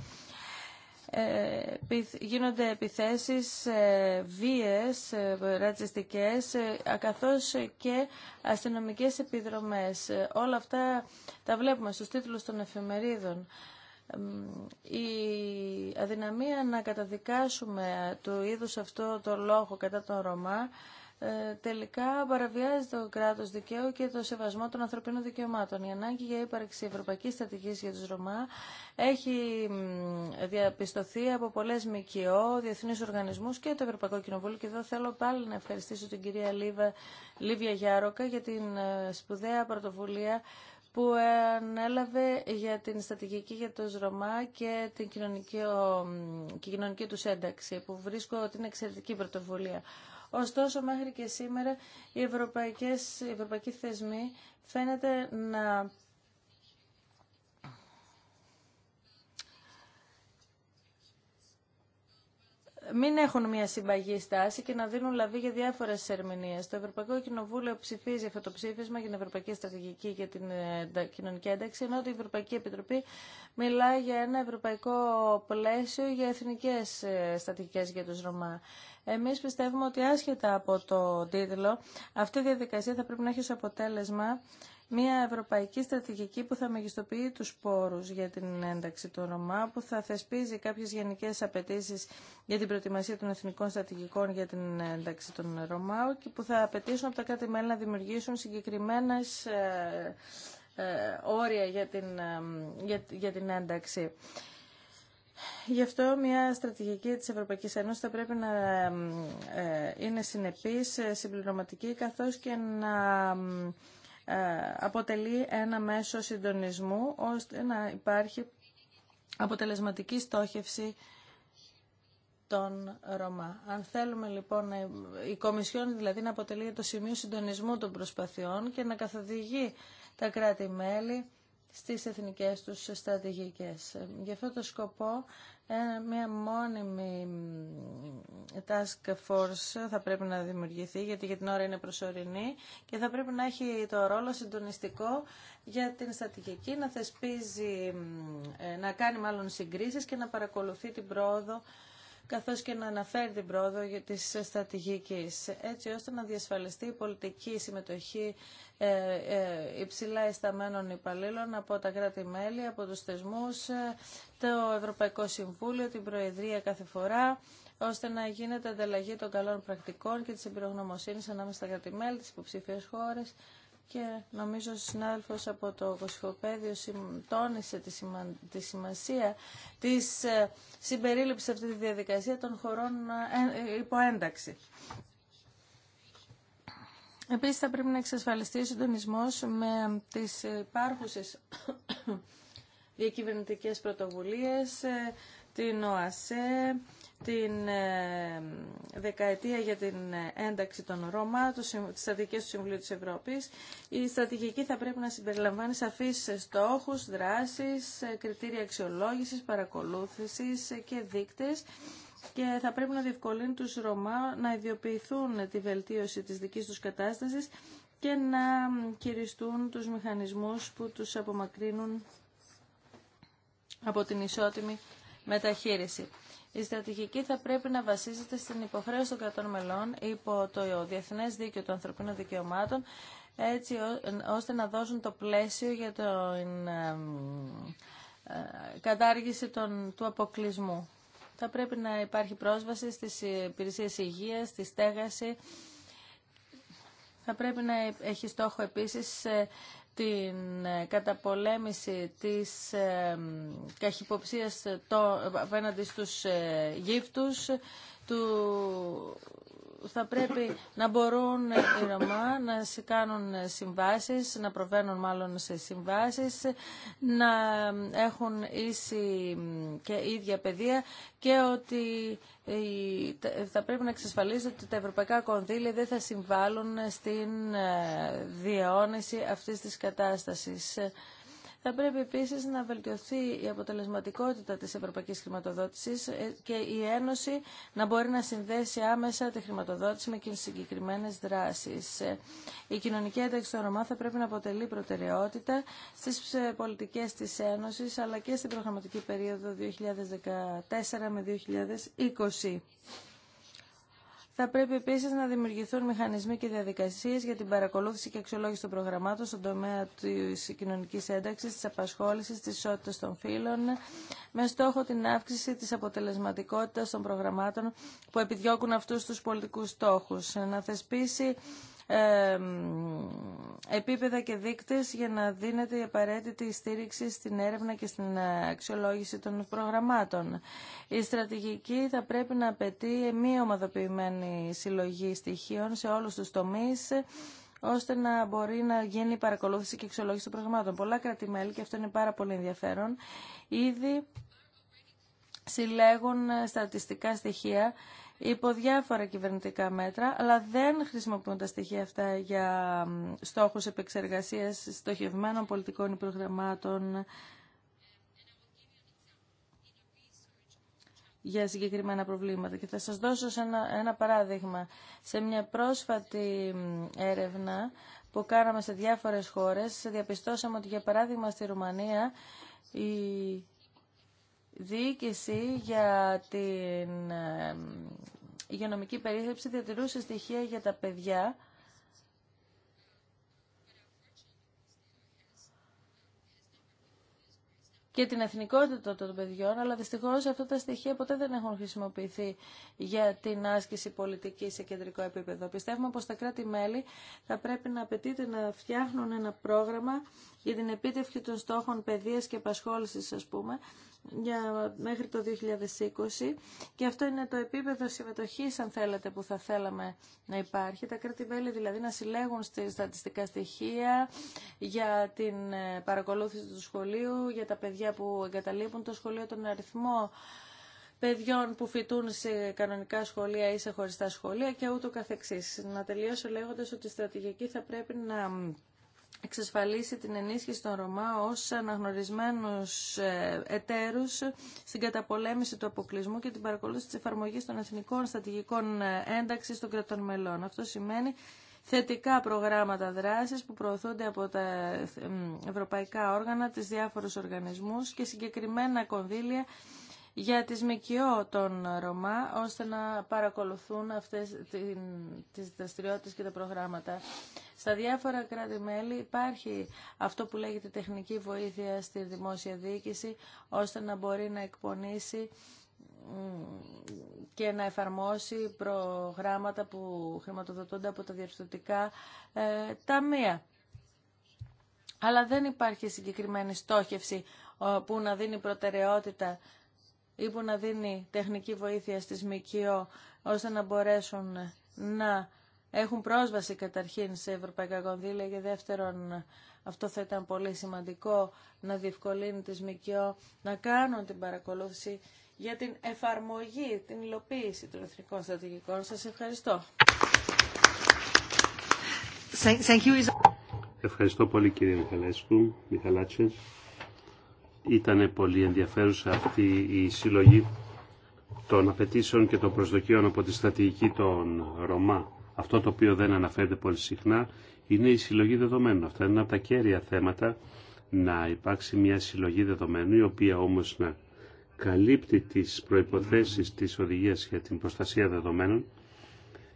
Ε, γίνονται επιθέσεις ε, βίες, ε, ρατσιστικές, καθώς και αστυνομικές επιδρομές. Όλα αυτά τα βλέπουμε στους τίτλους των εφημερίδων. Η αδυναμία να καταδικάσουμε του είδους αυτό το λόγο κατά τον Ρωμά ε, τελικά παραβιάζει το κράτο δικαίου και το σεβασμό των ανθρωπίνων δικαιωμάτων. Η ανάγκη για ύπαρξη Ευρωπαϊκή στρατηγική για τους Ρωμά έχει διαπιστωθεί από πολλές ΜΚΟ, διεθνεί οργανισμού και το Ευρωπαϊκό Κοινοβούλιο και εδώ θέλω πάλι να ευχαριστήσω την κυρία Λίβα, Λίβια Γιάροκα για την ε, σπουδαία πρωτοβουλία που ανέλαβε για την στατηγική για το Ρωμά και την κοινωνική, και τους ένταξη, που βρίσκω ότι είναι εξαιρετική πρωτοβουλία. Ωστόσο, μέχρι και σήμερα, οι, ευρωπαϊκές, οι ευρωπαϊκοί θεσμοί φαίνεται να μην έχουν μια συμπαγή στάση και να δίνουν λαβή για διάφορε ερμηνείε. Το Ευρωπαϊκό Κοινοβούλιο ψηφίζει αυτό το ψήφισμα για την Ευρωπαϊκή Στρατηγική και την ε, Κοινωνική Ένταξη, ενώ η Ευρωπαϊκή Επιτροπή μιλάει για ένα ευρωπαϊκό πλαίσιο για εθνικέ ε, στρατηγικέ για του Ρωμά. Εμεί πιστεύουμε ότι άσχετα από το τίτλο, αυτή η διαδικασία θα πρέπει να έχει ω αποτέλεσμα μια ευρωπαϊκή στρατηγική που θα μεγιστοποιεί τους πόρους για την ένταξη των Ρωμά, που θα θεσπίζει κάποιες γενικές απαιτήσεις για την προετοιμασία των εθνικών στρατηγικών για την ένταξη των Ρωμά και που θα απαιτήσουν από τα κράτη-μέλη να δημιουργήσουν συγκεκριμένες ε, ε, όρια για την, ε, για, για την ένταξη. Γι' αυτό μια στρατηγική της Ευρωπαϊκής Ένωσης θα πρέπει να είναι συνεπής, συμπληρωματική, καθώς και να ε, αποτελεί ένα μέσο συντονισμού ώστε να υπάρχει αποτελεσματική στόχευση των Ρωμά. Αν θέλουμε λοιπόν η Κομισιόν δηλαδή να αποτελεί το σημείο συντονισμού των προσπαθειών και να καθοδηγεί τα κράτη-μέλη στις εθνικές τους στρατηγικές. Γι' αυτό το σκοπό μια μόνιμη task force θα πρέπει να δημιουργηθεί γιατί για την ώρα είναι προσωρινή και θα πρέπει να έχει το ρόλο συντονιστικό για την στρατηγική να θεσπίζει, ε, να κάνει μάλλον συγκρίσεις και να παρακολουθεί την πρόοδο καθώς και να αναφέρει την πρόοδο της στρατηγικής, έτσι ώστε να διασφαλιστεί η πολιτική συμμετοχή ε, ε, υψηλά ισταμένων υπαλλήλων από τα κράτη-μέλη, από τους θεσμούς, ε, το Ευρωπαϊκό Συμβούλιο, την Προεδρία κάθε φορά, ώστε να γίνεται ανταλλαγή των καλών πρακτικών και της εμπειρογνωμοσύνης ανάμεσα στα κράτη-μέλη, τις υποψήφιες χώρες, και νομίζω ο συνάδελφος από το Κοσυχοπαίδιο τόνισε τη, τη σημασία της ε, συμπερίληψης αυτή τη διαδικασία των χωρών ε, υποένταξη. Επίσης θα πρέπει να εξασφαλιστεί ο συντονισμός με τις υπάρχουσες διακυβερνητικές πρωτοβουλίες, ε, την ΟΑΣΕ, την ε, δεκαετία για την ε, ένταξη των Ρώμα, τις στρατηγικές του Συμβουλίου της Ευρώπης. Η στρατηγική θα πρέπει να συμπεριλαμβάνει σαφείς στόχους, δράσεις, ε, κριτήρια αξιολόγησης, παρακολούθησης και δείκτες και θα πρέπει να διευκολύνει τους Ρωμά να ιδιοποιηθούν τη βελτίωση της δικής τους κατάστασης και να κυριστούν τους μηχανισμούς που τους απομακρύνουν από την ισότιμη μεταχείριση. Η στρατηγική θα πρέπει να βασίζεται στην υποχρέωση των κρατών μελών υπό το Διεθνές Δίκαιο των Ανθρωπίνων Δικαιωμάτων έτσι ώστε να δώσουν το πλαίσιο για την ε, κατάργηση των, του αποκλεισμού. Θα πρέπει να υπάρχει πρόσβαση στις υπηρεσίες υγείας, στη στέγαση. Θα πρέπει να έχει στόχο επίσης ε, την ε, καταπολέμηση της ε, καχυποψίας ε, απέναντι στους γύφτους, του θα πρέπει να μπορούν οι Ρωμά να κάνουν συμβάσεις, να προβαίνουν μάλλον σε συμβάσεις, να έχουν ίση και ίδια παιδεία και ότι θα πρέπει να εξασφαλίζεται ότι τα ευρωπαϊκά κονδύλια δεν θα συμβάλλουν στην ε, διαιώνιση αυτής της κατάστασης. Θα πρέπει επίσης να βελτιωθεί η αποτελεσματικότητα της ευρωπαϊκής χρηματοδότησης ε, και η Ένωση να μπορεί να συνδέσει άμεσα τη χρηματοδότηση με συγκεκριμένες δράσεις. Ε, η κοινωνική ένταξη των Ρωμά θα πρέπει να αποτελεί προτεραιότητα στις ε, πολιτικές της Ένωσης αλλά και στην προγραμματική περίοδο 2014 με 2020. Θα πρέπει επίσης να δημιουργηθούν μηχανισμοί και διαδικασίες για την παρακολούθηση και αξιολόγηση των προγραμμάτων στον τομέα της κοινωνική ένταξη, της απασχόλησης, τη ισότητα των φύλων, με στόχο την αύξηση της αποτελεσματικότητας των προγραμμάτων που επιδιώκουν αυτού τους πολιτικούς στόχους. Να θεσπίσει επίπεδα και δείκτες για να δίνεται η απαραίτητη στήριξη στην έρευνα και στην ε, αξιολόγηση των προγραμμάτων. Η στρατηγική θα πρέπει να απαιτεί μη ομαδοποιημένη συλλογή στοιχείων σε όλους τους τομείς ώστε να μπορεί να γίνει η παρακολούθηση και αξιολόγηση των προγραμμάτων. Πολλά κράτη-μέλη, και αυτό είναι πάρα πολύ ενδιαφέρον, ήδη συλλέγουν ε, στατιστικά στοιχεία υπό διάφορα κυβερνητικά μέτρα, αλλά δεν χρησιμοποιούν τα στοιχεία αυτά για στόχους επεξεργασίας στοχευμένων πολιτικών προγραμμάτων για συγκεκριμένα προβλήματα. Και θα σας δώσω ένα, ένα παράδειγμα. Σε μια πρόσφατη έρευνα που κάναμε σε διάφορες χώρες, διαπιστώσαμε ότι για παράδειγμα στη Ρουμανία η διοίκηση για την υγειονομική περίθεψη διατηρούσε στοιχεία για τα παιδιά και την εθνικότητα των παιδιών, αλλά δυστυχώς αυτά τα στοιχεία ποτέ δεν έχουν χρησιμοποιηθεί για την άσκηση πολιτικής σε κεντρικό επίπεδο. Πιστεύουμε πως τα κράτη-μέλη θα πρέπει να απαιτείται να φτιάχνουν ένα πρόγραμμα για την επίτευξη των στόχων παιδείας και επασχόλησης, ας πούμε, για μέχρι το 2020 και αυτό είναι το επίπεδο συμμετοχής αν θέλετε που θα θέλαμε να υπάρχει. Τα κράτη-μέλη δηλαδή να συλλέγουν στις στατιστικά στοιχεία για την ε, παρακολούθηση του σχολείου, για τα παιδιά που εγκαταλείπουν το σχολείο, τον αριθμό παιδιών που φοιτούν σε κανονικά σχολεία ή σε χωριστά σχολεία και ούτω καθεξής. Να τελειώσω λέγοντας ότι η στρατηγική θα πρέπει να εξασφαλίσει την ενίσχυση των Ρωμά ως αναγνωρισμένους ε, εταίρους στην καταπολέμηση του αποκλεισμού και την παρακολούθηση της εφαρμογής των εθνικών στατηγικών ε, ένταξης των κρατών μελών. Αυτό σημαίνει θετικά προγράμματα δράσης που προωθούνται από τα ε, ευρωπαϊκά όργανα, τις διάφορους οργανισμούς και συγκεκριμένα κονδύλια για τις ΜΚΟ των Ρωμά, ώστε να παρακολουθούν αυτές τις δραστηριότητε και τα προγράμματα. Στα διάφορα κράτη-μέλη υπάρχει αυτό που λέγεται τεχνική βοήθεια στη δημόσια διοίκηση, ώστε να μπορεί να εκπονήσει και να εφαρμόσει προγράμματα που χρηματοδοτούνται από τα διευθυντικά ε, ταμεία. Αλλά δεν υπάρχει συγκεκριμένη στόχευση που να δίνει προτεραιότητα ή που να δίνει τεχνική βοήθεια στις ΜΚΟ ώστε να μπορέσουν να έχουν πρόσβαση καταρχήν σε ευρωπαϊκά κονδύλια και δεύτερον αυτό θα ήταν πολύ σημαντικό να διευκολύνει τις ΜΚΟ να κάνουν την παρακολούθηση για την εφαρμογή, την υλοποίηση των εθνικών στρατηγικών. Σας ευχαριστώ. Thank you. Ευχαριστώ πολύ κύριε Μιχαλέσκου, Μιχαλάτσες. Ήταν πολύ ενδιαφέρουσα αυτή η συλλογή των απαιτήσεων και των προσδοκιών από τη στρατηγική των Ρωμά. Αυτό το οποίο δεν αναφέρεται πολύ συχνά είναι η συλλογή δεδομένων. Αυτά είναι ένα από τα κέρια θέματα να υπάρξει μια συλλογή δεδομένων η οποία όμως να καλύπτει τις προϋποθέσεις της οδηγίας για την προστασία δεδομένων.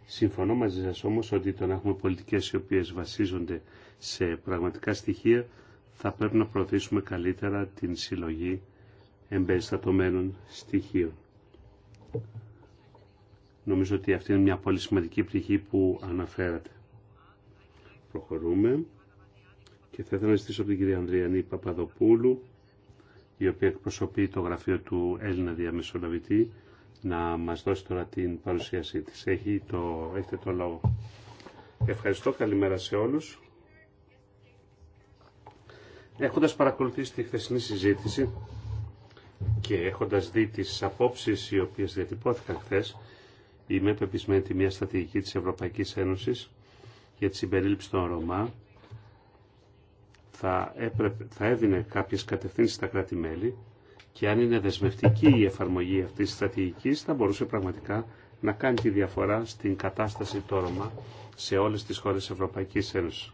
Συμφωνώ μαζί σας όμως ότι το να έχουμε πολιτικές οι οποίες βασίζονται σε πραγματικά στοιχεία θα πρέπει να προωθήσουμε καλύτερα την συλλογή εμπεριστατωμένων στοιχείων. Νομίζω ότι αυτή είναι μια πολύ σημαντική πτυχή που αναφέρατε. Προχωρούμε και θα ήθελα να ζητήσω από την κυρία Ανδριανή Παπαδοπούλου, η οποία εκπροσωπεί το γραφείο του Έλληνα Διαμεσολαβητή, να μας δώσει τώρα την παρουσίασή της. Έχει το, έχετε το λόγο. Ευχαριστώ, καλημέρα σε όλους. Έχοντας παρακολουθήσει τη χθεσινή συζήτηση και έχοντας δει τις απόψεις οι οποίες διατυπώθηκαν χθε, είμαι πεπισμένη ότι μια στρατηγική της Ευρωπαϊκής Ένωσης για τη συμπερίληψη των Ρωμά θα, έπρεπε, θα έδινε κάποιες κατευθύνσεις στα κράτη-μέλη και αν είναι δεσμευτική η εφαρμογή αυτής της στρατηγικής θα μπορούσε πραγματικά να κάνει τη διαφορά στην κατάσταση των Ρωμά σε όλες τις χώρες Ευρωπαϊκής Ένωσης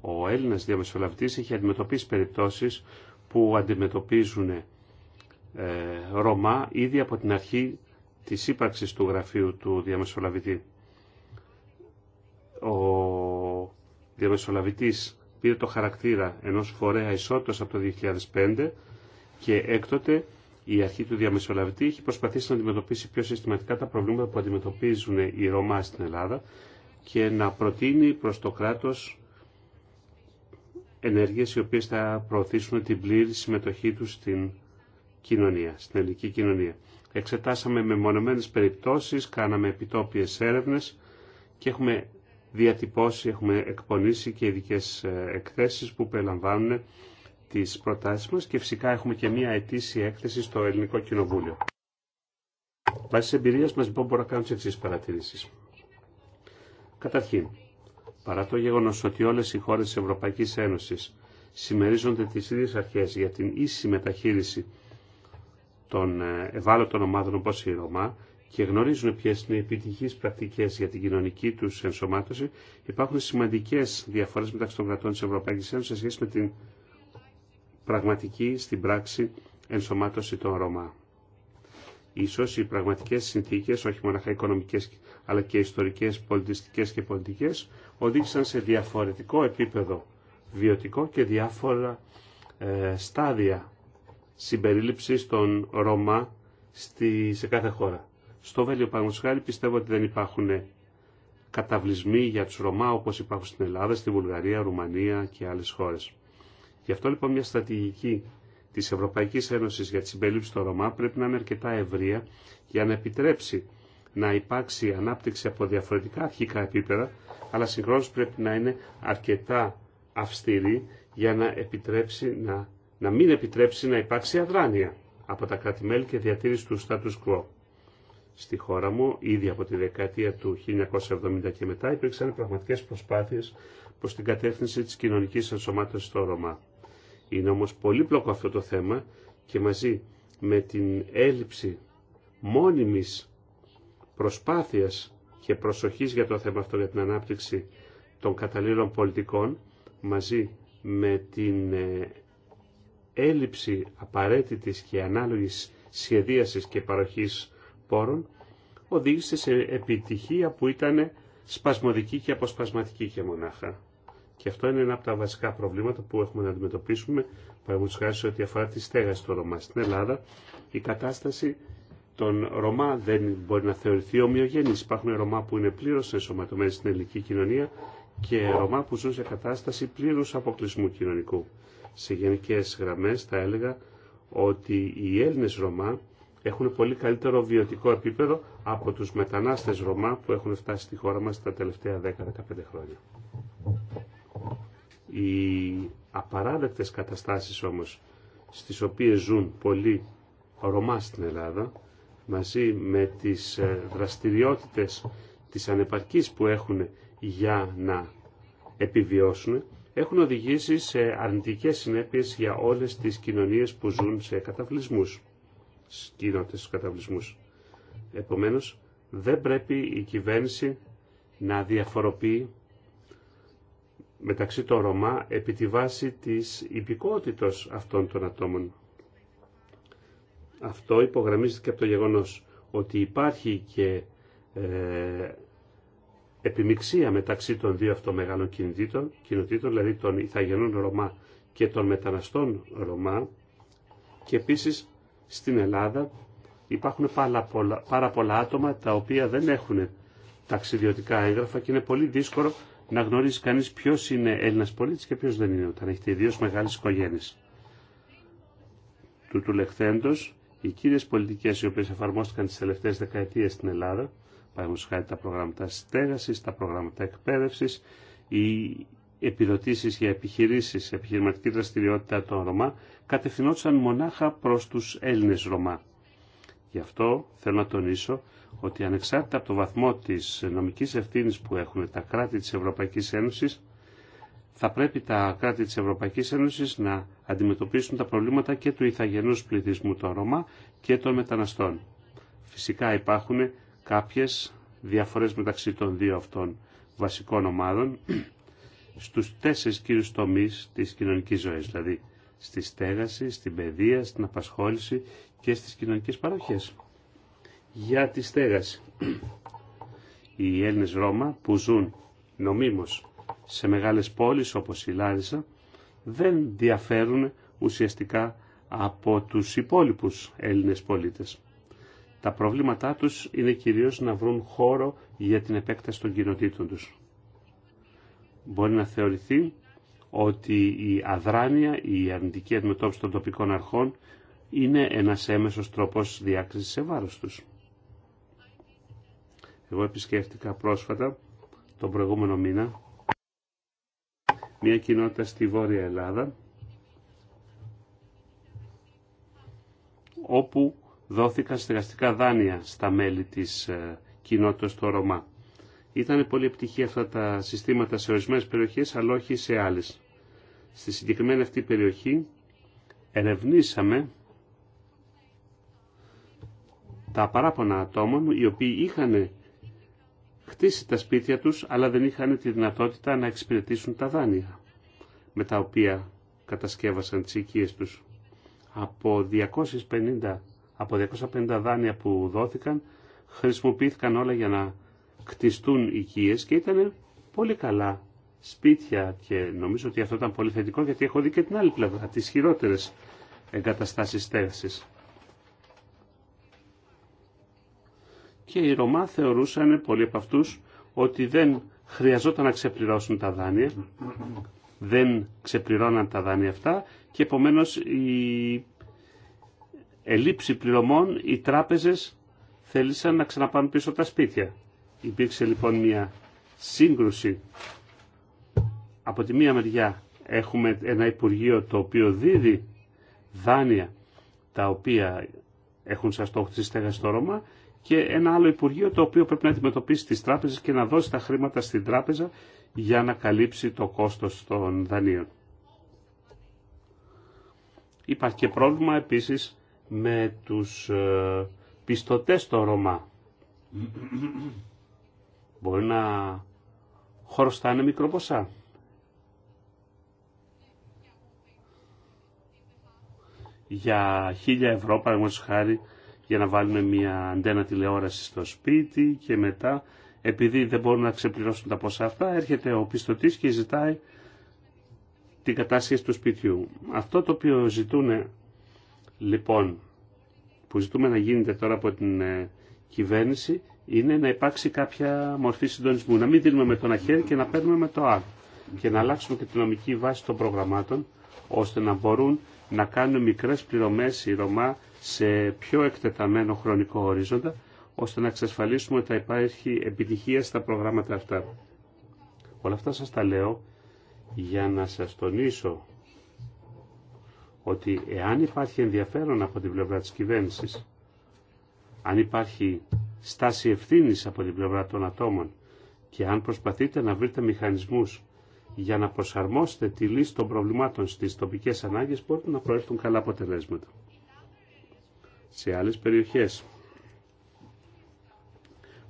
ο Έλληνας διαμεσολαβητής έχει αντιμετωπίσει περιπτώσεις που αντιμετωπίζουν ε, Ρωμά ήδη από την αρχή της ύπαρξης του γραφείου του διαμεσολαβητή. Ο διαμεσολαβητής πήρε το χαρακτήρα ενός φορέα ισότητας από το 2005 και έκτοτε η αρχή του διαμεσολαβητή έχει προσπαθήσει να αντιμετωπίσει πιο συστηματικά τα προβλήματα που αντιμετωπίζουν οι Ρωμά στην Ελλάδα και να προτείνει προς το κράτος ενέργειες οι οποίες θα προωθήσουν την πλήρη συμμετοχή τους στην κοινωνία, στην ελληνική κοινωνία. Εξετάσαμε μεμονωμένες περιπτώσεις, κάναμε επιτόπιες έρευνες και έχουμε διατυπώσει, έχουμε εκπονήσει και ειδικέ ε, εκθέσεις που περιλαμβάνουν τις προτάσεις μας και φυσικά έχουμε και μία ετήσια έκθεση στο Ελληνικό Κοινοβούλιο. Βάσει τη εμπειρία μα, λοιπόν, μπορώ να κάνω τι εξή παρατηρήσει. Καταρχήν, Παρά το γεγονός ότι όλες οι χώρες της Ευρωπαϊκής Ένωσης συμμερίζονται τις ίδιες αρχές για την ίση μεταχείριση των ε, ευάλωτων ομάδων όπως η Ρωμά και γνωρίζουν ποιες είναι οι επιτυχείς πρακτικές για την κοινωνική του ενσωμάτωση, υπάρχουν σημαντικές διαφορές μεταξύ των κρατών της Ευρωπαϊκής Ένωσης σε σχέση με την πραγματική στην πράξη ενσωμάτωση των Ρωμά. Ίσως οι πραγματικές συνθήκες, όχι μόνο οικονομικές αλλά και ιστορικές, πολιτιστικέ και πολιτικές, οδήγησαν σε διαφορετικό επίπεδο βιωτικό και διάφορα ε, στάδια συμπερίληψης των Ρωμά στη, σε κάθε χώρα. Στο Βέλιο Παγκοσχάρη πιστεύω ότι δεν υπάρχουν καταβλισμοί για τους Ρωμά όπως υπάρχουν στην Ελλάδα, στη Βουλγαρία, Ρουμανία και άλλες χώρες. Γι' αυτό λοιπόν μια στρατηγική της Ευρωπαϊκής Ένωσης για τη συμπερίληψη των Ρωμά πρέπει να είναι αρκετά ευρεία για να επιτρέψει να υπάρξει ανάπτυξη από διαφορετικά αρχικά επίπεδα αλλά συγχρόνως πρέπει να είναι αρκετά αυστηρή για να, επιτρέψει, να, να μην επιτρέψει να υπάρξει αδράνεια από τα κράτη-μέλη και διατήρηση του status quo. Στη χώρα μου, ήδη από τη δεκαετία του 1970 και μετά, υπήρξαν πραγματικές προσπάθειες προς την κατεύθυνση της κοινωνικής ενσωμάτωσης στο Ρωμά. Είναι όμως πλοκό αυτό το θέμα και μαζί με την έλλειψη μόνιμης προσπάθειας και προσοχής για το θέμα αυτό για την ανάπτυξη των καταλήλων πολιτικών μαζί με την ε, έλλειψη απαραίτητης και ανάλογης σχεδίασης και παροχής πόρων οδήγησε σε επιτυχία που ήταν σπασμωδική και αποσπασματική και μονάχα. Και αυτό είναι ένα από τα βασικά προβλήματα που έχουμε να αντιμετωπίσουμε, παραδείγματο χάρη σε ό,τι αφορά τη στέγαση του Ρωμά Στην Ελλάδα η κατάσταση τον Ρωμά δεν μπορεί να θεωρηθεί ομοιογενής. Υπάρχουν Ρωμά που είναι πλήρως ενσωματωμένοι στην ελληνική κοινωνία και Ρωμά που ζουν σε κατάσταση πλήρους αποκλεισμού κοινωνικού. Σε γενικές γραμμές θα έλεγα ότι οι Έλληνες Ρωμά έχουν πολύ καλύτερο βιωτικό επίπεδο από τους μετανάστες Ρωμά που έχουν φτάσει στη χώρα μας τα τελευταία 10-15 χρόνια. Οι απαράδεκτες καταστάσεις όμως στις οποίες ζουν πολλοί Ρωμά στην Ελλάδα μαζί με τις ε, δραστηριότητες της ανεπαρκής που έχουν για να επιβιώσουν έχουν οδηγήσει σε αρνητικές συνέπειες για όλες τις κοινωνίες που ζουν σε καταβλισμούς, κοινότητες στους καταβλισμούς. Επομένως, δεν πρέπει η κυβέρνηση να διαφοροποιεί μεταξύ των Ρωμά επί τη βάση της υπηκότητος αυτών των ατόμων. Αυτό υπογραμμίζεται και από το γεγονός ότι υπάρχει και ε, επιμειξία μεταξύ των δύο αυτών μεγάλων κινητήτων, δηλαδή των Ιθαγενών Ρωμά και των μεταναστών Ρωμά και επίσης στην Ελλάδα υπάρχουν πάρα πολλά, άτομα τα οποία δεν έχουν ταξιδιωτικά έγγραφα και είναι πολύ δύσκολο να γνωρίζει κανείς ποιος είναι Έλληνας πολίτης και ποιος δεν είναι όταν έχετε ιδίως μεγάλες οικογένειες. Του του οι κύριε πολιτικέ οι οποίε εφαρμόστηκαν τι τελευταίες δεκαετίες στην Ελλάδα, παραδείγματο χάρη τα προγράμματα στέγασης, τα προγράμματα εκπαίδευση, οι επιδοτήσει για επιχειρήσεις, επιχειρηματική δραστηριότητα των Ρωμά, κατευθυνόντουσαν μονάχα προς τους Έλληνες Ρωμά. Γι' αυτό θέλω να τονίσω ότι ανεξάρτητα από το βαθμό τη νομική ευθύνη που έχουν τα κράτη τη Ευρωπαϊκή Ένωση θα πρέπει τα κράτη της Ευρωπαϊκής Ένωσης να αντιμετωπίσουν τα προβλήματα και του ηθαγενούς πληθυσμού των Ρώμα και των μεταναστών. Φυσικά υπάρχουν κάποιες διαφορές μεταξύ των δύο αυτών βασικών ομάδων στους τέσσερις κύριους τομείς της κοινωνικής ζωής, δηλαδή στη στέγαση, στην παιδεία, στην απασχόληση και στις κοινωνικές παροχές. Για τη στέγαση. Οι Έλληνες Ρώμα που ζουν νομίμως σε μεγάλες πόλεις όπως η Λάρισα δεν διαφέρουν ουσιαστικά από τους υπόλοιπους Έλληνες πολίτες. Τα προβλήματά τους είναι κυρίως να βρουν χώρο για την επέκταση των κοινοτήτων τους. Μπορεί να θεωρηθεί ότι η αδράνεια, η αρνητική αντιμετώπιση των τοπικών αρχών είναι ένας έμεσος τρόπος διάκρισης σε βάρος τους. Εγώ επισκέφτηκα πρόσφατα τον προηγούμενο μήνα μια κοινότητα στη Βόρεια Ελλάδα όπου δόθηκαν στεγαστικά δάνεια στα μέλη της ε, κοινότητας του Ρωμά. Ήταν πολύ επιτυχή αυτά τα συστήματα σε ορισμένες περιοχές, αλλά όχι σε άλλες. Στη συγκεκριμένη αυτή περιοχή ερευνήσαμε τα παράπονα ατόμων οι οποίοι είχαν χτίσει τα σπίτια τους, αλλά δεν είχαν τη δυνατότητα να εξυπηρετήσουν τα δάνεια, με τα οποία κατασκεύασαν τις οικίες τους. Από 250, από 250 δάνεια που δόθηκαν, χρησιμοποιήθηκαν όλα για να κτιστούν οικίες και ήταν πολύ καλά σπίτια και νομίζω ότι αυτό ήταν πολύ θετικό γιατί έχω δει και την άλλη πλευρά, τις χειρότερες εγκαταστάσεις τέρσης. και οι Ρωμά θεωρούσαν πολλοί από αυτούς ότι δεν χρειαζόταν να ξεπληρώσουν τα δάνεια, δεν ξεπληρώναν τα δάνεια αυτά και επομένως η ελήψη πληρωμών οι τράπεζες θέλησαν να ξαναπάνουν πίσω τα σπίτια. Υπήρξε λοιπόν μια σύγκρουση. Από τη μία μεριά έχουμε ένα Υπουργείο το οποίο δίδει δάνεια τα οποία έχουν σαν στόχο τη στο Ρώμα και ένα άλλο Υπουργείο το οποίο πρέπει να αντιμετωπίσει τις τράπεζες και να δώσει τα χρήματα στην τράπεζα για να καλύψει το κόστος των δανείων. Υπάρχει και πρόβλημα επίσης με τους ε, πιστωτές στο Ρωμά. Μπορεί να χωροστάνε μικροποσά. Για χίλια ευρώ, παραδείγματος χάρη, για να βάλουμε μια αντένα τηλεόραση στο σπίτι και μετά επειδή δεν μπορούν να ξεπληρώσουν τα ποσά αυτά έρχεται ο πιστωτής και ζητάει την κατάσχεση του σπιτιού. Αυτό το οποίο ζητούν λοιπόν που ζητούμε να γίνεται τώρα από την ε, κυβέρνηση είναι να υπάρξει κάποια μορφή συντονισμού. Να μην δίνουμε με το ένα χέρι και να παίρνουμε με το άλλο. Και να αλλάξουμε και την νομική βάση των προγραμμάτων ώστε να μπορούν να κάνουν μικρές πληρωμές οι Ρωμά σε πιο εκτεταμένο χρονικό ορίζοντα, ώστε να εξασφαλίσουμε ότι θα υπάρχει επιτυχία στα προγράμματα αυτά. Όλα αυτά σας τα λέω για να σας τονίσω ότι εάν υπάρχει ενδιαφέρον από την πλευρά της κυβέρνησης, αν υπάρχει στάση ευθύνη από την πλευρά των ατόμων και αν προσπαθείτε να βρείτε μηχανισμούς για να προσαρμόσετε τη λύση των προβλημάτων στις τοπικές ανάγκες μπορείτε να προέρχονται καλά αποτελέσματα σε άλλες περιοχές.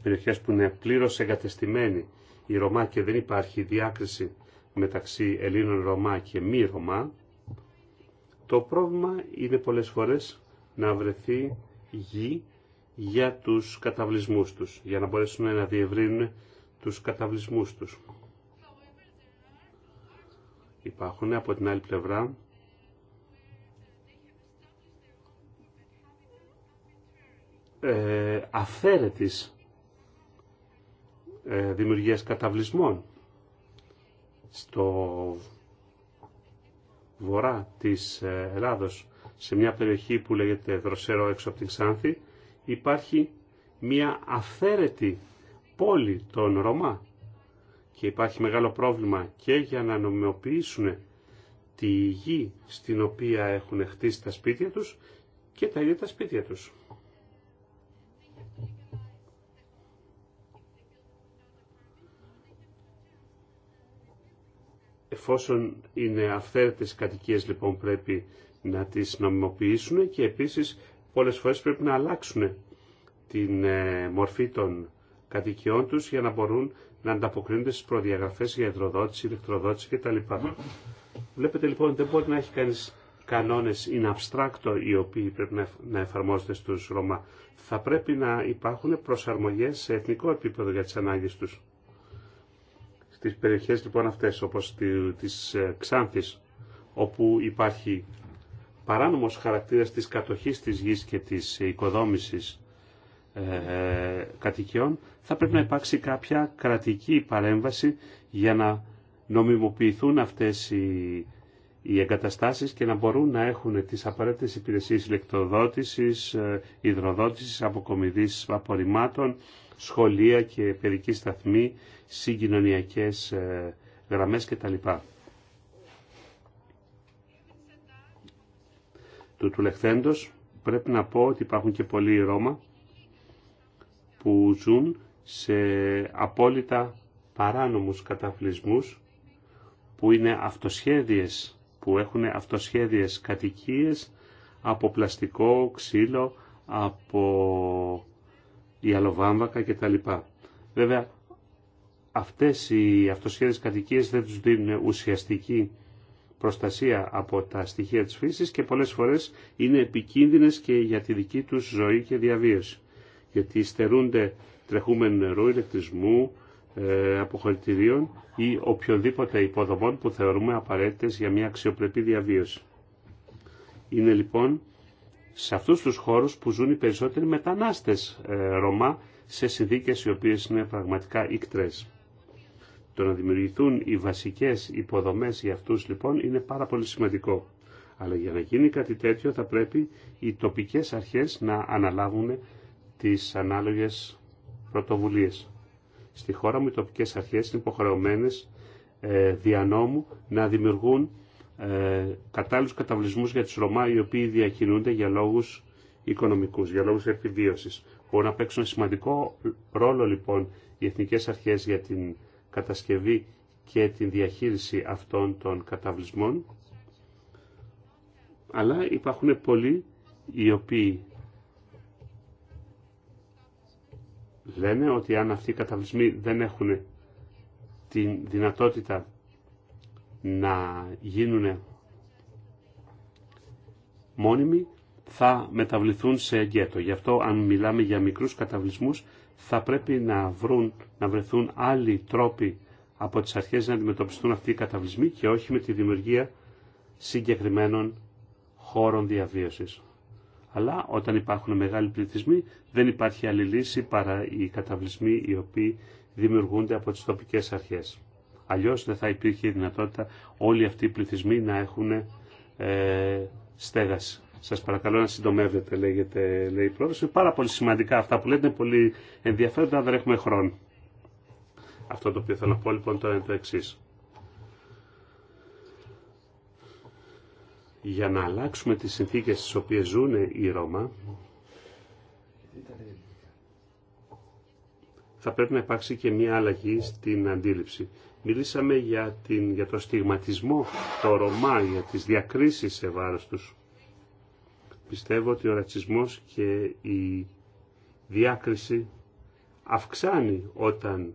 Περιοχές που είναι πλήρως εγκατεστημένοι η Ρωμά και δεν υπάρχει διάκριση μεταξύ Ελλήνων Ρωμά και μη Ρωμά, το πρόβλημα είναι πολλές φορές να βρεθεί γη για τους καταβλισμούς τους, για να μπορέσουν να διευρύνουν τους καταβλισμούς τους. Υπάρχουν από την άλλη πλευρά ε, ε, δημιουργίας καταβλισμών στο βορρά της ε, Ελλάδος σε μια περιοχή που λέγεται Δροσερό έξω από την Ξάνθη υπάρχει μια αφαίρετη πόλη των Ρωμά και υπάρχει μεγάλο πρόβλημα και για να νομιμοποιήσουν τη γη στην οποία έχουν χτίσει τα σπίτια τους και τα ίδια τα σπίτια τους. Εφόσον είναι αυθαίρετες κατοικίες λοιπόν πρέπει να τις νομιμοποιήσουν και επίσης πολλές φορές πρέπει να αλλάξουν την ε, μορφή των κατοικιών τους για να μπορούν να ανταποκρίνονται στις προδιαγραφές για υδροδότηση, ηλεκτροδότηση κτλ. Βλέπετε λοιπόν δεν μπορεί να έχει κανείς κανόνες in abstracto οι οποίοι πρέπει να εφαρμόζονται στους Ρωμά. Θα πρέπει να υπάρχουν προσαρμογές σε εθνικό επίπεδο για τις ανάγκες τους. Τις περιοχές λοιπόν αυτές όπως της ε, Ξάνθης όπου υπάρχει παράνομος χαρακτήρας της κατοχής της γης και της οικοδόμησης ε, κατοικιών, θα πρέπει να υπάρξει κάποια κρατική παρέμβαση για να νομιμοποιηθούν αυτές οι οι εγκαταστάσεις και να μπορούν να έχουν τις απαραίτητες υπηρεσίες ηλεκτροδότησης, ε, υδροδότησης, αποκομιδής απορριμμάτων, σχολεία και παιδική σταθμή, συγκοινωνιακές ε, γραμμές κτλ. Του τουλεχθέντος πρέπει να πω ότι υπάρχουν και πολλοί Ρώμα που ζουν σε απόλυτα παράνομους καταφλισμούς που είναι αυτοσχέδιες που έχουν αυτοσχέδιες κατοικίες από πλαστικό, ξύλο, από γυαλοβάμβακα κτλ. Βέβαια, αυτές οι αυτοσχέδιες κατοικίες δεν τους δίνουν ουσιαστική προστασία από τα στοιχεία της φύσης και πολλές φορές είναι επικίνδυνες και για τη δική τους ζωή και διαβίωση. Γιατί στερούνται τρεχούμενο νερού, ηλεκτρισμού, ε, αποχωρητηρίων ή οποιοδήποτε υποδομών που θεωρούμε απαραίτητες για μια αξιοπρεπή διαβίωση. Είναι λοιπόν σε αυτούς τους χώρους που ζουν οι περισσότεροι μετανάστες ε, Ρωμά σε συνθήκες οι οποίες είναι πραγματικά ικτρές. Το να δημιουργηθούν οι βασικές υποδομές για αυτούς λοιπόν είναι πάρα πολύ σημαντικό. Αλλά για να γίνει κάτι τέτοιο θα πρέπει οι τοπικές αρχές να αναλάβουν τις ανάλογες πρωτοβουλίες. Στη χώρα μου οι τοπικές αρχές είναι υποχρεωμένες ε, νόμου να δημιουργούν ε, κατάλληλους για τους Ρωμά οι οποίοι διακινούνται για λόγους οικονομικούς, για λόγους επιβίωσης. Μπορούν να παίξουν σημαντικό ρόλο λοιπόν οι εθνικές αρχές για την κατασκευή και την διαχείριση αυτών των καταβλισμών. Αλλά υπάρχουν πολλοί οι οποίοι λένε ότι αν αυτοί οι καταβλισμοί δεν έχουν τη δυνατότητα να γίνουν μόνιμοι, θα μεταβληθούν σε εγκέτο. Γι' αυτό αν μιλάμε για μικρούς καταβλισμούς θα πρέπει να, βρουν, να βρεθούν άλλοι τρόποι από τις αρχές να αντιμετωπιστούν αυτοί οι καταβλισμοί και όχι με τη δημιουργία συγκεκριμένων χώρων διαβίωσης. Αλλά όταν υπάρχουν μεγάλοι πληθυσμοί δεν υπάρχει άλλη λύση παρά οι καταβλισμοί οι οποίοι δημιουργούνται από τις τοπικές αρχές. Αλλιώς δεν θα υπήρχε η δυνατότητα όλοι αυτοί οι πληθυσμοί να έχουν ε, στέγαση. Σας παρακαλώ να συντομεύετε, λέγεται, λέει η πρόεδρο. Είναι πάρα πολύ σημαντικά αυτά που λέτε, είναι πολύ ενδιαφέροντα, δεν έχουμε χρόνο. Αυτό το οποίο θέλω να πω λοιπόν τώρα είναι το εξής. για να αλλάξουμε τις συνθήκες στις οποίες ζουν οι Ρώμα, θα πρέπει να υπάρξει και μια αλλαγή στην αντίληψη. Μιλήσαμε για, την, για το στιγματισμό, το Ρωμά, για τις διακρίσεις σε βάρος τους. Πιστεύω ότι ο ρατσισμός και η διάκριση αυξάνει όταν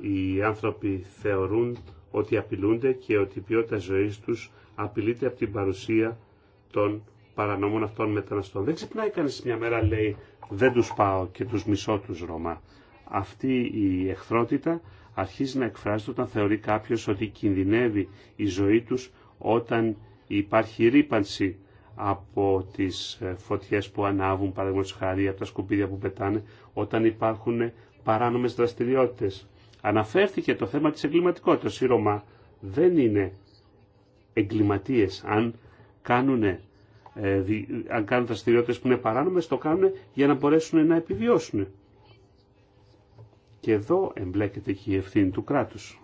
οι άνθρωποι θεωρούν ότι απειλούνται και ότι η ποιότητα ζωής τους απειλείται από την παρουσία των παρανόμων αυτών μεταναστών. Δεν ξυπνάει κανείς μια μέρα λέει δεν τους πάω και τους μισώ τους Ρωμά. Αυτή η εχθρότητα αρχίζει να εκφράζεται όταν θεωρεί κάποιος ότι κινδυνεύει η ζωή τους όταν υπάρχει ρήπανση από τις ε, φωτιές που ανάβουν, παραδείγματος χάρη, από τα σκουπίδια που πετάνε, όταν υπάρχουν παράνομες δραστηριότητες. Αναφέρθηκε το θέμα της εγκληματικότητας. Οι Ρωμά δεν είναι εγκληματίες. Αν κάνουν, ε, κάνουν δραστηριότητες που είναι παράνομες, το κάνουν για να μπορέσουν να επιβιώσουν. Και εδώ εμπλέκεται και η ευθύνη του κράτους.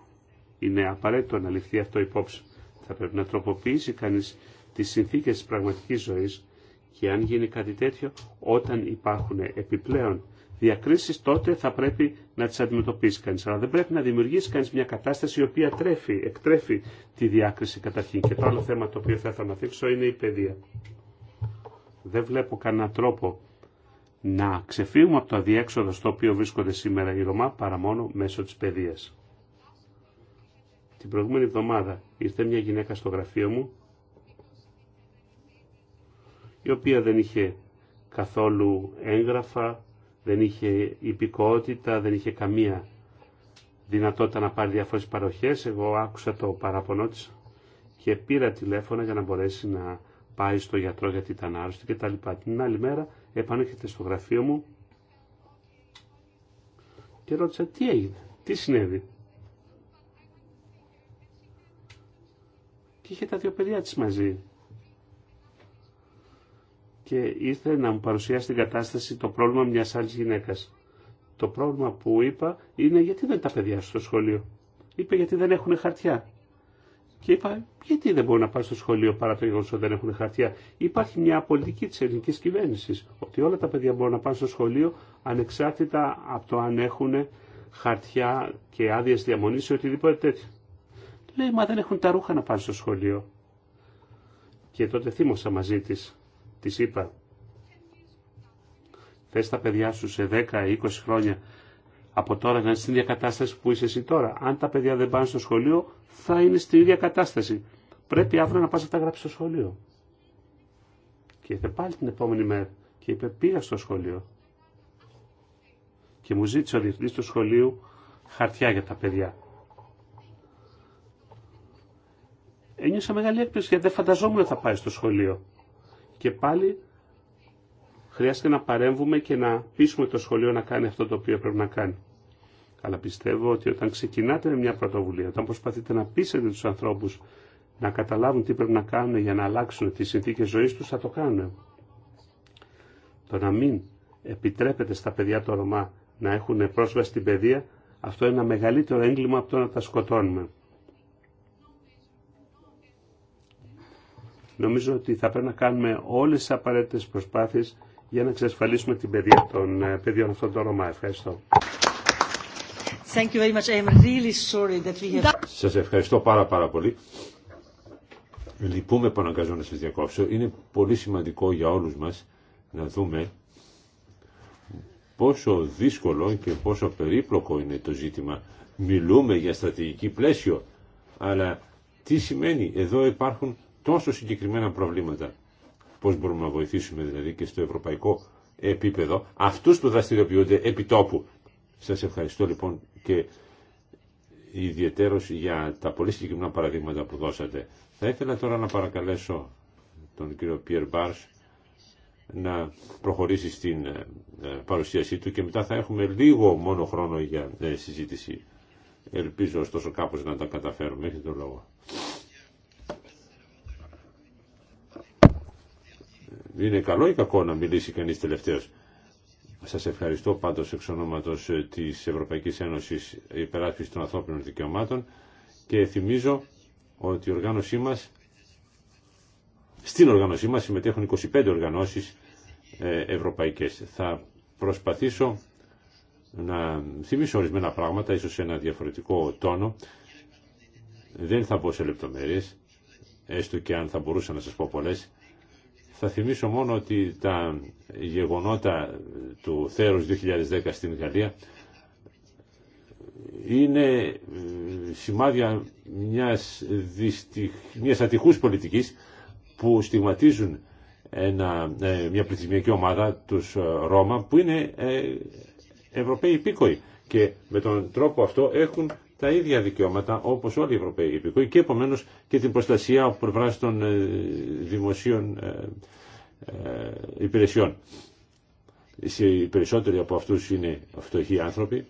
Είναι απαραίτητο να ληφθεί αυτό υπόψη. Θα πρέπει να τροποποιήσει κανείς τις συνθήκες της πραγματικής ζωής και αν γίνει κάτι τέτοιο, όταν υπάρχουν επιπλέον διακρίσεις, τότε θα πρέπει να τις αντιμετωπίσει κανείς. Αλλά δεν πρέπει να δημιουργήσει κανείς μια κατάσταση η οποία τρέφει, εκτρέφει τη διάκριση καταρχήν. Και το άλλο θέμα το οποίο θα ήθελα να θίξω είναι η παιδεία. Δεν βλέπω κανένα τρόπο να ξεφύγουμε από το αδιέξοδο στο οποίο βρίσκονται σήμερα οι Ρωμά παρά μόνο μέσω της παιδείας. Την προηγούμενη εβδομάδα ήρθε μια γυναίκα στο γραφείο μου η οποία δεν είχε καθόλου έγγραφα, δεν είχε υπηκότητα, δεν είχε καμία δυνατότητα να πάρει διάφορες παροχές. Εγώ άκουσα το παραπονό της και πήρα τηλέφωνα για να μπορέσει να πάει στο γιατρό γιατί ήταν άρρωστη και τα λοιπά. Την άλλη μέρα επανέρχεται στο γραφείο μου και ρώτησα τι έγινε, τι συνέβη. Και είχε τα δύο παιδιά της μαζί και ήρθε να μου παρουσιάσει την κατάσταση το πρόβλημα μιας άλλης γυναίκας. Το πρόβλημα που είπα είναι γιατί δεν τα παιδιά στο σχολείο. Είπε γιατί δεν έχουν χαρτιά. Και είπα, γιατί δεν μπορούν να πάνε στο σχολείο παρά το γεγονό ότι δεν έχουν χαρτιά. Υπάρχει μια πολιτική τη ελληνική κυβέρνηση ότι όλα τα παιδιά μπορούν να πάνε στο σχολείο ανεξάρτητα από το αν έχουν χαρτιά και άδειε διαμονή ή οτιδήποτε τέτοιο. Λέει, μα δεν έχουν τα ρούχα να πάνε στο σχολείο. Και τότε θύμωσα μαζί τη της είπα, θες τα παιδιά σου σε 10-20 χρόνια από τώρα να είναι στην ίδια κατάσταση που είσαι εσύ τώρα. Αν τα παιδιά δεν πάνε στο σχολείο, θα είναι στην ίδια κατάσταση. Πρέπει αύριο να πας να τα γράψεις στο σχολείο. Και είπε πάλι την επόμενη μέρα και είπε πήγα στο σχολείο. Και μου ζήτησε ο διευθυντής του σχολείου χαρτιά για τα παιδιά. Ένιωσα μεγάλη έκπληξη γιατί δεν φανταζόμουν ότι θα πάει στο σχολείο. Και πάλι χρειάζεται να παρέμβουμε και να πείσουμε το σχολείο να κάνει αυτό το οποίο πρέπει να κάνει. Αλλά πιστεύω ότι όταν ξεκινάτε με μια πρωτοβουλία, όταν προσπαθείτε να πείσετε τους ανθρώπους να καταλάβουν τι πρέπει να κάνουν για να αλλάξουν τις συνθήκες ζωής τους, θα το κάνουν. Το να μην επιτρέπεται στα παιδιά το Ρωμά να έχουν πρόσβαση στην παιδεία, αυτό είναι ένα μεγαλύτερο έγκλημα από το να τα σκοτώνουμε. Νομίζω ότι θα πρέπει να κάνουμε όλες τις απαραίτητες προσπάθειες για να εξασφαλίσουμε την παιδεία των ε, παιδιών αυτών των Ρωμά. Ευχαριστώ. Thank really have... Σας ευχαριστώ πάρα πάρα πολύ. Λυπούμε που αναγκαζώ να σας διακόψω. Είναι πολύ σημαντικό για όλους μας να δούμε πόσο δύσκολο και πόσο περίπλοκο είναι το ζήτημα. Μιλούμε για στρατηγική πλαίσιο, αλλά τι σημαίνει, εδώ υπάρχουν τόσο συγκεκριμένα προβλήματα. Πώς μπορούμε να βοηθήσουμε δηλαδή και στο ευρωπαϊκό επίπεδο αυτούς που δραστηριοποιούνται επί τόπου. Σας ευχαριστώ λοιπόν και ιδιαιτέρως για τα πολύ συγκεκριμένα παραδείγματα που δώσατε. Θα ήθελα τώρα να παρακαλέσω τον κύριο Πιερ Μπάρς να προχωρήσει στην ε, ε, παρουσίασή του και μετά θα έχουμε λίγο μόνο χρόνο για ε, συζήτηση. Ελπίζω ωστόσο κάπως να τα καταφέρουμε. Έχετε το λόγο. Είναι καλό ή κακό να μιλήσει κανείς τελευταίος. Σας ευχαριστώ πάντως εξ ονόματος ε, της Ευρωπαϊκής Ένωσης Υπεράσπισης των Ανθρώπινων Δικαιωμάτων και θυμίζω ότι η κακο να μιλησει κανεις τελευταιος σας ευχαριστω παντως εξ ονοματος της ευρωπαικης ενωσης Υπεράσπιση των ανθρωπινων δικαιωματων και θυμιζω οτι η οργανωση μας, στην οργάνωσή μας συμμετέχουν 25 οργανώσεις ε, ευρωπαϊκές. Θα προσπαθήσω να θυμίσω ορισμένα πράγματα, ίσως σε ένα διαφορετικό τόνο. Δεν θα πω σε λεπτομέρειες, έστω και αν θα μπορούσα να σας πω πολλές. Θα θυμίσω μόνο ότι τα γεγονότα του θέρους 2010 στην Γαλλία είναι ε, σημάδια μιας, δυστυχ... μιας ατυχούς πολιτικής που στιγματίζουν ένα, ε, μια πληθυσμιακή ομάδα, τους ε, Ρώμα, που είναι Ευρωπαίοι υπήκοοι και με τον τρόπο αυτό έχουν τα ίδια δικαιώματα όπω όλοι οι Ευρωπαίοι υπηκοί και επομένω και την προστασία από πλευρά των ε, δημοσίων ε, ε, υπηρεσιών. Οι περισσότεροι από αυτού είναι φτωχοί άνθρωποι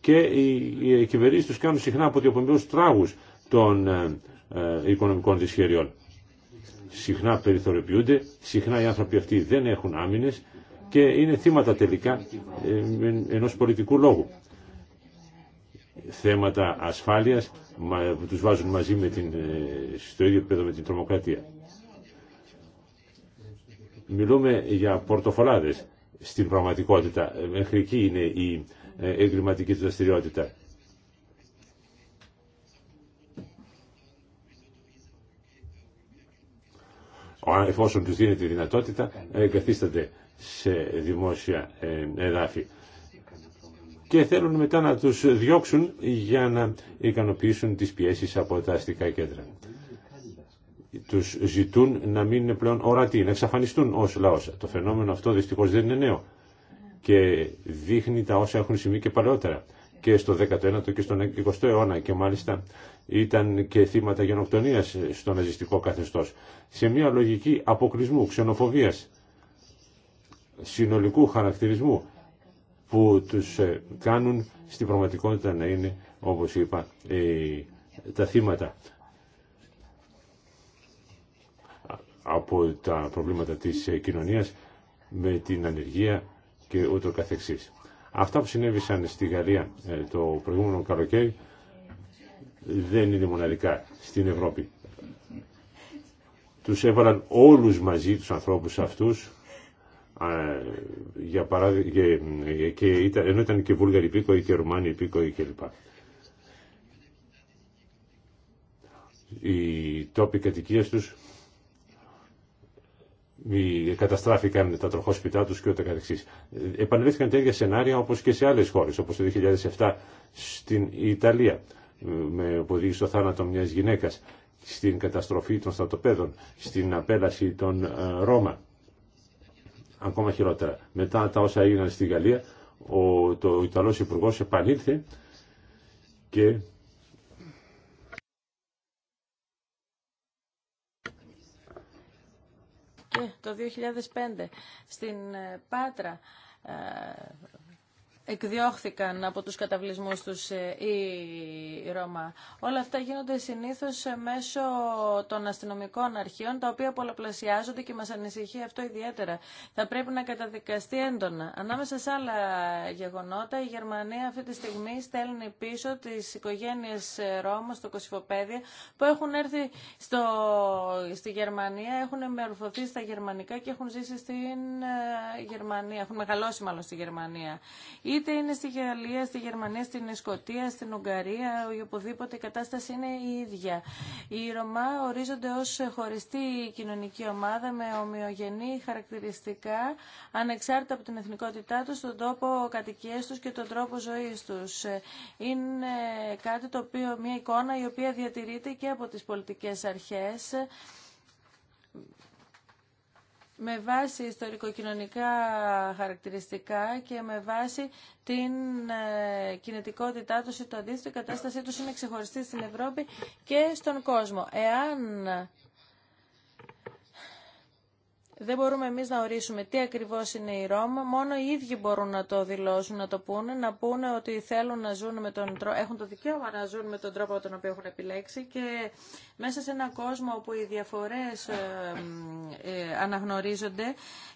και οι κυβερνήσει του κάνουν συχνά από τράγου τράγους των οικονομικών δυσχεριών. Συχνά περιθωριοποιούνται, συχνά οι άνθρωποι αυτοί δεν έχουν άμυνε και είναι θύματα τελικά ενό πολιτικού λόγου θέματα ασφάλειας που τους βάζουν μαζί με την, ε, στο ίδιο επίπεδο με την τρομοκρατία. Μιλούμε για πορτοφολάδες στην πραγματικότητα. Μέχρι εκεί είναι η ε, εγκληματική του δραστηριότητα. Εφόσον τους δίνεται η δυνατότητα, εγκαθίστανται σε δημόσια ε, εδάφη και θέλουν μετά να τους διώξουν για να ικανοποιήσουν τις πιέσεις από τα αστικά κέντρα. Τους ζητούν να μην είναι πλέον ορατοί, να εξαφανιστούν ως λαός. Το φαινόμενο αυτό δυστυχώς δεν είναι νέο και δείχνει τα όσα έχουν συμβεί και παλαιότερα και στο 19ο και στον 20ο αιώνα και μάλιστα ήταν και θύματα γενοκτονίας στο ναζιστικό καθεστώς. Σε μια λογική αποκλεισμού, ξενοφοβίας, συνολικού χαρακτηρισμού που τους ε, κάνουν στην πραγματικότητα να είναι, όπως είπα, ε, τα θύματα από τα προβλήματα της ε, κοινωνίας με την ανεργία και ούτω καθεξής. Αυτά που συνέβησαν στη Γαλλία το προηγούμενο καλοκαίρι δεν είναι μοναδικά στην Ευρώπη. Τους έβαλαν όλους μαζί τους ανθρώπους αυτούς για παράδειγμα, και ήταν, ενώ ήταν και Βούλγαροι υπήκοοι και Ρουμάνοι υπήκοοι κλπ. Οι τόποι κατοικία του καταστράφηκαν τα τροχόσπιτά τους και ούτε καθεξή. Επανελήφθηκαν τέτοια σενάρια όπω και σε άλλε χώρε, όπω το 2007 στην Ιταλία, με οδήγησε στο θάνατο μια γυναίκα, στην καταστροφή των στρατοπέδων, στην απέλαση των ε, Ρώμα ακόμα χειρότερα. Μετά τα όσα έγιναν στη Γαλλία, ο, το Ιταλός υπουργό επανήλθε και και το 2005 στην ε, Πάτρα ε, εκδιώχθηκαν από τους καταβλισμούς τους ε, οι Ρώμα. Όλα αυτά γίνονται συνήθως ε, μέσω των αστυνομικών αρχείων, τα οποία πολλαπλασιάζονται και μας ανησυχεί αυτό ιδιαίτερα. Θα πρέπει να καταδικαστεί έντονα. Ανάμεσα σε άλλα γεγονότα, η Γερμανία αυτή τη στιγμή στέλνει πίσω τις οικογένειες ε, Ρώμα στο Κωσυφοπέδιο, που έχουν έρθει στο, στη Γερμανία, έχουν μεορφωθεί στα γερμανικά και έχουν ζήσει στην Γερμανία, έχουν μεγαλώσει μάλλον στη Γερμανία. Είτε είναι στη Γαλλία, στη Γερμανία, στην Σκοτία, στην Ουγγαρία, οπουδήποτε η κατάσταση είναι η ίδια. Οι Ρωμά ορίζονται ως χωριστή κοινωνική ομάδα με ομοιογενή χαρακτηριστικά, ανεξάρτητα από την εθνικότητά τους, τον τόπο κατοικίας τους και τον τρόπο ζωής τους. Είναι κάτι το οποίο, μια εικόνα η οποία διατηρείται και από τις πολιτικές αρχές με βάση ιστορικοκοινωνικά χαρακτηριστικά και με βάση την ε, κινητικότητά τους ή το αντίθετο, η κατάστασή τους είναι ξεχωριστή στην Ευρώπη και στον κόσμο. Εάν δεν μπορούμε εμείς να ορίσουμε τι ακριβώς είναι η Ρώμα, μόνο οι ίδιοι μπορούν να το δηλώσουν, να το πούνε, να πούνε ότι θέλουν να ζουν με τον τρόπο, έχουν το δικαίωμα να ζουν με τον τρόπο τον οποίο έχουν επιλέξει και μέσα σε έναν κόσμο όπου οι διαφορές ε, ε, αναγνωρίζονται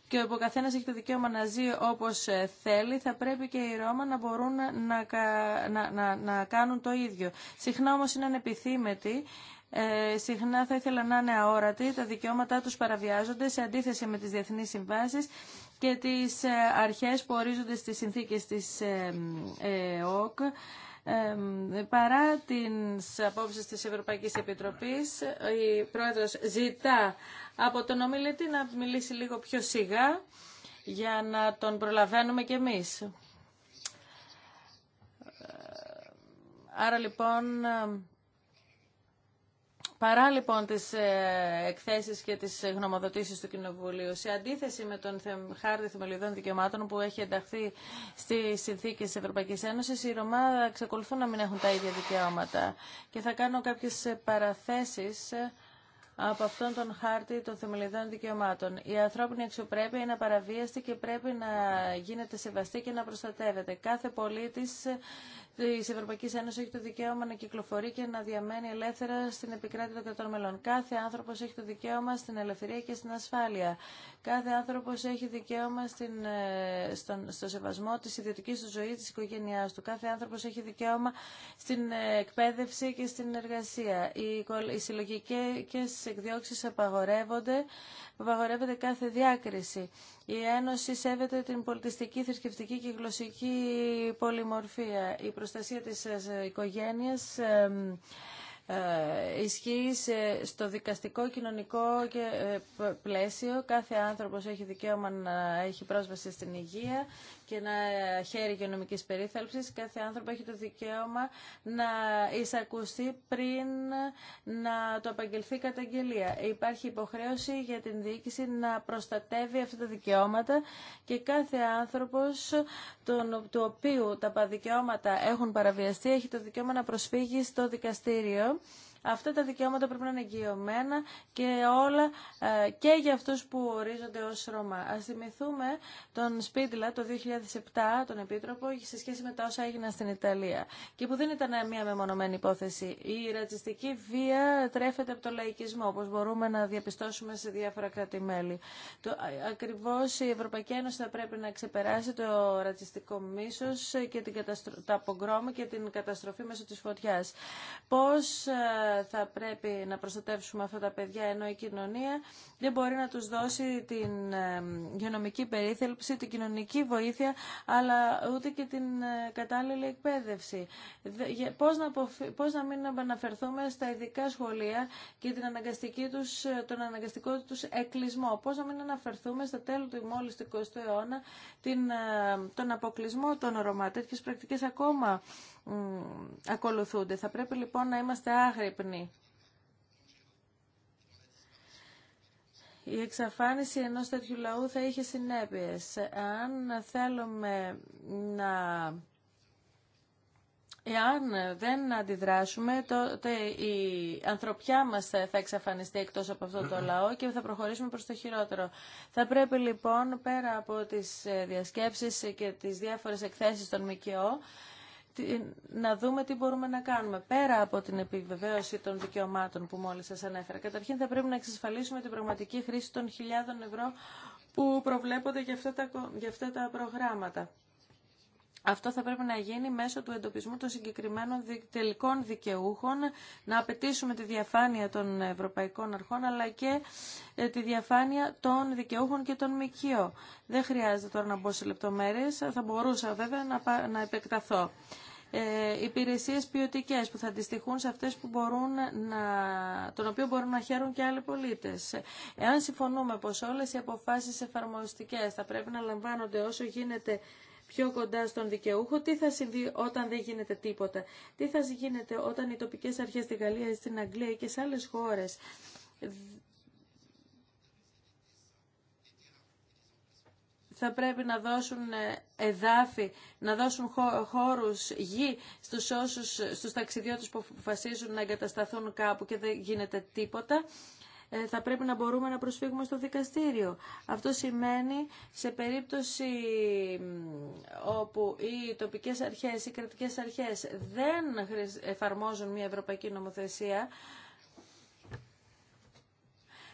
και όπου ο καθένας έχει το δικαίωμα να ζει όπως ε, θέλει, θα πρέπει και οι Ρώμα να μπορούν να, να, να, να κάνουν το ίδιο. Συχνά όμως είναι ανεπιθύμετοι ε, συχνά θα ήθελα να είναι αόρατοι, τα δικαιώματά τους παραβιάζονται σε αντίθεση με τις διεθνείς συμβάσεις και τις ε, αρχές που ορίζονται στις συνθήκες της ε, ε, ΟΚ. παρά την απόψεις της Ευρωπαϊκής Επιτροπής, η Πρόεδρος ζητά από τον ομιλητή να μιλήσει λίγο πιο σιγά για να τον προλαβαίνουμε κι εμείς. Άρα λοιπόν Παρά λοιπόν τις ε, εκθέσεις και τις ε, γνωμοδοτήσεις του Κοινοβουλίου, σε αντίθεση με τον χάρτη θεμελιωδών δικαιωμάτων που έχει ενταχθεί στι συνθήκε τη Ευρωπαϊκή Ένωση, οι Ρωμά εξακολουθούν να μην έχουν τα ίδια δικαιώματα. Και θα κάνω κάποιε παραθέσει ε, από αυτόν τον χάρτη των θεμελιδών δικαιωμάτων. Η ανθρώπινη αξιοπρέπεια είναι απαραβίαστη και πρέπει να γίνεται σεβαστή και να προστατεύεται. Κάθε πολίτης τη Ευρωπαϊκή ένωση έχει το δικαίωμα να κυκλοφορεί και να διαμένει ελεύθερα στην επικράτεια των κρατών μελών. Κάθε άνθρωπος έχει το δικαίωμα στην ελευθερία και στην ασφάλεια. Κάθε άνθρωπος έχει δικαίωμα στην, ε, στο σεβασμό της ιδιωτικής του ζωής, τη οικογένεια του. Κάθε άνθρωπος έχει δικαίωμα στην ε, εκπαίδευση και στην εργασία. Οι, οι συλλογικές απαγορεύονται απαγορεύεται κάθε διάκριση. Η Ένωση σέβεται την πολιτιστική, θρησκευτική και γλωσσική πολυμορφία. Η προστασία της ε, οικογένειας ε, ε, ισχύει στο δικαστικό, κοινωνικό και πλαίσιο. Κάθε άνθρωπος έχει δικαίωμα να έχει πρόσβαση στην υγεία και ένα χέρι υγειονομική περίθαλψη. Κάθε άνθρωπο έχει το δικαίωμα να εισακουστεί πριν να το απαγγελθεί καταγγελία. Υπάρχει υποχρέωση για την διοίκηση να προστατεύει αυτά τα δικαιώματα και κάθε άνθρωπο του οποίου τα δικαιώματα έχουν παραβιαστεί έχει το δικαίωμα να προσφύγει στο δικαστήριο Αυτά τα δικαιώματα πρέπει να είναι εγγυωμένα και όλα ε, και για αυτούς που ορίζονται ως Ρωμά. Ας θυμηθούμε τον Σπίτλα το 2007, τον Επίτροπο, σε σχέση με τα όσα έγιναν στην Ιταλία. Και που δεν ήταν μια μεμονωμένη υπόθεση. Η ρατσιστική βία τρέφεται από το λαϊκισμό, όπως μπορούμε να διαπιστώσουμε σε διάφορα κράτη-μέλη. Ακριβώς η Ευρωπαϊκή Ένωση θα πρέπει να ξεπεράσει το ρατσιστικό μίσος και την καταστρο... τα απογκρόμια και την καταστροφή μέσω της φωτιάς. Πώς ε, θα πρέπει να προστατεύσουμε αυτά τα παιδιά ενώ η κοινωνία δεν μπορεί να τους δώσει την ε, υγειονομική περίθελψη την κοινωνική βοήθεια αλλά ούτε και την ε, κατάλληλη εκπαίδευση. Πώς να, να μην αναφερθούμε στα ειδικά σχολεία και την αναγκαστική τους, ε, τον αναγκαστικό τους εκκλεισμό. Πώς να μην αναφερθούμε στα τέλη του μόλις του 20ου αιώνα την, τον αποκλεισμό των Ρωμά. Τέτοιες πρακτικές ακόμα ακολουθούνται. Θα πρέπει λοιπόν να είμαστε άγρυπνοι. Η εξαφάνιση ενός τέτοιου λαού θα είχε συνέπειες. Αν θέλουμε να... Εάν δεν αντιδράσουμε, τότε η ανθρωπιά μας θα εξαφανιστεί εκτός από αυτό το λαό και θα προχωρήσουμε προς το χειρότερο. Θα πρέπει λοιπόν, πέρα από τις ε, διασκέψεις και τις διάφορες εκθέσεις των ΜΚΟ, να δούμε τι μπορούμε να κάνουμε. Πέρα από την επιβεβαίωση των δικαιωμάτων που μόλις σας ανέφερα, καταρχήν θα πρέπει να εξασφαλίσουμε την πραγματική χρήση των χιλιάδων ευρώ που προβλέπονται για αυτά τα, για αυτά τα προγράμματα. Αυτό θα πρέπει να γίνει μέσω του εντοπισμού των συγκεκριμένων τελικών δικαιούχων, να απαιτήσουμε τη διαφάνεια των ευρωπαϊκών αρχών, αλλά και ε, τη διαφάνεια των δικαιούχων και των ΜΚΙΟ. Δεν χρειάζεται τώρα να μπω σε λεπτομέρειες, θα μπορούσα βέβαια να επεκταθώ. Ε, υπηρεσίες ποιοτικέ που θα αντιστοιχούν σε αυτές που μπορούν να, τον οποίο μπορούν να χαίρουν και άλλοι πολίτες. Εάν συμφωνούμε πως όλες οι αποφάσεις εφαρμοστικές θα πρέπει να λαμβάνονται όσο γίνεται πιο κοντά στον δικαιούχο, τι θα συμβεί όταν δεν γίνεται τίποτα, τι θα γίνεται όταν οι τοπικές αρχές στη Γαλλία ή στην Αγγλία και σε άλλες χώρες θα πρέπει να δώσουν ε, εδάφη, να δώσουν χώρους γη στους, όσους, στους ταξιδιώτες που αποφασίζουν να εγκατασταθούν κάπου και δεν γίνεται τίποτα ε, θα πρέπει να μπορούμε να προσφύγουμε στο δικαστήριο. Αυτό σημαίνει σε περίπτωση όπου οι τοπικές αρχές, οι κρατικές αρχές δεν εφαρμόζουν μια ευρωπαϊκή νομοθεσία,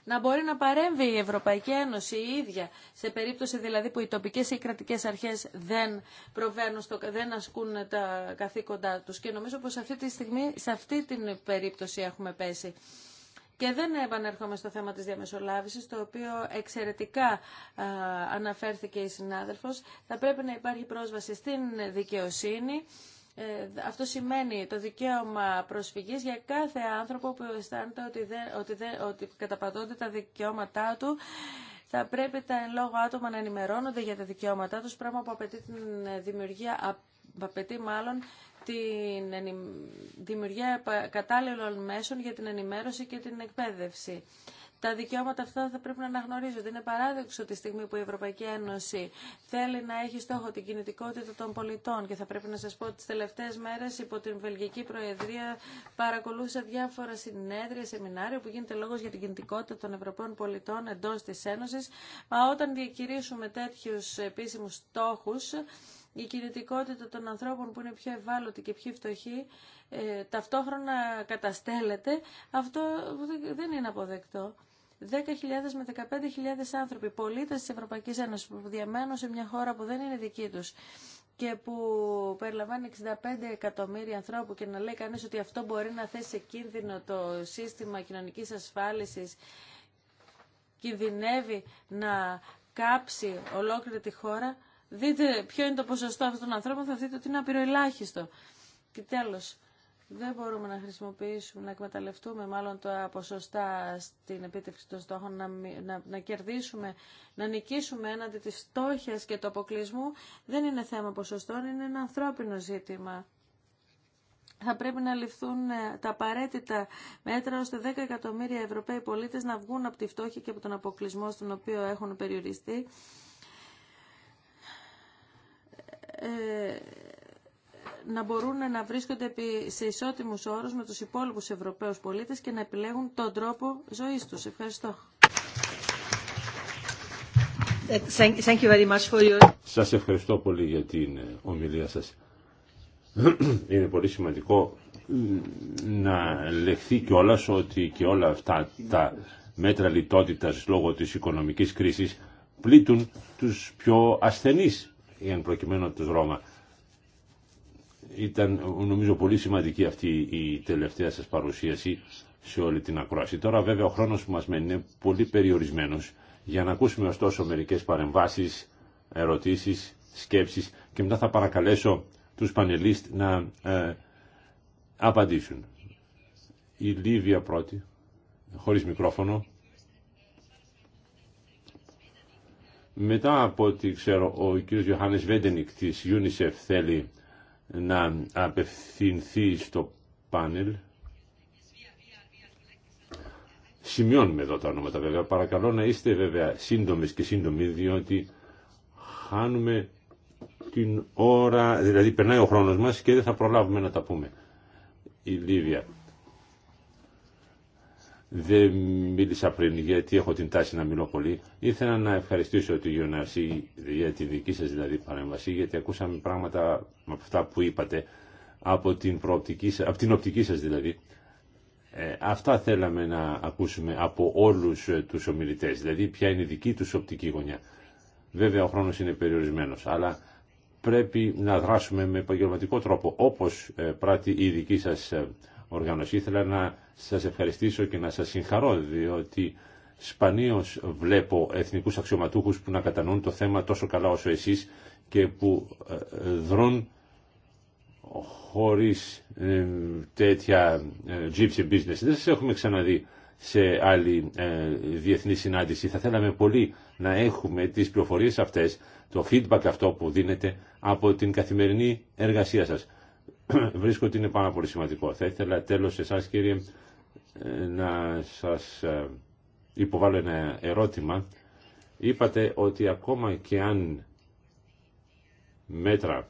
να μπορεί να παρέμβει η Ευρωπαϊκή Ένωση η ίδια, σε περίπτωση δηλαδή που οι τοπικές ή οι κρατικές αρχές δεν, προβαίνουν δεν ασκούν τα καθήκοντά τους. Και νομίζω πως αυτή τη στιγμή, σε αυτή την περίπτωση έχουμε πέσει. Και δεν επανέρχομαι στο θέμα της διαμεσολάβησης, το οποίο εξαιρετικά αναφέρθηκε η συνάδελφος. Θα πρέπει να υπάρχει πρόσβαση στην δικαιοσύνη ε, αυτό σημαίνει το δικαίωμα προσφυγής για κάθε άνθρωπο που αισθάνεται ότι, δεν, ότι, δεν, ότι καταπατώνται τα δικαιώματά του θα πρέπει τα εν λόγω άτομα να ενημερώνονται για τα δικαιώματά τους, πράγμα που απαιτεί την ε, δημιουργία, απαιτεί μάλλον την δημιουργία κατάλληλων μέσων για την ενημέρωση και την εκπαίδευση. Τα δικαιώματα αυτά θα πρέπει να αναγνωρίζονται. Είναι παράδοξο τη στιγμή που η Ευρωπαϊκή Ένωση θέλει να έχει στόχο την κινητικότητα των πολιτών και θα πρέπει να σα πω ότι τις τελευταίες μέρες υπό την Βελγική Προεδρία παρακολούσα διάφορα συνέδρια, σεμινάρια που γίνεται λόγο για την κινητικότητα των Ευρωπαίων πολιτών εντό τη Ένωση, Μα όταν διακηρύσουμε τέτοιου επίσημού στόχου, η κινητικότητα των ανθρώπων που είναι πιο ευάλωτοι και πιο φτωχή, ε, ταυτόχρονα καταστέλλεται, αυτό δεν είναι αποδεκτό. 10.000 με 15.000 άνθρωποι, πολίτες της Ευρωπαϊκής Ένωσης που διαμένουν σε μια χώρα που δεν είναι δική τους και που περιλαμβάνει 65 εκατομμύρια ανθρώπου και να λέει κανείς ότι αυτό μπορεί να θέσει σε κίνδυνο το σύστημα κοινωνικής ασφάλισης κινδυνεύει να κάψει ολόκληρη τη χώρα δείτε ποιο είναι το ποσοστό αυτών των ανθρώπων θα δείτε ότι είναι απειροελάχιστο και τέλος δεν μπορούμε να χρησιμοποιήσουμε, να εκμεταλλευτούμε μάλλον τα ποσοστά στην επίτευξη των στόχων, να, να, να κερδίσουμε, να νικήσουμε έναντι της φτώχεια και του αποκλεισμού, δεν είναι θέμα ποσοστών, είναι ένα ανθρώπινο ζήτημα. Θα πρέπει να ληφθούν ε, τα απαραίτητα μέτρα ώστε 10 εκατομμύρια Ευρωπαίοι πολίτες να βγουν από τη φτώχεια και από τον αποκλεισμό στον οποίο έχουν περιοριστεί. Ε, να μπορούν να βρίσκονται σε ισότιμου όρου με τους υπόλοιπου Ευρωπαίους πολίτες και να επιλέγουν τον τρόπο ζωής τους. Ευχαριστώ. Thank you very much for your... Σας ευχαριστώ πολύ για την ε, ομιλία σας. Είναι πολύ σημαντικό να λεχθεί κιόλα ότι και όλα αυτά τα μέτρα λιτότητας λόγω της οικονομικής κρίσης πλήττουν τους πιο ασθενείς, εν προκειμένου τους Ρώμα. Ήταν νομίζω πολύ σημαντική αυτή η τελευταία σας παρουσίαση σε όλη την ακρόαση. Τώρα βέβαια ο χρόνος που μας μένει είναι πολύ περιορισμένος για να ακούσουμε ωστόσο μερικές παρεμβάσεις, ερωτήσεις, σκέψεις και μετά θα παρακαλέσω τους πανελίστ να ε, απαντήσουν. Η Λίβια πρώτη, χωρίς μικρόφωνο. Μετά από ό,τι ξέρω ο κ. Ιωάννης Βέντενικ της UNICEF θέλει να απευθυνθεί στο πάνελ. Σημειώνουμε εδώ τα ονόματα βέβαια. Παρακαλώ να είστε βέβαια σύντομες και σύντομοι διότι χάνουμε την ώρα, δηλαδή περνάει ο χρόνος μας και δεν θα προλάβουμε να τα πούμε. Η Λίβια. Δεν μίλησα πριν γιατί έχω την τάση να μιλώ πολύ. Ήθελα να ευχαριστήσω τη Γιονάρση για τη δική σας δηλαδή παρέμβαση γιατί ακούσαμε πράγματα από αυτά που είπατε από την, προοπτική, από την οπτική σας δηλαδή. Ε, αυτά θέλαμε να ακούσουμε από όλους τους ομιλητές, δηλαδή ποια είναι η δική τους οπτική γωνιά. Βέβαια ο χρόνος είναι περιορισμένος, αλλά πρέπει να δράσουμε με επαγγελματικό τρόπο, όπως ε, πράττει η δική σας ε, οργάνωση. Ήθελα να σας ευχαριστήσω και να σας συγχαρώ, διότι σπανίως βλέπω εθνικούς αξιωματούχους που να κατανοούν το θέμα τόσο καλά όσο εσείς και που ε, δρούν χωρίς ε, τέτοια ε, gypsy business. Δεν σας έχουμε ξαναδεί σε άλλη διεθνή συνάντηση. Θα θέλαμε πολύ να έχουμε τις πληροφορίες αυτές, το feedback αυτό που δίνετε από την καθημερινή εργασία σας. βρίσκω ότι είναι πάρα πολύ σημαντικό. Θα ήθελα τέλος εσά κύριε ε, να σας ε, υποβάλω ένα ερώτημα. Είπατε ότι ακόμα και αν μέτρα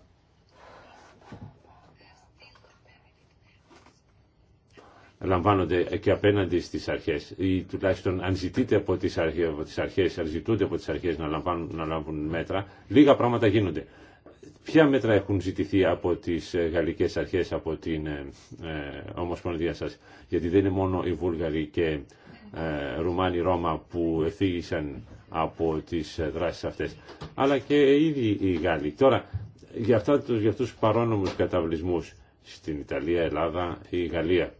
λαμβάνονται και απέναντι στις αρχές ή τουλάχιστον αν ζητείτε από τις αρχές, αν ζητούνται από τις αρχές να, λαμβάνουν, να λάβουν μέτρα, λίγα πράγματα γίνονται. Ποια μέτρα έχουν ζητηθεί από τις ε, γαλλικές αρχές, από την ε, ε, Ομοσπονδία σας, γιατί δεν είναι μόνο οι Βούλγαροι και ε, Ρουμάνοι Ρώμα που εφήγησαν από τις ε, δράσεις αυτές, αλλά και ήδη οι Γάλλοι. Τώρα, για, αυτά, για αυτούς τους παρόνομους καταβλισμούς στην Ιταλία, Ελλάδα ή Γαλλία.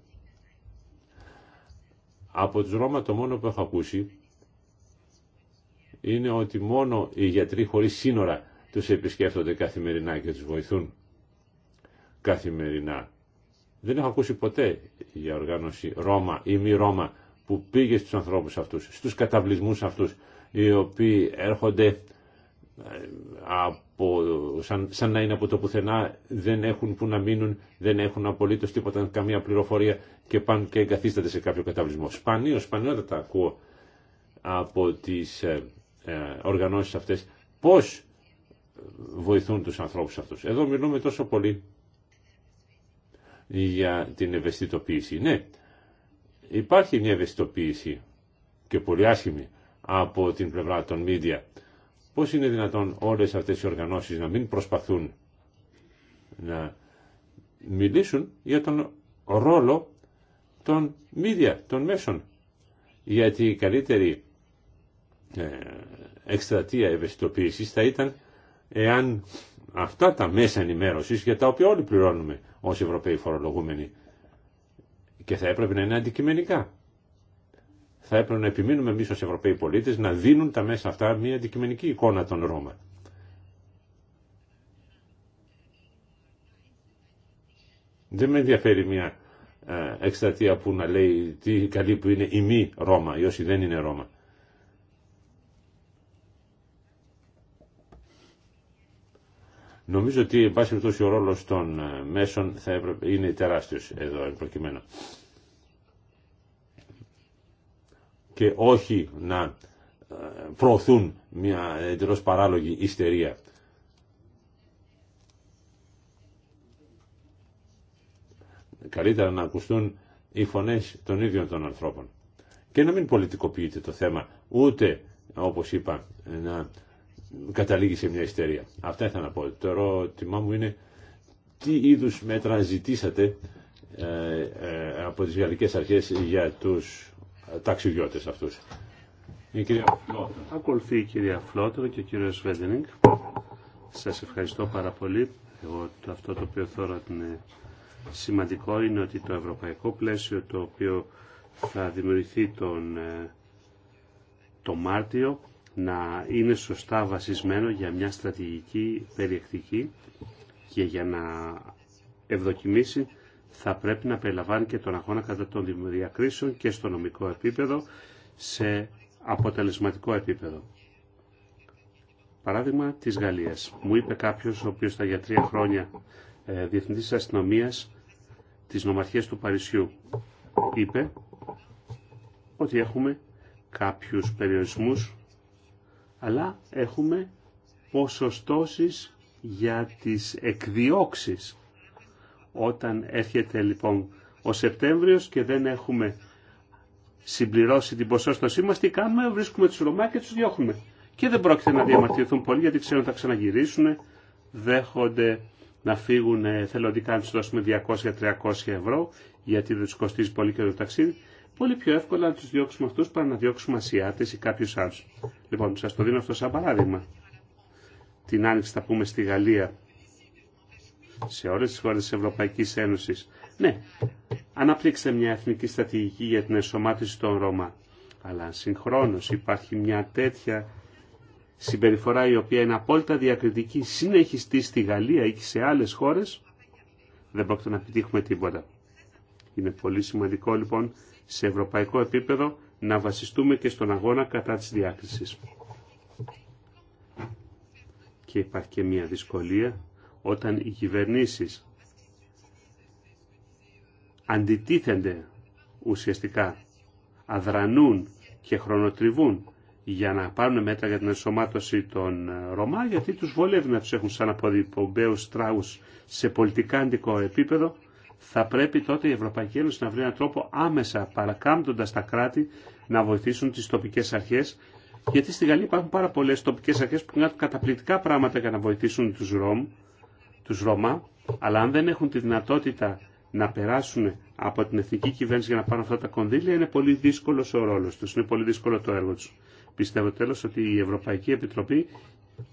Από τους Ρώμα το μόνο που έχω ακούσει είναι ότι μόνο οι γιατροί χωρίς σύνορα τους επισκέφτονται καθημερινά και τους βοηθούν καθημερινά. Δεν έχω ακούσει ποτέ για οργάνωση Ρώμα ή μη Ρώμα που πήγε στους ανθρώπους αυτούς, στους καταβλισμούς αυτούς, οι οποίοι έρχονται ε, από, σαν, σαν να είναι από το πουθενά, δεν έχουν που να μείνουν, δεν έχουν απολύτως τίποτα, καμία πληροφορία και πάνε και εγκαθίστανται σε κάποιο καταβλισμό. Σπανίως, σπανιότατα ακούω από τις ε, ε, οργανώσεις αυτές πώς βοηθούν τους ανθρώπους αυτούς. Εδώ μιλούμε τόσο πολύ για την ευαισθητοποίηση. Ναι, υπάρχει μια ευαισθητοποίηση και πολύ άσχημη από την πλευρά των μίδια Πώς είναι δυνατόν όλες αυτές οι οργανώσεις να μην προσπαθούν να μιλήσουν για τον ρόλο των μίδια, των μέσων. Γιατί η καλύτερη ε, εκστρατεία ευαισθητοποίησης θα ήταν εάν αυτά τα μέσα ενημέρωσης για τα οποία όλοι πληρώνουμε ως Ευρωπαίοι φορολογούμενοι και θα έπρεπε να είναι αντικειμενικά. Θα έπρεπε να επιμείνουμε εμεί ως Ευρωπαίοι πολίτες να δίνουν τα μέσα αυτά μια αντικειμενική εικόνα των Ρώμα. Δεν με ενδιαφέρει μια ε, εκστρατεία που να λέει τι καλή που είναι η μη Ρώμα ή όσοι δεν είναι Ρώμα. Νομίζω ότι, εν πάση περιπτώσει, ο ρόλο των ε, μέσων θα έπρεπε, είναι τεράστιο εδώ, εν προκειμένου. Και όχι να ε, προωθούν μια εντελώ παράλογη ιστερία. Καλύτερα να ακουστούν οι φωνές των ίδιων των ανθρώπων. Και να μην πολιτικοποιείται το θέμα, ούτε, όπως είπα, να καταλήγει σε μια ιστερία. Αυτά ήθελα να πω. Το ερώτημά μου είναι τι είδους μέτρα ζητήσατε ε, ε, από τις γαλλικές αρχές για τους ταξιδιώτες αυτούς. κυρία Ακολουθεί η κυρία Φλότρο και ο κύριο Βέντενινγκ. Σας ευχαριστώ πάρα πολύ. Εγώ, αυτό το οποίο θεωρώ ότι είναι σημαντικό είναι ότι το ευρωπαϊκό πλαίσιο το οποίο θα δημιουργηθεί τον, ε, το Μάρτιο να είναι σωστά βασισμένο για μια στρατηγική περιεκτική και για να ευδοκιμήσει θα πρέπει να περιλαμβάνει και τον αγώνα κατά των διακρίσεων και στο νομικό επίπεδο σε αποτελεσματικό επίπεδο. Παράδειγμα της Γαλλίας. Μου είπε κάποιος ο οποίος τα για τρία χρόνια ε, διευθυντής αστυνομίας της νομαρχίας του Παρισιού είπε ότι έχουμε κάποιους περιορισμούς αλλά έχουμε ποσοστώσεις για τις εκδιώξεις. Όταν έρχεται λοιπόν ο Σεπτέμβριος και δεν έχουμε συμπληρώσει την ποσόστοσή μας, τι κάνουμε, βρίσκουμε τους Ρωμά και τους διώχνουμε. Και δεν πρόκειται να διαμαρτυρηθούν πολύ γιατί ξέρουν ότι θα ξαναγυρίσουν, δέχονται να φύγουν ε, θελοντικά να τους δώσουμε 200-300 ευρώ γιατί δεν τους κοστίζει πολύ και το ταξίδι πολύ πιο εύκολα να του διώξουμε αυτού παρά να διώξουμε Ασιάτε ή κάποιου άλλου. Λοιπόν, σα το δίνω αυτό σαν παράδειγμα. Την άνοιξη θα πούμε στη Γαλλία, σε όλε τι χώρε τη Ευρωπαϊκή Ένωση. Ναι, αναπτύξτε μια εθνική στρατηγική για την ενσωμάτωση των Ρώμα. Αλλά συγχρόνω υπάρχει μια τέτοια συμπεριφορά η οποία είναι απόλυτα διακριτική συνεχιστή στη Γαλλία ή και σε άλλες χώρες, δεν πρόκειται να επιτύχουμε τίποτα. Είναι πολύ σημαντικό λοιπόν σε ευρωπαϊκό επίπεδο να βασιστούμε και στον αγώνα κατά της διάκρισης. Και υπάρχει και μια δυσκολία όταν οι κυβερνήσεις αντιτίθενται ουσιαστικά, αδρανούν και χρονοτριβούν για να πάρουν μέτρα για την ενσωμάτωση των ε, Ρωμά, γιατί τους βολεύει να τους έχουν σαν αποδιπομπέους τράγους σε πολιτικά αντικό επίπεδο θα πρέπει τότε η Ευρωπαϊκή Ένωση να βρει έναν τρόπο άμεσα παρακάμπτοντας τα κράτη να βοηθήσουν τις τοπικές αρχές γιατί στη Γαλλία υπάρχουν πάρα πολλές τοπικές αρχές που κάνουν καταπληκτικά πράγματα για να βοηθήσουν τους, Ρώμ, τους Ρώμα αλλά αν δεν έχουν τη δυνατότητα να περάσουν από την εθνική κυβέρνηση για να πάρουν αυτά τα κονδύλια είναι πολύ δύσκολο ο ρόλο του, είναι πολύ δύσκολο το έργο του. Πιστεύω τέλο ότι η Ευρωπαϊκή Επιτροπή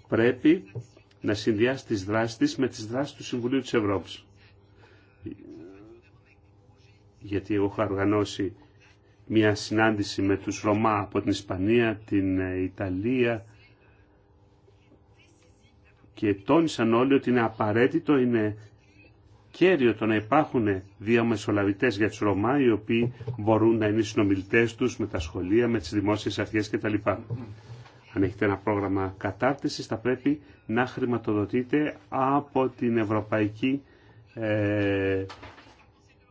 πρέπει να συνδυάσει τι δράσει τη με τι δράσει του Συμβουλίου τη Ευρώπη γιατί εγώ είχα οργανώσει μια συνάντηση με τους Ρωμά από την Ισπανία, την ε, Ιταλία και τόνισαν όλοι ότι είναι απαραίτητο, είναι κέριο το να υπάρχουν μεσολαβητές για τους Ρωμά οι οποίοι μπορούν να είναι συνομιλητές τους με τα σχολεία, με τις δημόσιες αρχές κτλ. Αν έχετε ένα πρόγραμμα κατάρτισης θα πρέπει να χρηματοδοτείτε από την Ευρωπαϊκή ε,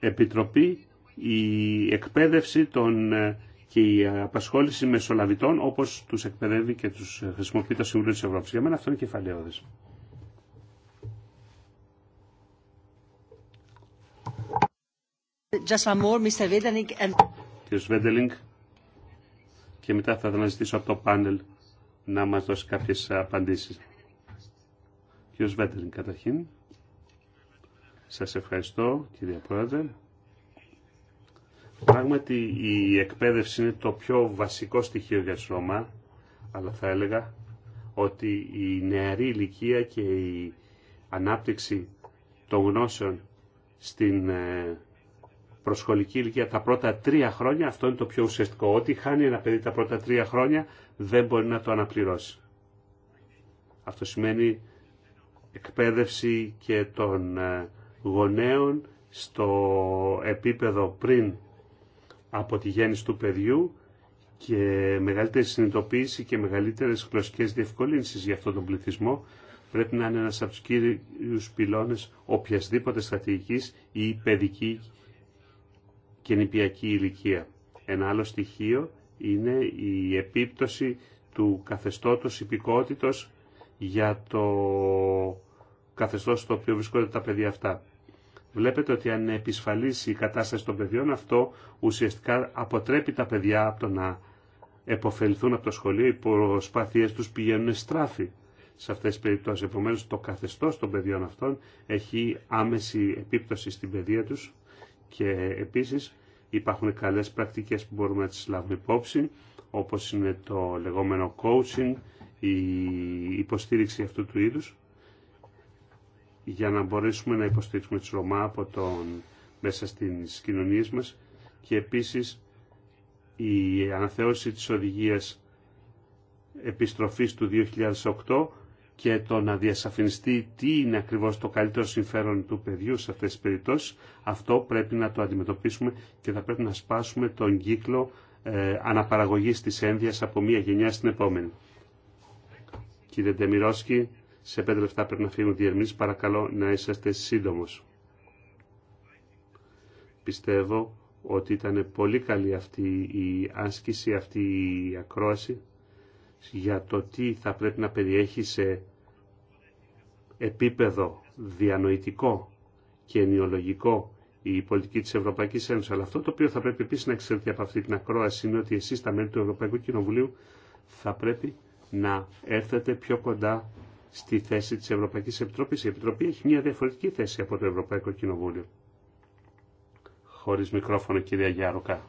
Επιτροπή η εκπαίδευση των, ε, και η απασχόληση μεσολαβητών όπως τους εκπαιδεύει και τους ε, χρησιμοποιεί το Συμβούλιο της Ευρώπης. Για μένα αυτό είναι κεφαλαιόδης. Just one Κύριος Βέντελινγκ και μετά θα ήθελα να ζητήσω από το πάνελ να μας δώσει κάποιες απαντήσεις. Κύριος Βέντελινγκ καταρχήν. Σας ευχαριστώ κύριε Πρόεδρε. Πράγματι η εκπαίδευση είναι το πιο βασικό στοιχείο για σώμα, αλλά θα έλεγα ότι η νεαρή ηλικία και η ανάπτυξη των γνώσεων στην ε, προσχολική ηλικία τα πρώτα τρία χρόνια, αυτό είναι το πιο ουσιαστικό. Ό,τι χάνει ένα παιδί τα πρώτα τρία χρόνια δεν μπορεί να το αναπληρώσει. Αυτό σημαίνει εκπαίδευση και τον... Ε, γονέων στο επίπεδο πριν από τη γέννηση του παιδιού και μεγαλύτερη συνειδητοποίηση και μεγαλύτερες γλωσσικές διευκολύνσεις για αυτόν τον πληθυσμό πρέπει να είναι ένας από τους κύριους πυλώνες οποιασδήποτε στρατηγικής ή παιδική και νηπιακή ηλικία. Ένα άλλο στοιχείο είναι η επίπτωση του καθεστώτος υπηκότητος για το καθεστώς στο οποίο βρισκόνται τα παιδιά αυτά. Βλέπετε ότι αν επισφαλίσει η κατάσταση των παιδιών, αυτό ουσιαστικά αποτρέπει τα παιδιά από το να εποφεληθούν από το σχολείο. Οι προσπάθειέ τους πηγαίνουν στράφη σε αυτές τι περιπτώσεις. Επομένω, το καθεστώ των παιδιών αυτών έχει άμεση επίπτωση στην παιδεία τους και επίσης υπάρχουν καλές πρακτικές που μπορούμε να τι λάβουμε υπόψη, όπως είναι το λεγόμενο coaching, η υποστήριξη αυτού του είδους για να μπορέσουμε να υποστηρίξουμε τους Ρωμά από τον, μέσα στις κοινωνίες μας και επίσης η αναθεώρηση της οδηγίας επιστροφής του 2008 και το να διασαφινιστεί τι είναι ακριβώς το καλύτερο συμφέρον του παιδιού σε αυτές τις περιπτώσεις, αυτό πρέπει να το αντιμετωπίσουμε και θα πρέπει να σπάσουμε τον κύκλο ε, αναπαραγωγής της ένδυας από μία γενιά στην επόμενη. Κύριε Ντεμιρόσκη, σε πέντε λεπτά πρέπει να φύγουν διερμηνείς. Παρακαλώ να είσαστε σύντομος. Πιστεύω ότι ήταν πολύ καλή αυτή η άσκηση, αυτή η ακρόαση για το τι θα πρέπει να περιέχει σε επίπεδο διανοητικό και ενοιολογικό η πολιτική της Ευρωπαϊκής Ένωσης. Αλλά αυτό το οποίο θα πρέπει επίσης να εξελθεί από αυτή την ακρόαση είναι ότι εσείς τα μέλη του Ευρωπαϊκού Κοινοβουλίου θα πρέπει να έρθετε πιο κοντά στη θέση της Ευρωπαϊκής Επιτροπής. Η Επιτροπή έχει μια διαφορετική θέση από το Ευρωπαϊκό Κοινοβούλιο. Χωρίς μικρόφωνο κυρία Γιάρουκα.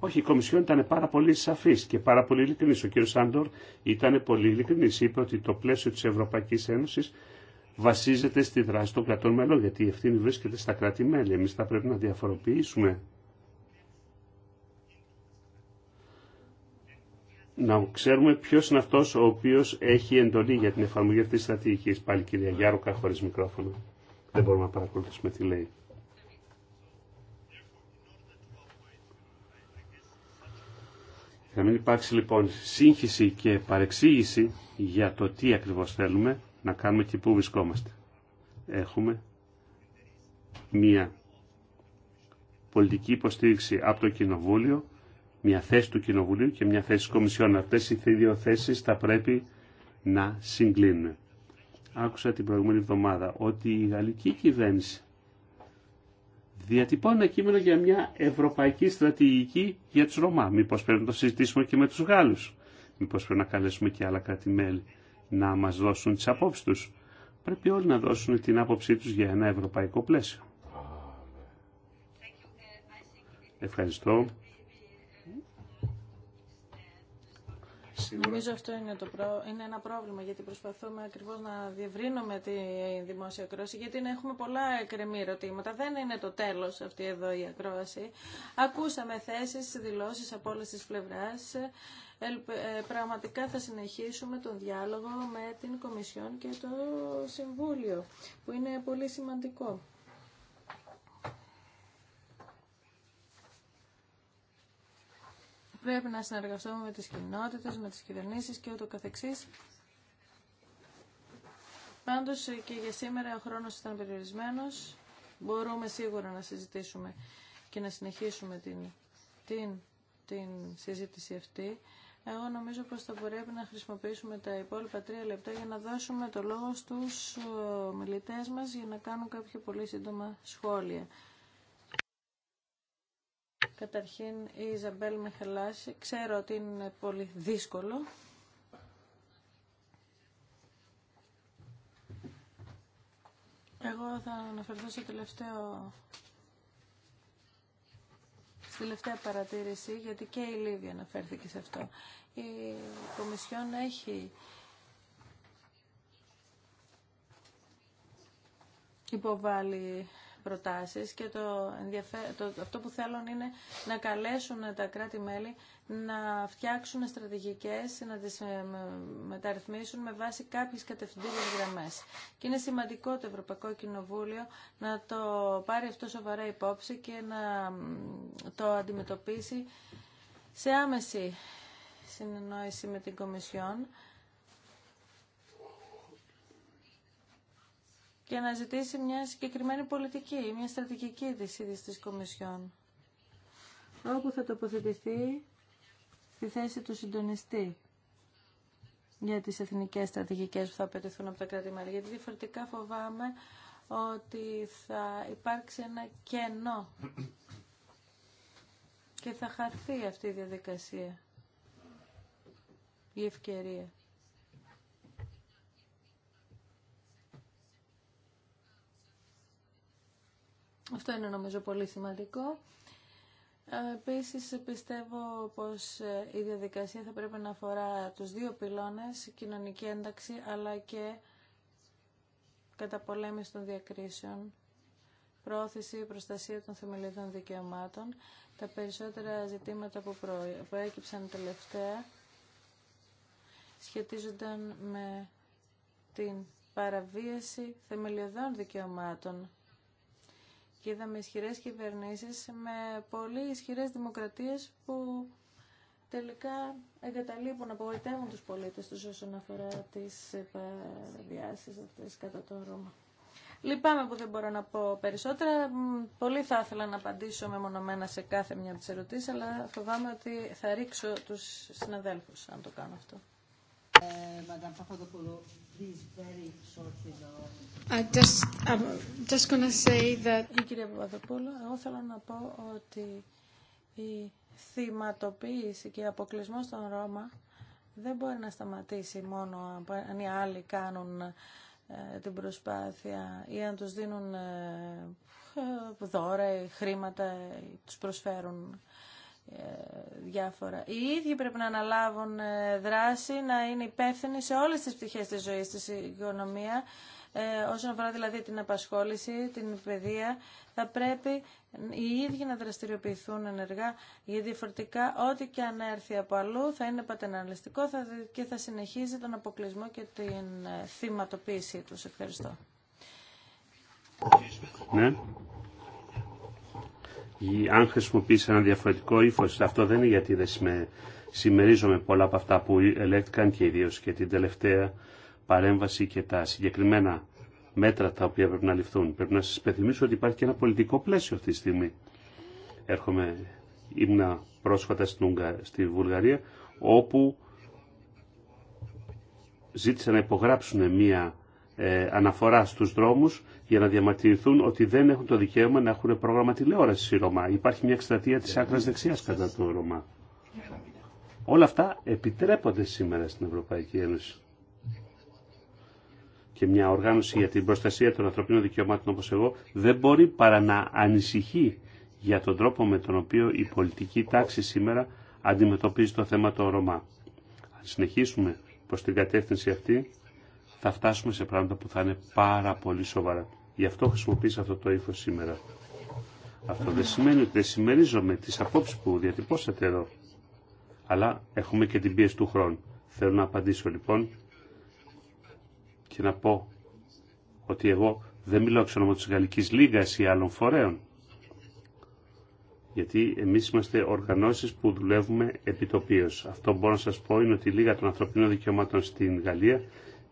Όχι, η Κομισιόν ήταν πάρα πολύ σαφή και πάρα πολύ ειλικρινή. Ο κύριο Άντορ ήταν πολύ ειλικρινή. Είπε ότι το πλαίσιο τη Ευρωπαϊκή Ένωση βασίζεται στη δράση των κρατών μελών, γιατί η ευθύνη βρίσκεται στα κράτη-μέλη. Εμεί θα πρέπει να διαφοροποιήσουμε να ξέρουμε ποιο είναι αυτό ο οποίο έχει εντολή για την εφαρμογή αυτή τη στρατηγική. Πάλι κυρία Γιάρουκα χωρί μικρόφωνο. Δεν μπορούμε να παρακολουθήσουμε τι λέει. Θα μην υπάρξει λοιπόν σύγχυση και παρεξήγηση για το τι ακριβώς θέλουμε να κάνουμε και πού βρισκόμαστε. Έχουμε μία πολιτική υποστήριξη από το Κοινοβούλιο μια θέση του Κοινοβουλίου και μια θέση της Κομισιόν. Αυτές οι δύο θέσεις θα πρέπει να συγκλίνουν. Άκουσα την προηγούμενη εβδομάδα ότι η γαλλική κυβέρνηση διατυπώνει ένα κείμενο για μια ευρωπαϊκή στρατηγική για τους Ρωμά. Μήπως πρέπει να το συζητήσουμε και με τους Γάλλους. Μήπως πρέπει να καλέσουμε και άλλα κράτη-μέλη να μας δώσουν τις απόψεις τους. Πρέπει όλοι να δώσουν την άποψή τους για ένα ευρωπαϊκό πλαίσιο. Ευχαριστώ. σίγουρα. Νομίζω αυτό είναι, το είναι ένα πρόβλημα, γιατί προσπαθούμε ακριβώς να διευρύνουμε τη δημόσια ακρόαση γιατί έχουμε πολλά εκκρεμή ερωτήματα. Δεν είναι το τέλος αυτή εδώ η ακρόαση. Ακούσαμε θέσεις, δηλώσει από όλες τις πλευρές. Ε, πραγματικά θα συνεχίσουμε τον διάλογο με την Κομισιόν και το Συμβούλιο, που είναι πολύ σημαντικό. Πρέπει να συνεργαστούμε με τις κοινότητες, με τις κυβερνήσεις και ούτω καθεξής. Πάντως και για σήμερα ο χρόνος ήταν περιορισμένος. Μπορούμε σίγουρα να συζητήσουμε και να συνεχίσουμε την, την, την συζήτηση αυτή. Εγώ νομίζω πως θα πρέπει να χρησιμοποιήσουμε τα υπόλοιπα τρία λεπτά για να δώσουμε το λόγο στους μιλητές μας για να κάνουν κάποια πολύ σύντομα σχόλια. Καταρχήν η Ιζαμπέλ χαλάσει Ξέρω ότι είναι πολύ δύσκολο. Εγώ θα αναφερθώ στο τελευταίο στη τελευταία παρατήρηση, γιατί και η Λίβια αναφέρθηκε σε αυτό. Η Κομισιόν έχει υποβάλει προτάσεις και το, αυτό που θέλουν είναι να καλέσουν τα κράτη-μέλη να φτιάξουν στρατηγικές, να τις ε, μεταρρυθμίσουν με βάση κάποιες κατευθυντήριες γραμμές. Και είναι σημαντικό το Ευρωπαϊκό Κοινοβούλιο να το πάρει αυτό σοβαρά υπόψη και να το αντιμετωπίσει σε άμεση συνεννόηση με την Κομισιόν και να ζητήσει μια συγκεκριμένη πολιτική, μια στρατηγική της της Κομισιόν. Όπου θα τοποθετηθεί στη θέση του συντονιστή για τις εθνικές στρατηγικές που θα απαιτηθούν από τα κράτη-μέλη. Γιατί διαφορετικά φοβάμαι ότι θα υπάρξει ένα κενό και θα χαθεί αυτή η διαδικασία, η ευκαιρία. Αυτό είναι νομίζω πολύ σημαντικό. Ε, Επίση, πιστεύω πως ε, η διαδικασία θα πρέπει να αφορά τους δύο πυλώνες, κοινωνική ένταξη αλλά και καταπολέμηση των διακρίσεων, πρόθεση, προστασία των θεμελιωδών δικαιωμάτων. Τα περισσότερα ζητήματα που προέκυψαν τελευταία σχετίζονταν με την παραβίαση θεμελιωδών δικαιωμάτων και είδαμε ισχυρές κυβερνήσεις με πολύ ισχυρές δημοκρατίες που τελικά εγκαταλείπουν, απογοητεύουν τους πολίτες τους όσον αφορά τις παραβιάσει αυτές κατά το Ρώμα. Λυπάμαι που δεν μπορώ να πω περισσότερα. Πολύ θα ήθελα να απαντήσω μεμονωμένα σε κάθε μια από τις ερωτήσεις, αλλά φοβάμαι ότι θα ρίξω τους συναδέλφους αν το κάνω αυτό. Ε, I ναι, Παπαδοπούλου, εγώ θέλω να πω ότι η θυματοποίηση και αποκλεισμό των Ρώμα δεν μπορεί να σταματήσει μόνο αν οι άλλοι κάνουν ε, την προσπάθεια ή αν τους δίνουν ε, δώρα, χρήματα, τους προσφέρουν ε, διάφορα. Οι ίδιοι πρέπει να αναλάβουν ε, δράση, να είναι υπεύθυνοι σε όλες τις πτυχές της ζωής της οικονομία, ε, όσον αφορά δηλαδή την απασχόληση, την παιδεία, θα πρέπει οι ίδιοι να δραστηριοποιηθούν ενεργά, γιατί διαφορετικά ό,τι και αν έρθει από αλλού θα είναι πατεναλιστικό και θα συνεχίζει τον αποκλεισμό και την θυματοποίησή τους. Ευχαριστώ. Ναι ή αν χρησιμοποιήσει ένα διαφορετικό ύφο. Αυτό δεν είναι γιατί δεν συμμερίζομαι πολλά από αυτά που ελέγχθηκαν και ιδίω και την τελευταία παρέμβαση και τα συγκεκριμένα μέτρα τα οποία πρέπει να ληφθούν. Πρέπει να σα υπενθυμίσω ότι υπάρχει και ένα πολιτικό πλαίσιο αυτή τη στιγμή. Έρχομαι, ήμουν πρόσφατα στην, στη Βουλγαρία, όπου ζήτησαν να υπογράψουν μία ε, αναφορά στους δρόμους για να διαμαρτυρηθούν ότι δεν έχουν το δικαίωμα να έχουν πρόγραμμα τηλεόραση οι Ρωμά. Υπάρχει μια εκστρατεία τη άκρα δεξιά κατά τον Ρωμά. Όλα αυτά επιτρέπονται σήμερα στην Ευρωπαϊκή Ένωση. Και μια οργάνωση για την προστασία των ανθρωπίνων δικαιωμάτων όπως εγώ δεν μπορεί παρά να ανησυχεί για τον τρόπο με τον οποίο η πολιτική τάξη σήμερα αντιμετωπίζει το θέμα το Ρωμά. Αν συνεχίσουμε προς την κατεύθυνση αυτή, θα φτάσουμε σε πράγματα που θα είναι πάρα πολύ σοβαρά. Γι' αυτό χρησιμοποίησα αυτό το ύφο σήμερα. Αυτό δεν σημαίνει ότι δεν συμμερίζομαι τις απόψεις που διατυπώσατε εδώ. Αλλά έχουμε και την πίεση του χρόνου. Θέλω να απαντήσω λοιπόν και να πω ότι εγώ δεν μιλάω εξ ονόμα της Γαλλικής Λίγας ή άλλων φορέων. Γιατί εμείς είμαστε οργανώσεις που δουλεύουμε επιτοπίως. Αυτό που μπορώ να σας πω είναι ότι η Λίγα των Ανθρωπίνων Δικαιωμάτων στην Γαλλία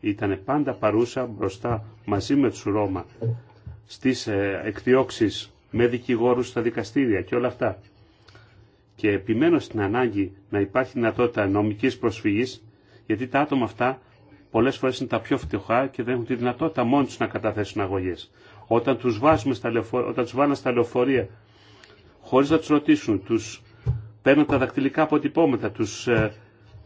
ήταν πάντα παρούσα μπροστά μαζί με τους Ρώμα στις ε, εκδιώξεις με δικηγόρους στα δικαστήρια και όλα αυτά. Και επιμένω στην ανάγκη να υπάρχει δυνατότητα νομικής προσφυγής, γιατί τα άτομα αυτά πολλές φορές είναι τα πιο φτωχά και δεν έχουν τη δυνατότητα μόνοι τους να καταθέσουν αγωγές. Όταν τους, βάζουμε στα όταν τους στα λεωφορεία, χωρίς να τους ρωτήσουν, τους παίρνουν τα δακτυλικά αποτυπώματα, τους ε,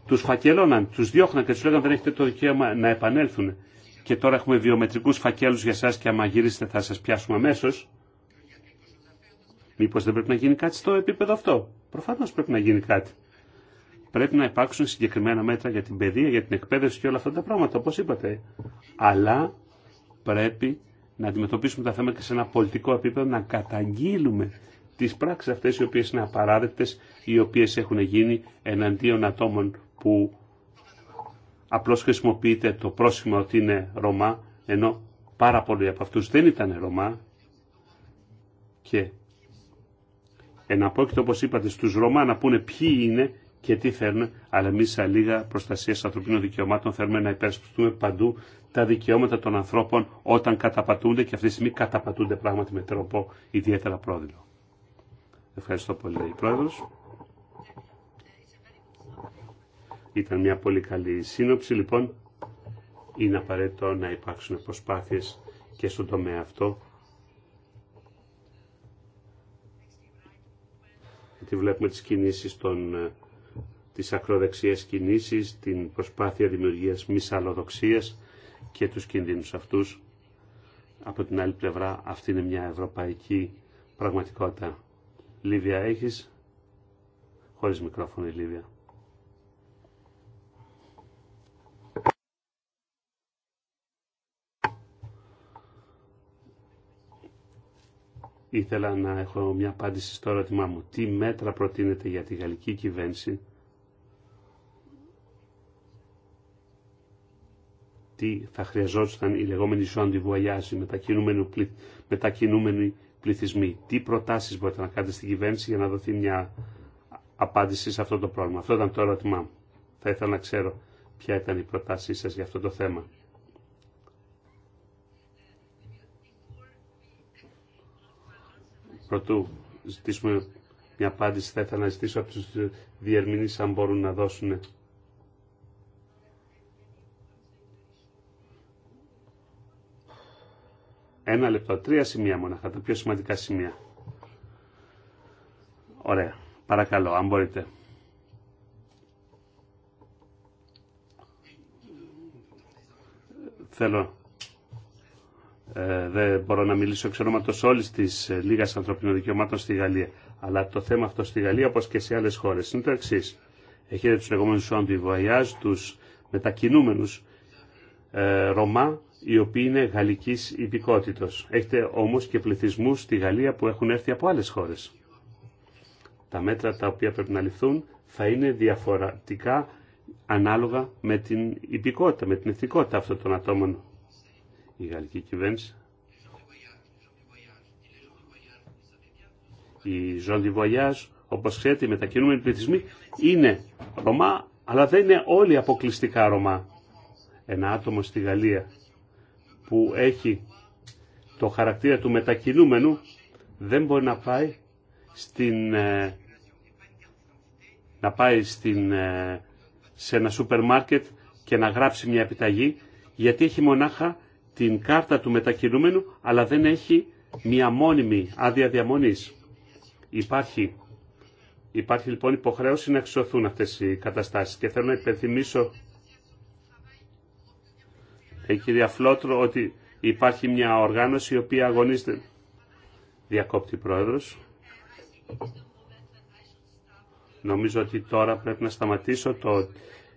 του φακελώναν, του διώχναν και τους λέγανε δεν έχετε το δικαίωμα να επανέλθουν. Και τώρα έχουμε βιομετρικού φακέλου για εσά και άμα γυρίσετε θα σα πιάσουμε αμέσω. Μήπω δεν πρέπει να γίνει κάτι στο επίπεδο αυτό. Προφανώ πρέπει να γίνει κάτι. Πρέπει να υπάρξουν συγκεκριμένα μέτρα για την παιδεία, για την εκπαίδευση και όλα αυτά τα πράγματα, όπω είπατε. Αλλά πρέπει να αντιμετωπίσουμε τα θέματα και σε ένα πολιτικό επίπεδο, να καταγγείλουμε τι πράξει αυτέ, οι οποίε είναι απαράδεκτε, οι οποίε έχουν γίνει εναντίον ατόμων που απλώς χρησιμοποιείται το πρόσημα ότι είναι Ρωμά, ενώ πάρα πολλοί από αυτούς δεν ήταν Ρωμά και εναπόκειται όπως είπατε στους Ρωμά να πούνε ποιοι είναι και τι θέλουν, αλλά εμεί σε λίγα προστασία ανθρωπίνων δικαιωμάτων θέλουμε να υπερασπιστούμε παντού τα δικαιώματα των ανθρώπων όταν καταπατούνται και αυτή τη στιγμή καταπατούνται πράγματι με τρόπο ιδιαίτερα πρόδειλο. Ευχαριστώ πολύ, Πρόεδρος. Ήταν μια πολύ καλή σύνοψη λοιπόν. Είναι απαραίτητο να υπάρξουν προσπάθειες και στον τομέα αυτό. Γιατί βλέπουμε τις κινήσεις των ε, τις ακροδεξιές κινήσεις, την προσπάθεια δημιουργίας μισαλοδοξίας και τους κινδύνους αυτούς. Από την άλλη πλευρά αυτή είναι μια ευρωπαϊκή πραγματικότητα. Λίβια έχεις, χωρίς μικρόφωνο Λίβια. Ήθελα να έχω μια απάντηση στο ερώτημά μου. Τι μέτρα προτείνεται για τη γαλλική κυβέρνηση. Τι θα χρειαζόταν η λεγόμενη Jean με μετακινούμενοι, πληθ, πληθυσμοί. Τι προτάσεις μπορείτε να κάνετε στην κυβέρνηση για να δοθεί μια απάντηση σε αυτό το πρόβλημα. Αυτό ήταν το ερώτημά μου. Θα ήθελα να ξέρω ποια ήταν η προτάσή σας για αυτό το θέμα. Πρωτού ζητήσουμε μια απάντηση, θα ήθελα να ζητήσω από τους διερμηνείς αν μπορούν να δώσουν Ένα λεπτό, τρία σημεία μοναχα, τα πιο σημαντικά σημεία. Ωραία, παρακαλώ, αν μπορείτε. Θέλω ε, δεν μπορώ να μιλήσω εξ ονόματο όλη τη ε, Ανθρωπίνων Δικαιωμάτων στη Γαλλία. Αλλά το θέμα αυτό στη Γαλλία, όπω και σε άλλε χώρε. είναι το εξή. Έχετε του λεγόμενου Σόντι του τους ε, Ρωμά, οι οποίοι είναι γαλλική υπηκότητα. Έχετε όμω και πληθυσμού στη Γαλλία που έχουν έρθει από άλλε χώρε. Τα μέτρα τα οποία πρέπει να ληφθούν θα είναι διαφορετικά ανάλογα με την υπηκότητα, με την εθνικότητα αυτών των ατόμων η γαλλική κυβέρνηση. η Jean Voyage, όπως ξέρετε, οι μετακινούμενοι πληθυσμοί είναι Ρωμά, αλλά δεν είναι όλοι αποκλειστικά Ρωμά. Ένα άτομο στη Γαλλία που έχει το χαρακτήρα του μετακινούμενου δεν μπορεί να πάει στην, ε, να πάει στην, ε, σε ένα σούπερ μάρκετ και να γράψει μια επιταγή γιατί έχει μονάχα την κάρτα του μετακινούμενου, αλλά δεν έχει μια μόνιμη άδεια διαμονής. Υπάρχει, υπάρχει λοιπόν υποχρέωση να εξωθούν αυτές οι καταστάσεις και θέλω να υπενθυμίσω ε, κυρία Φλότρο ότι υπάρχει μια οργάνωση η οποία αγωνίζεται διακόπτη πρόεδρος νομίζω ότι τώρα πρέπει να σταματήσω το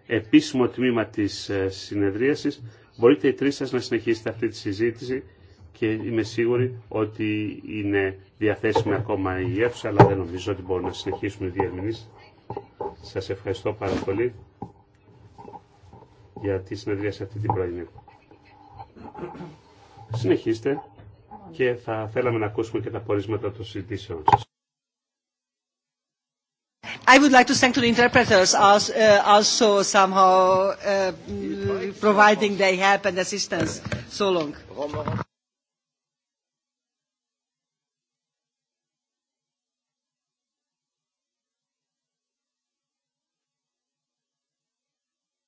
επίσημο τμήμα της ε, συνεδρίασης Μπορείτε οι τρεις σας να συνεχίσετε αυτή τη συζήτηση και είμαι σίγουροι ότι είναι διαθέσιμη ακόμα η αίθουσα, αλλά δεν νομίζω ότι μπορούν να συνεχίσουμε οι διερμηνείς. Σας ευχαριστώ πάρα πολύ για τη συνεδρία σε αυτή την πρωινή. Συνεχίστε και θα θέλαμε να ακούσουμε και τα πορίσματα των συζητήσεων σας. I would like to thank to the interpreters also somehow providing their help and assistance so long.